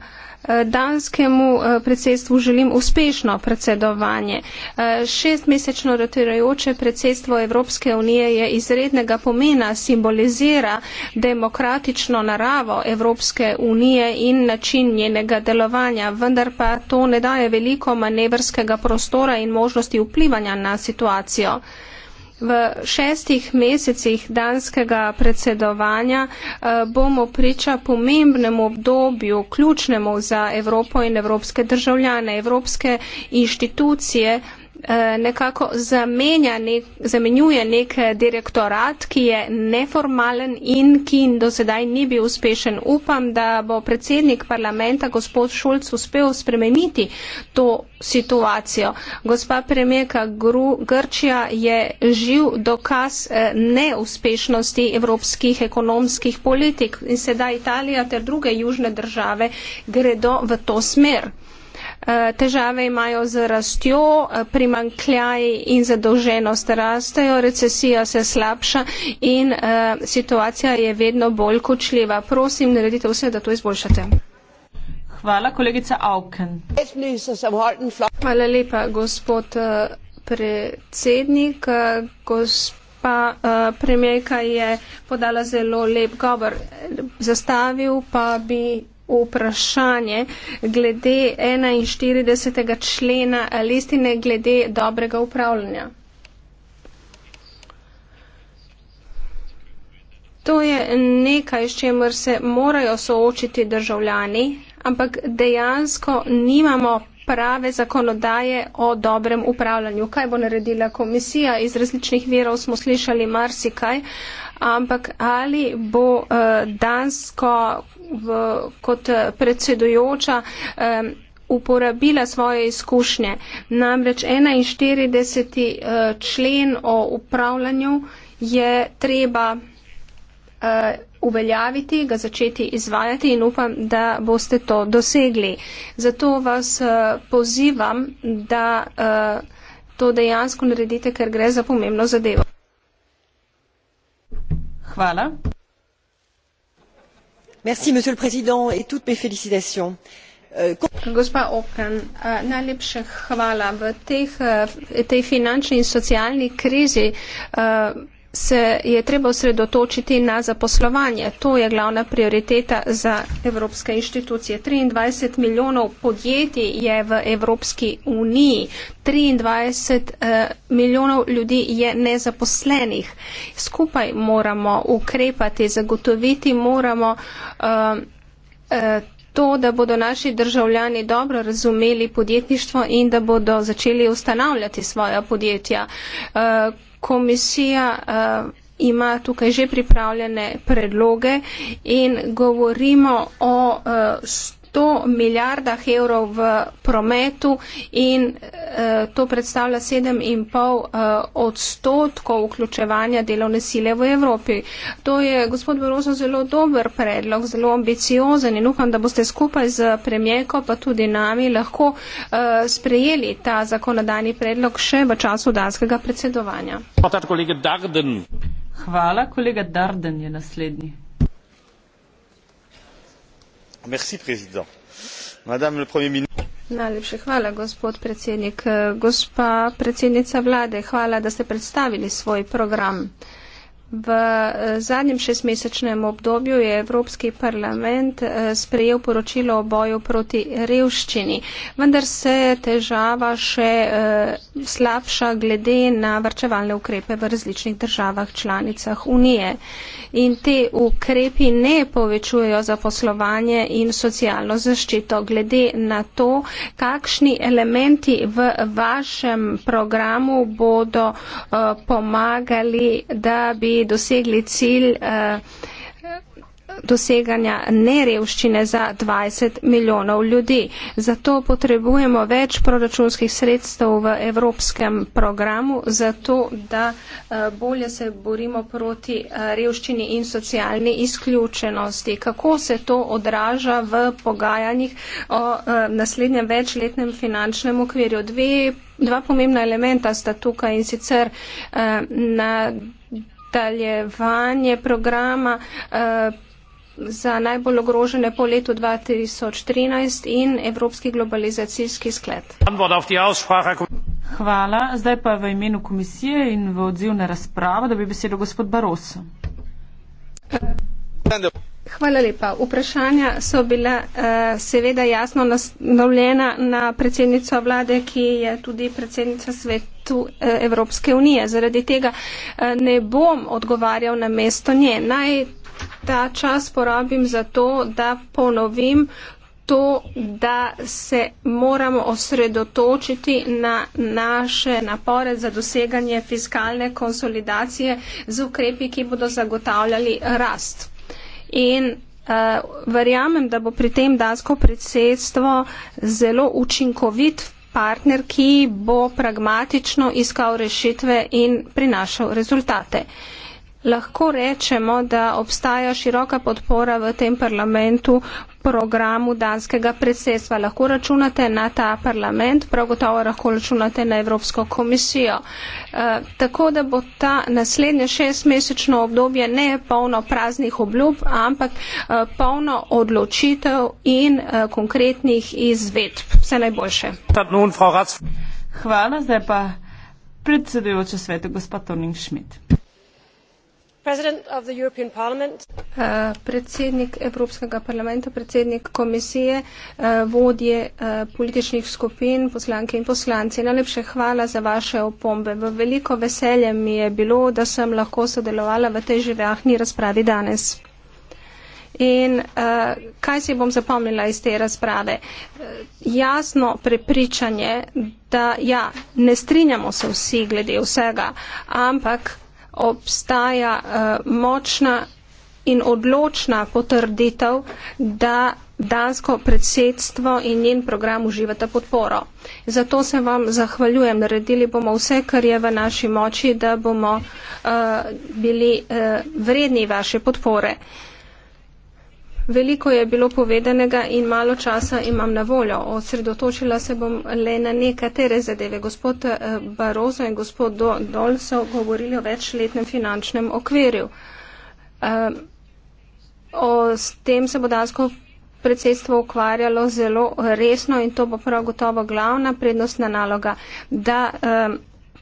Danskemu eh, predsedstvu želim uspešno predsedovanje. Eh, šestmesečno rotirajoče predsedstvo Evropske unije je izrednega pomena, simbolizira demokratično naravo Evropske unije in način njenega delovanja, vendar pa to ne daje veliko manevrskega prostora in možnosti vplivanja na situacijo. V šestih mesecih danskega predsedovanja eh, bomo priča pomembnemu obdobju, ključnemu za Evropo in evropske državljane, evropske inštitucije Eh, nekako zamenja nek, zamenjuje nek eh, direktorat, ki je neformalen in ki do sedaj ni bil uspešen. Upam, da bo predsednik parlamenta, gospod Šulc, uspel spremeniti to situacijo. Gospa premijeka Gru, Grčija je živ dokaz eh, neuspešnosti evropskih ekonomskih politik in sedaj Italija ter druge južne države gredo v to smer. Eh, težave imajo z rastjo, eh, primankljaj in zadolženost rastejo, recesija se slabša in eh, situacija je vedno bolj kočljiva. Prosim, naredite vse, da to izboljšate. Hvala, kolegica Auken. Hvala lepa, gospod predsednik. Gospa premijerka je podala zelo lep govor. Zastavil pa bi vprašanje glede 41. člena listine glede dobrega upravljanja. To je nekaj, s čemer se morajo soočiti državljani, ampak dejansko nimamo prave zakonodaje o dobrem upravljanju. Kaj bo naredila komisija? Iz različnih verov smo slišali marsikaj, ampak ali bo eh, dansko v, kot predsedujoča um, uporabila svoje izkušnje. Namreč 41. Eh, člen o upravljanju je treba uh, uveljaviti, ga začeti izvajati in upam, da boste to dosegli. Zato vas uh, pozivam, da uh, to dejansko naredite, ker gre za pomembno zadevo. Hvala monsieur le président et toutes mes félicitations. Euh, gospa auken najlepša hvala. v eh, tej finančni in socialni krizi eh, se je treba osredotočiti na zaposlovanje. To je glavna prioriteta za evropske inštitucije. 23 milijonov podjetij je v Evropski uniji, 23 uh, eh, milijonov ljudi je nezaposlenih. Skupaj moramo ukrepati, zagotoviti moramo uh, uh, to, da bodo naši državljani dobro razumeli podjetništvo in da bodo začeli ustanavljati svoja podjetja. Uh, komisija uh, ima tukaj že pripravljene predloge in govorimo o uh, 100 milijardah evrov v prometu in uh, to predstavlja 7,5 uh, eh, odstotkov vključevanja delovne sile v Evropi. To je, gospod Borozo, zelo dober predlog, zelo ambiciozen in upam, da boste skupaj z premijeko pa tudi nami lahko uh, sprejeli ta zakonodani predlog še v času danskega predsedovanja. Hvala, kolega Darden je naslednji. Najlepša hvala, gospod predsednik. Gospa predsednica vlade, hvala, da ste predstavili svoj program. V eh, zadnjem šestmesečnem obdobju je Evropski parlament eh, sprejel poročilo o boju proti revščini, vendar se težava še eh, slabša glede na vrčevalne ukrepe v različnih državah članicah Unije. In te ukrepi ne povečujejo zaposlovanje in socialno zaščito. Glede na to, kakšni elementi v vašem programu bodo pomagali, da bi dosegli cilj eh, doseganja nerevščine za 20 milijonov ljudi. Zato potrebujemo več proračunskih sredstev v evropskem programu, zato da eh, bolje se borimo proti eh, revščini in socialni izključenosti. Kako se to odraža v pogajanjih o naslednjem večletnem finančnem okvirju? Dve, dva pomembna elementa sta tukaj in sicer na nadaljevanje programa eh, za najbolj ogrožene po letu 2013 in Evropski globalizacijski sklad. Hvala. Zdaj pa v imenu komisije in v odziv na razpravo, da bi besedo gospod Baroso. Hvala lepa. Vprašanja so bila eh, seveda jasno naslovljena na predsednico vlade, ki je tudi predsednica sveta svetu eh, Evropske unije. Zaradi tega eh, ne bom odgovarjal na mesto nje. Naj ta čas porabim za to, da ponovim to, da se moramo osredotočiti na naše napore za doseganje fiskalne konsolidacije z ukrepi, ki bodo zagotavljali rast. In uh, verjamem, da bo pri tem dansko predsedstvo zelo učinkovit v partner, ki bo pragmatično iskal rešitve in prinašal rezultate lahko rečemo, da obstaja široka podpora v tem parlamentu programu danskega predsedstva. Lahko računate na ta parlament, prav gotovo lahko računate na Evropsko komisijo. E, tako da bo ta naslednje šestmesečno obdobje ne polno praznih obljub, ampak e, polno odločitev in e, konkretnih izvedb. Vse najboljše. Hvala, zdaj pa predsedujoča sveta, gospod Torning Schmidt. Eh, predsednik Evropskega parlamenta, predsednik komisije, eh, vodje eh, političnih skupin, poslanke in poslanci. Najlepše hvala za vaše opombe. V veliko veselje mi je bilo, da sem lahko sodelovala v tej živahni razpravi danes. In uh, kaj si bom zapomnila iz te razprave? Jasno prepričanje, da ja, ne strinjamo se vsi glede vsega, ampak obstaja uh, močna in odločna potrditev, da dansko predsedstvo in njen program uživata podporo. Zato se vam zahvaljujem. Naredili bomo vse, kar je v naši moči, da bomo uh, bili uh, vredni vaše podpore. Veliko je bilo povedanega in malo časa imam na voljo. Osredotočila se bom le na nekatere zadeve. Gospod eh, Barozo in gospod Do Dol so govorili o večletnem finančnem okvirju. Eh, o s tem se bo dansko predsedstvo ukvarjalo zelo resno in to bo prav gotovo glavna prednostna naloga, da eh,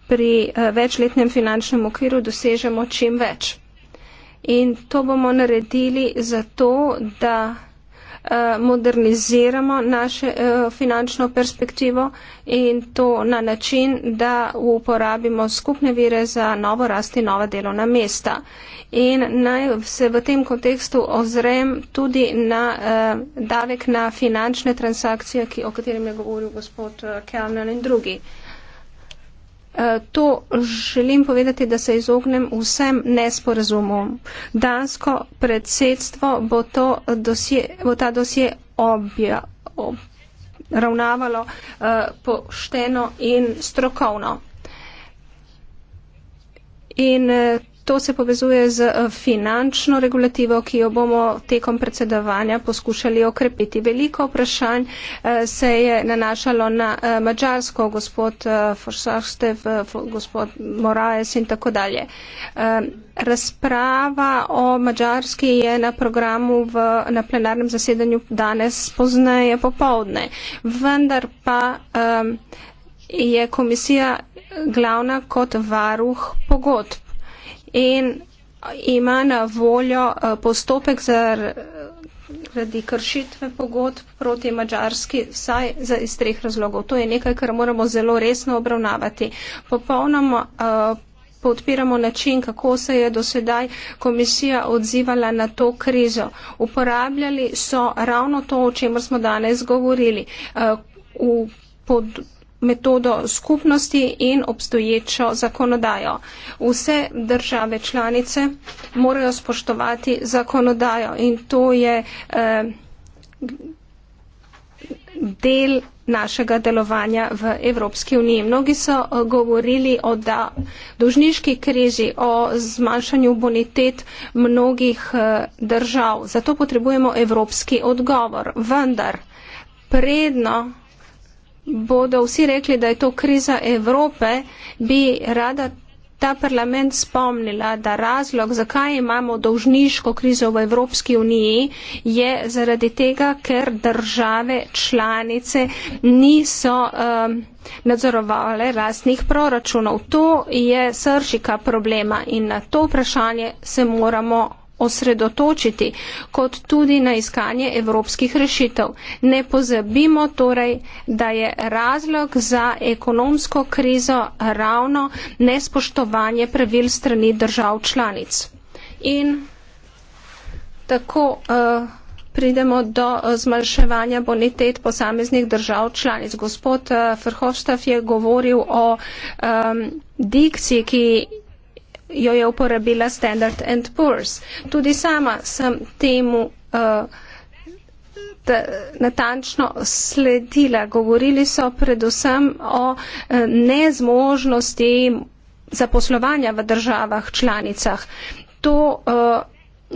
pri večletnem finančnem okviru dosežemo čim več. In to bomo naredili zato, da eh, moderniziramo naše eh, finančno perspektivo in to na način, da uporabimo skupne vire za novo rast in nova delovna mesta. In naj se v tem kontekstu ozrem tudi na eh, davek na finančne transakcije, ki, o katerem je govoril gospod Kelner in drugi to želim povedati, da se izognem vsem nesporazumom. Dansko predsedstvo bo, to dosje, bo ta dosje obravnavalo eh, pošteno in strokovno. In eh, To se povezuje z eh, finančno regulativo, ki jo bomo tekom predsedovanja poskušali okrepiti. Veliko vprašanj eh, se je nanašalo na eh, Mačarsko, gospod Forsastev, gospod Moraes in tako dalje. Razprava o Mačarski je na programu v, na plenarnem zasedanju danes poznaje popovdne. Vendar pa um, je komisija glavna kot varuh pogodb in ima na voljo eh, postopek zaradi kršitve pogodb proti Mačarski, vsaj iz treh razlogov. To je nekaj, kar moramo zelo resno obravnavati. Popolnoma eh, podpiramo način, kako se je do sedaj komisija odzivala na to krizo. Uporabljali so ravno to, o čemer smo danes govorili. Eh, v metodo skupnosti in obstoječo zakonodajo. Vse države članice morajo spoštovati zakonodajo in to je eh, del našega delovanja v Evropski uniji. Mnogi so eh, govorili o da, dožniški krizi, o zmanjšanju bonitet mnogih eh, držav. Zato potrebujemo evropski odgovor. Vendar, predno bodo vsi rekli, da je to kriza Evrope, bi rada ta parlament spomnila, da razlog, zakaj imamo dolžniško krizo v Evropski uniji, je zaradi tega, ker države članice niso um, nadzorovale lastnih proračunov. To je sršika problema in na to vprašanje se moramo osredotočiti, kot tudi na iskanje evropskih rešitev. Ne pozabimo torej, da je razlog za ekonomsko krizo ravno nespoštovanje pravil strani držav članic. In tako uh, pridemo do eh, zmanjševanja bonitet posameznih držav članic. Gospod uh, eh, Frhofstav je govoril o um, dikciji, ki jo je uporabila Standard and Poor's. Tudi sama sem temu uh, natančno sledila. Govorili so predvsem o uh, nezmožnosti zaposlovanja v državah članicah. To uh,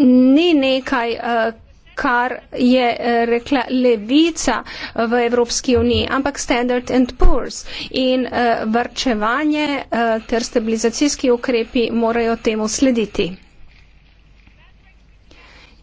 ni nekaj, uh, kar je eh, rekla levica v Evropski uniji, ampak Standard and Poor's in eh, vrčevanje eh, ter stabilizacijski ukrepi morajo temu slediti.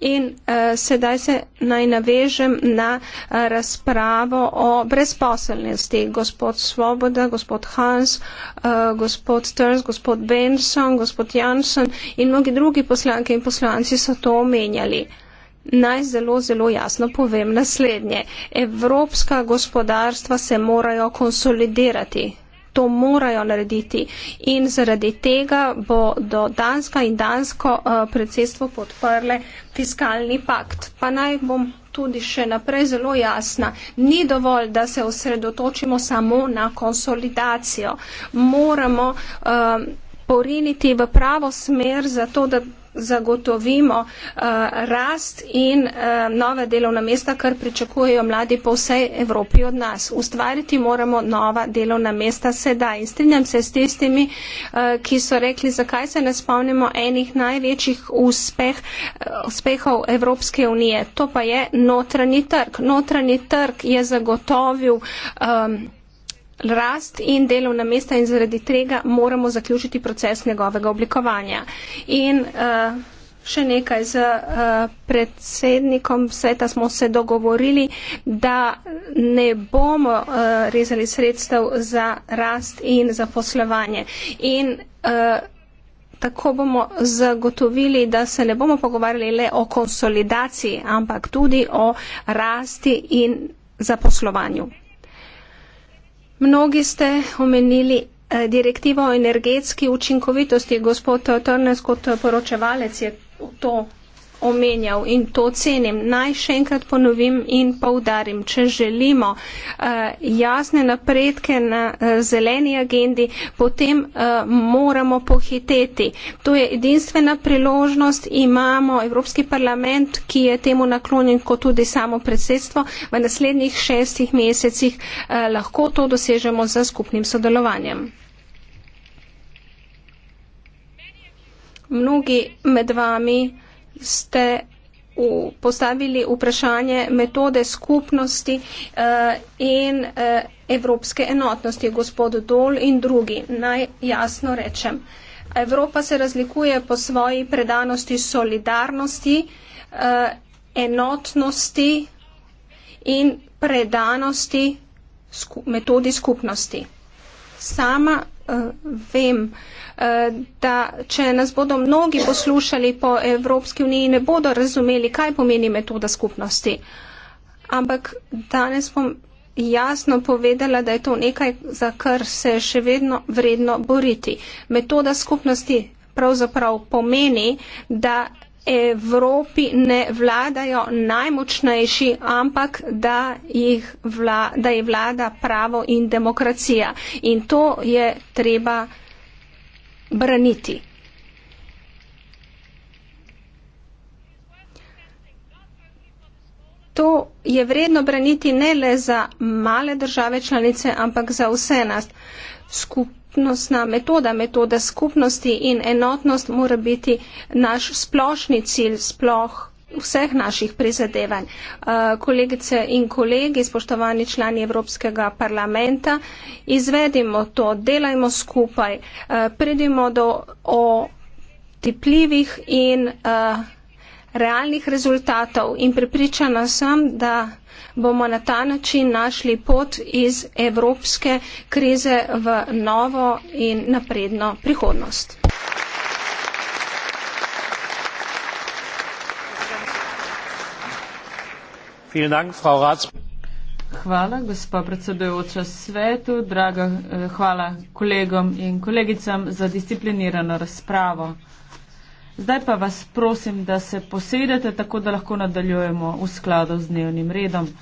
In uh, sedaj se naj navežem na uh, razpravo o brezposelnosti. Gospod Svoboda, gospod Hans, uh, gospod Trns, gospod Benson, gospod Jansson in mnogi drugi poslanke in poslanci so to omenjali. Uh, naj zelo, zelo jasno povem naslednje. Evropska gospodarstva se morajo konsolidirati. To morajo narediti in zaradi tega bo do Danska in Dansko eh, predsedstvo podprle fiskalni pakt. Pa naj bom tudi še naprej zelo jasna. Ni dovolj, da se osredotočimo samo na konsolidacijo. Moramo uh, poriniti v pravo smer za to, da zagotovimo eh, rast in eh, nova delovna mesta, kar pričakujejo mladi po vsej Evropi od nas. Ustvariti moramo nova delovna mesta sedaj. In strinjam se s tistimi, eh, ki so rekli, zakaj se ne spomnimo enih največjih uspeh, uspehov Evropske unije. To pa je notranji trg. Notranji trg je zagotovil um, rast in delovna mesta in zaradi tega moramo zaključiti proces njegovega oblikovanja. In uh, še nekaj, z uh, predsednikom sveta smo se dogovorili, da ne bomo uh, rezali sredstev za rast in za poslovanje. In, uh, Tako bomo zagotovili, da se ne bomo pogovarjali le o konsolidaciji, ampak tudi o rasti in zaposlovanju. Mnogi ste omenili eh, direktivo o energetski učinkovitosti, gospod Trnes kot poročevalec je to omenjal in to cenim. Naj še enkrat ponovim in poudarim, če želimo uh, jasne napredke na uh, zeleni agendi, potem uh, moramo pohiteti. To je edinstvena priložnost, imamo Evropski parlament, ki je temu naklonjen kot tudi samo predsedstvo, v naslednjih šestih mesecih uh, lahko to dosežemo za skupnim sodelovanjem. Mnogi med vami ste postavili vprašanje metode skupnosti eh, in eh, evropske enotnosti, gospod Dol in drugi. Naj jasno rečem. Evropa se razlikuje po svoji predanosti solidarnosti, eh, enotnosti in predanosti metodi skupnosti. Sama vem, Eh, da če nas bodo mnogi poslušali po Evropski uniji, ne bodo razumeli, kaj pomeni metoda skupnosti. Ampak danes bom jasno povedala, da je to nekaj, za kar se je še vedno vredno boriti. Metoda skupnosti pravzaprav pomeni, da Evropi ne vladajo najmočnejši, ampak da, vla, da je vlada pravo in demokracija. In to je treba braniti. To je vredno braniti ne le za male države članice, ampak za vse nas. Skupnostna metoda, metoda skupnosti in enotnost mora biti naš splošni cilj, sploh vseh naših prizadevanj. Eh, kolegice in kolegi, spoštovani člani Evropskega parlamenta, izvedimo to, delajmo skupaj, eh, pridimo do otipljivih in eh, realnih rezultatov in pripričana sem, da bomo na ta način našli pot iz evropske krize v novo in napredno prihodnost. Hvala, gospod predsedujoča svetu. Draga, eh, hvala kolegom in kolegicam za disciplinirano razpravo. Zdaj pa vas prosim, da se posedete tako, da lahko nadaljujemo v skladu z dnevnim redom.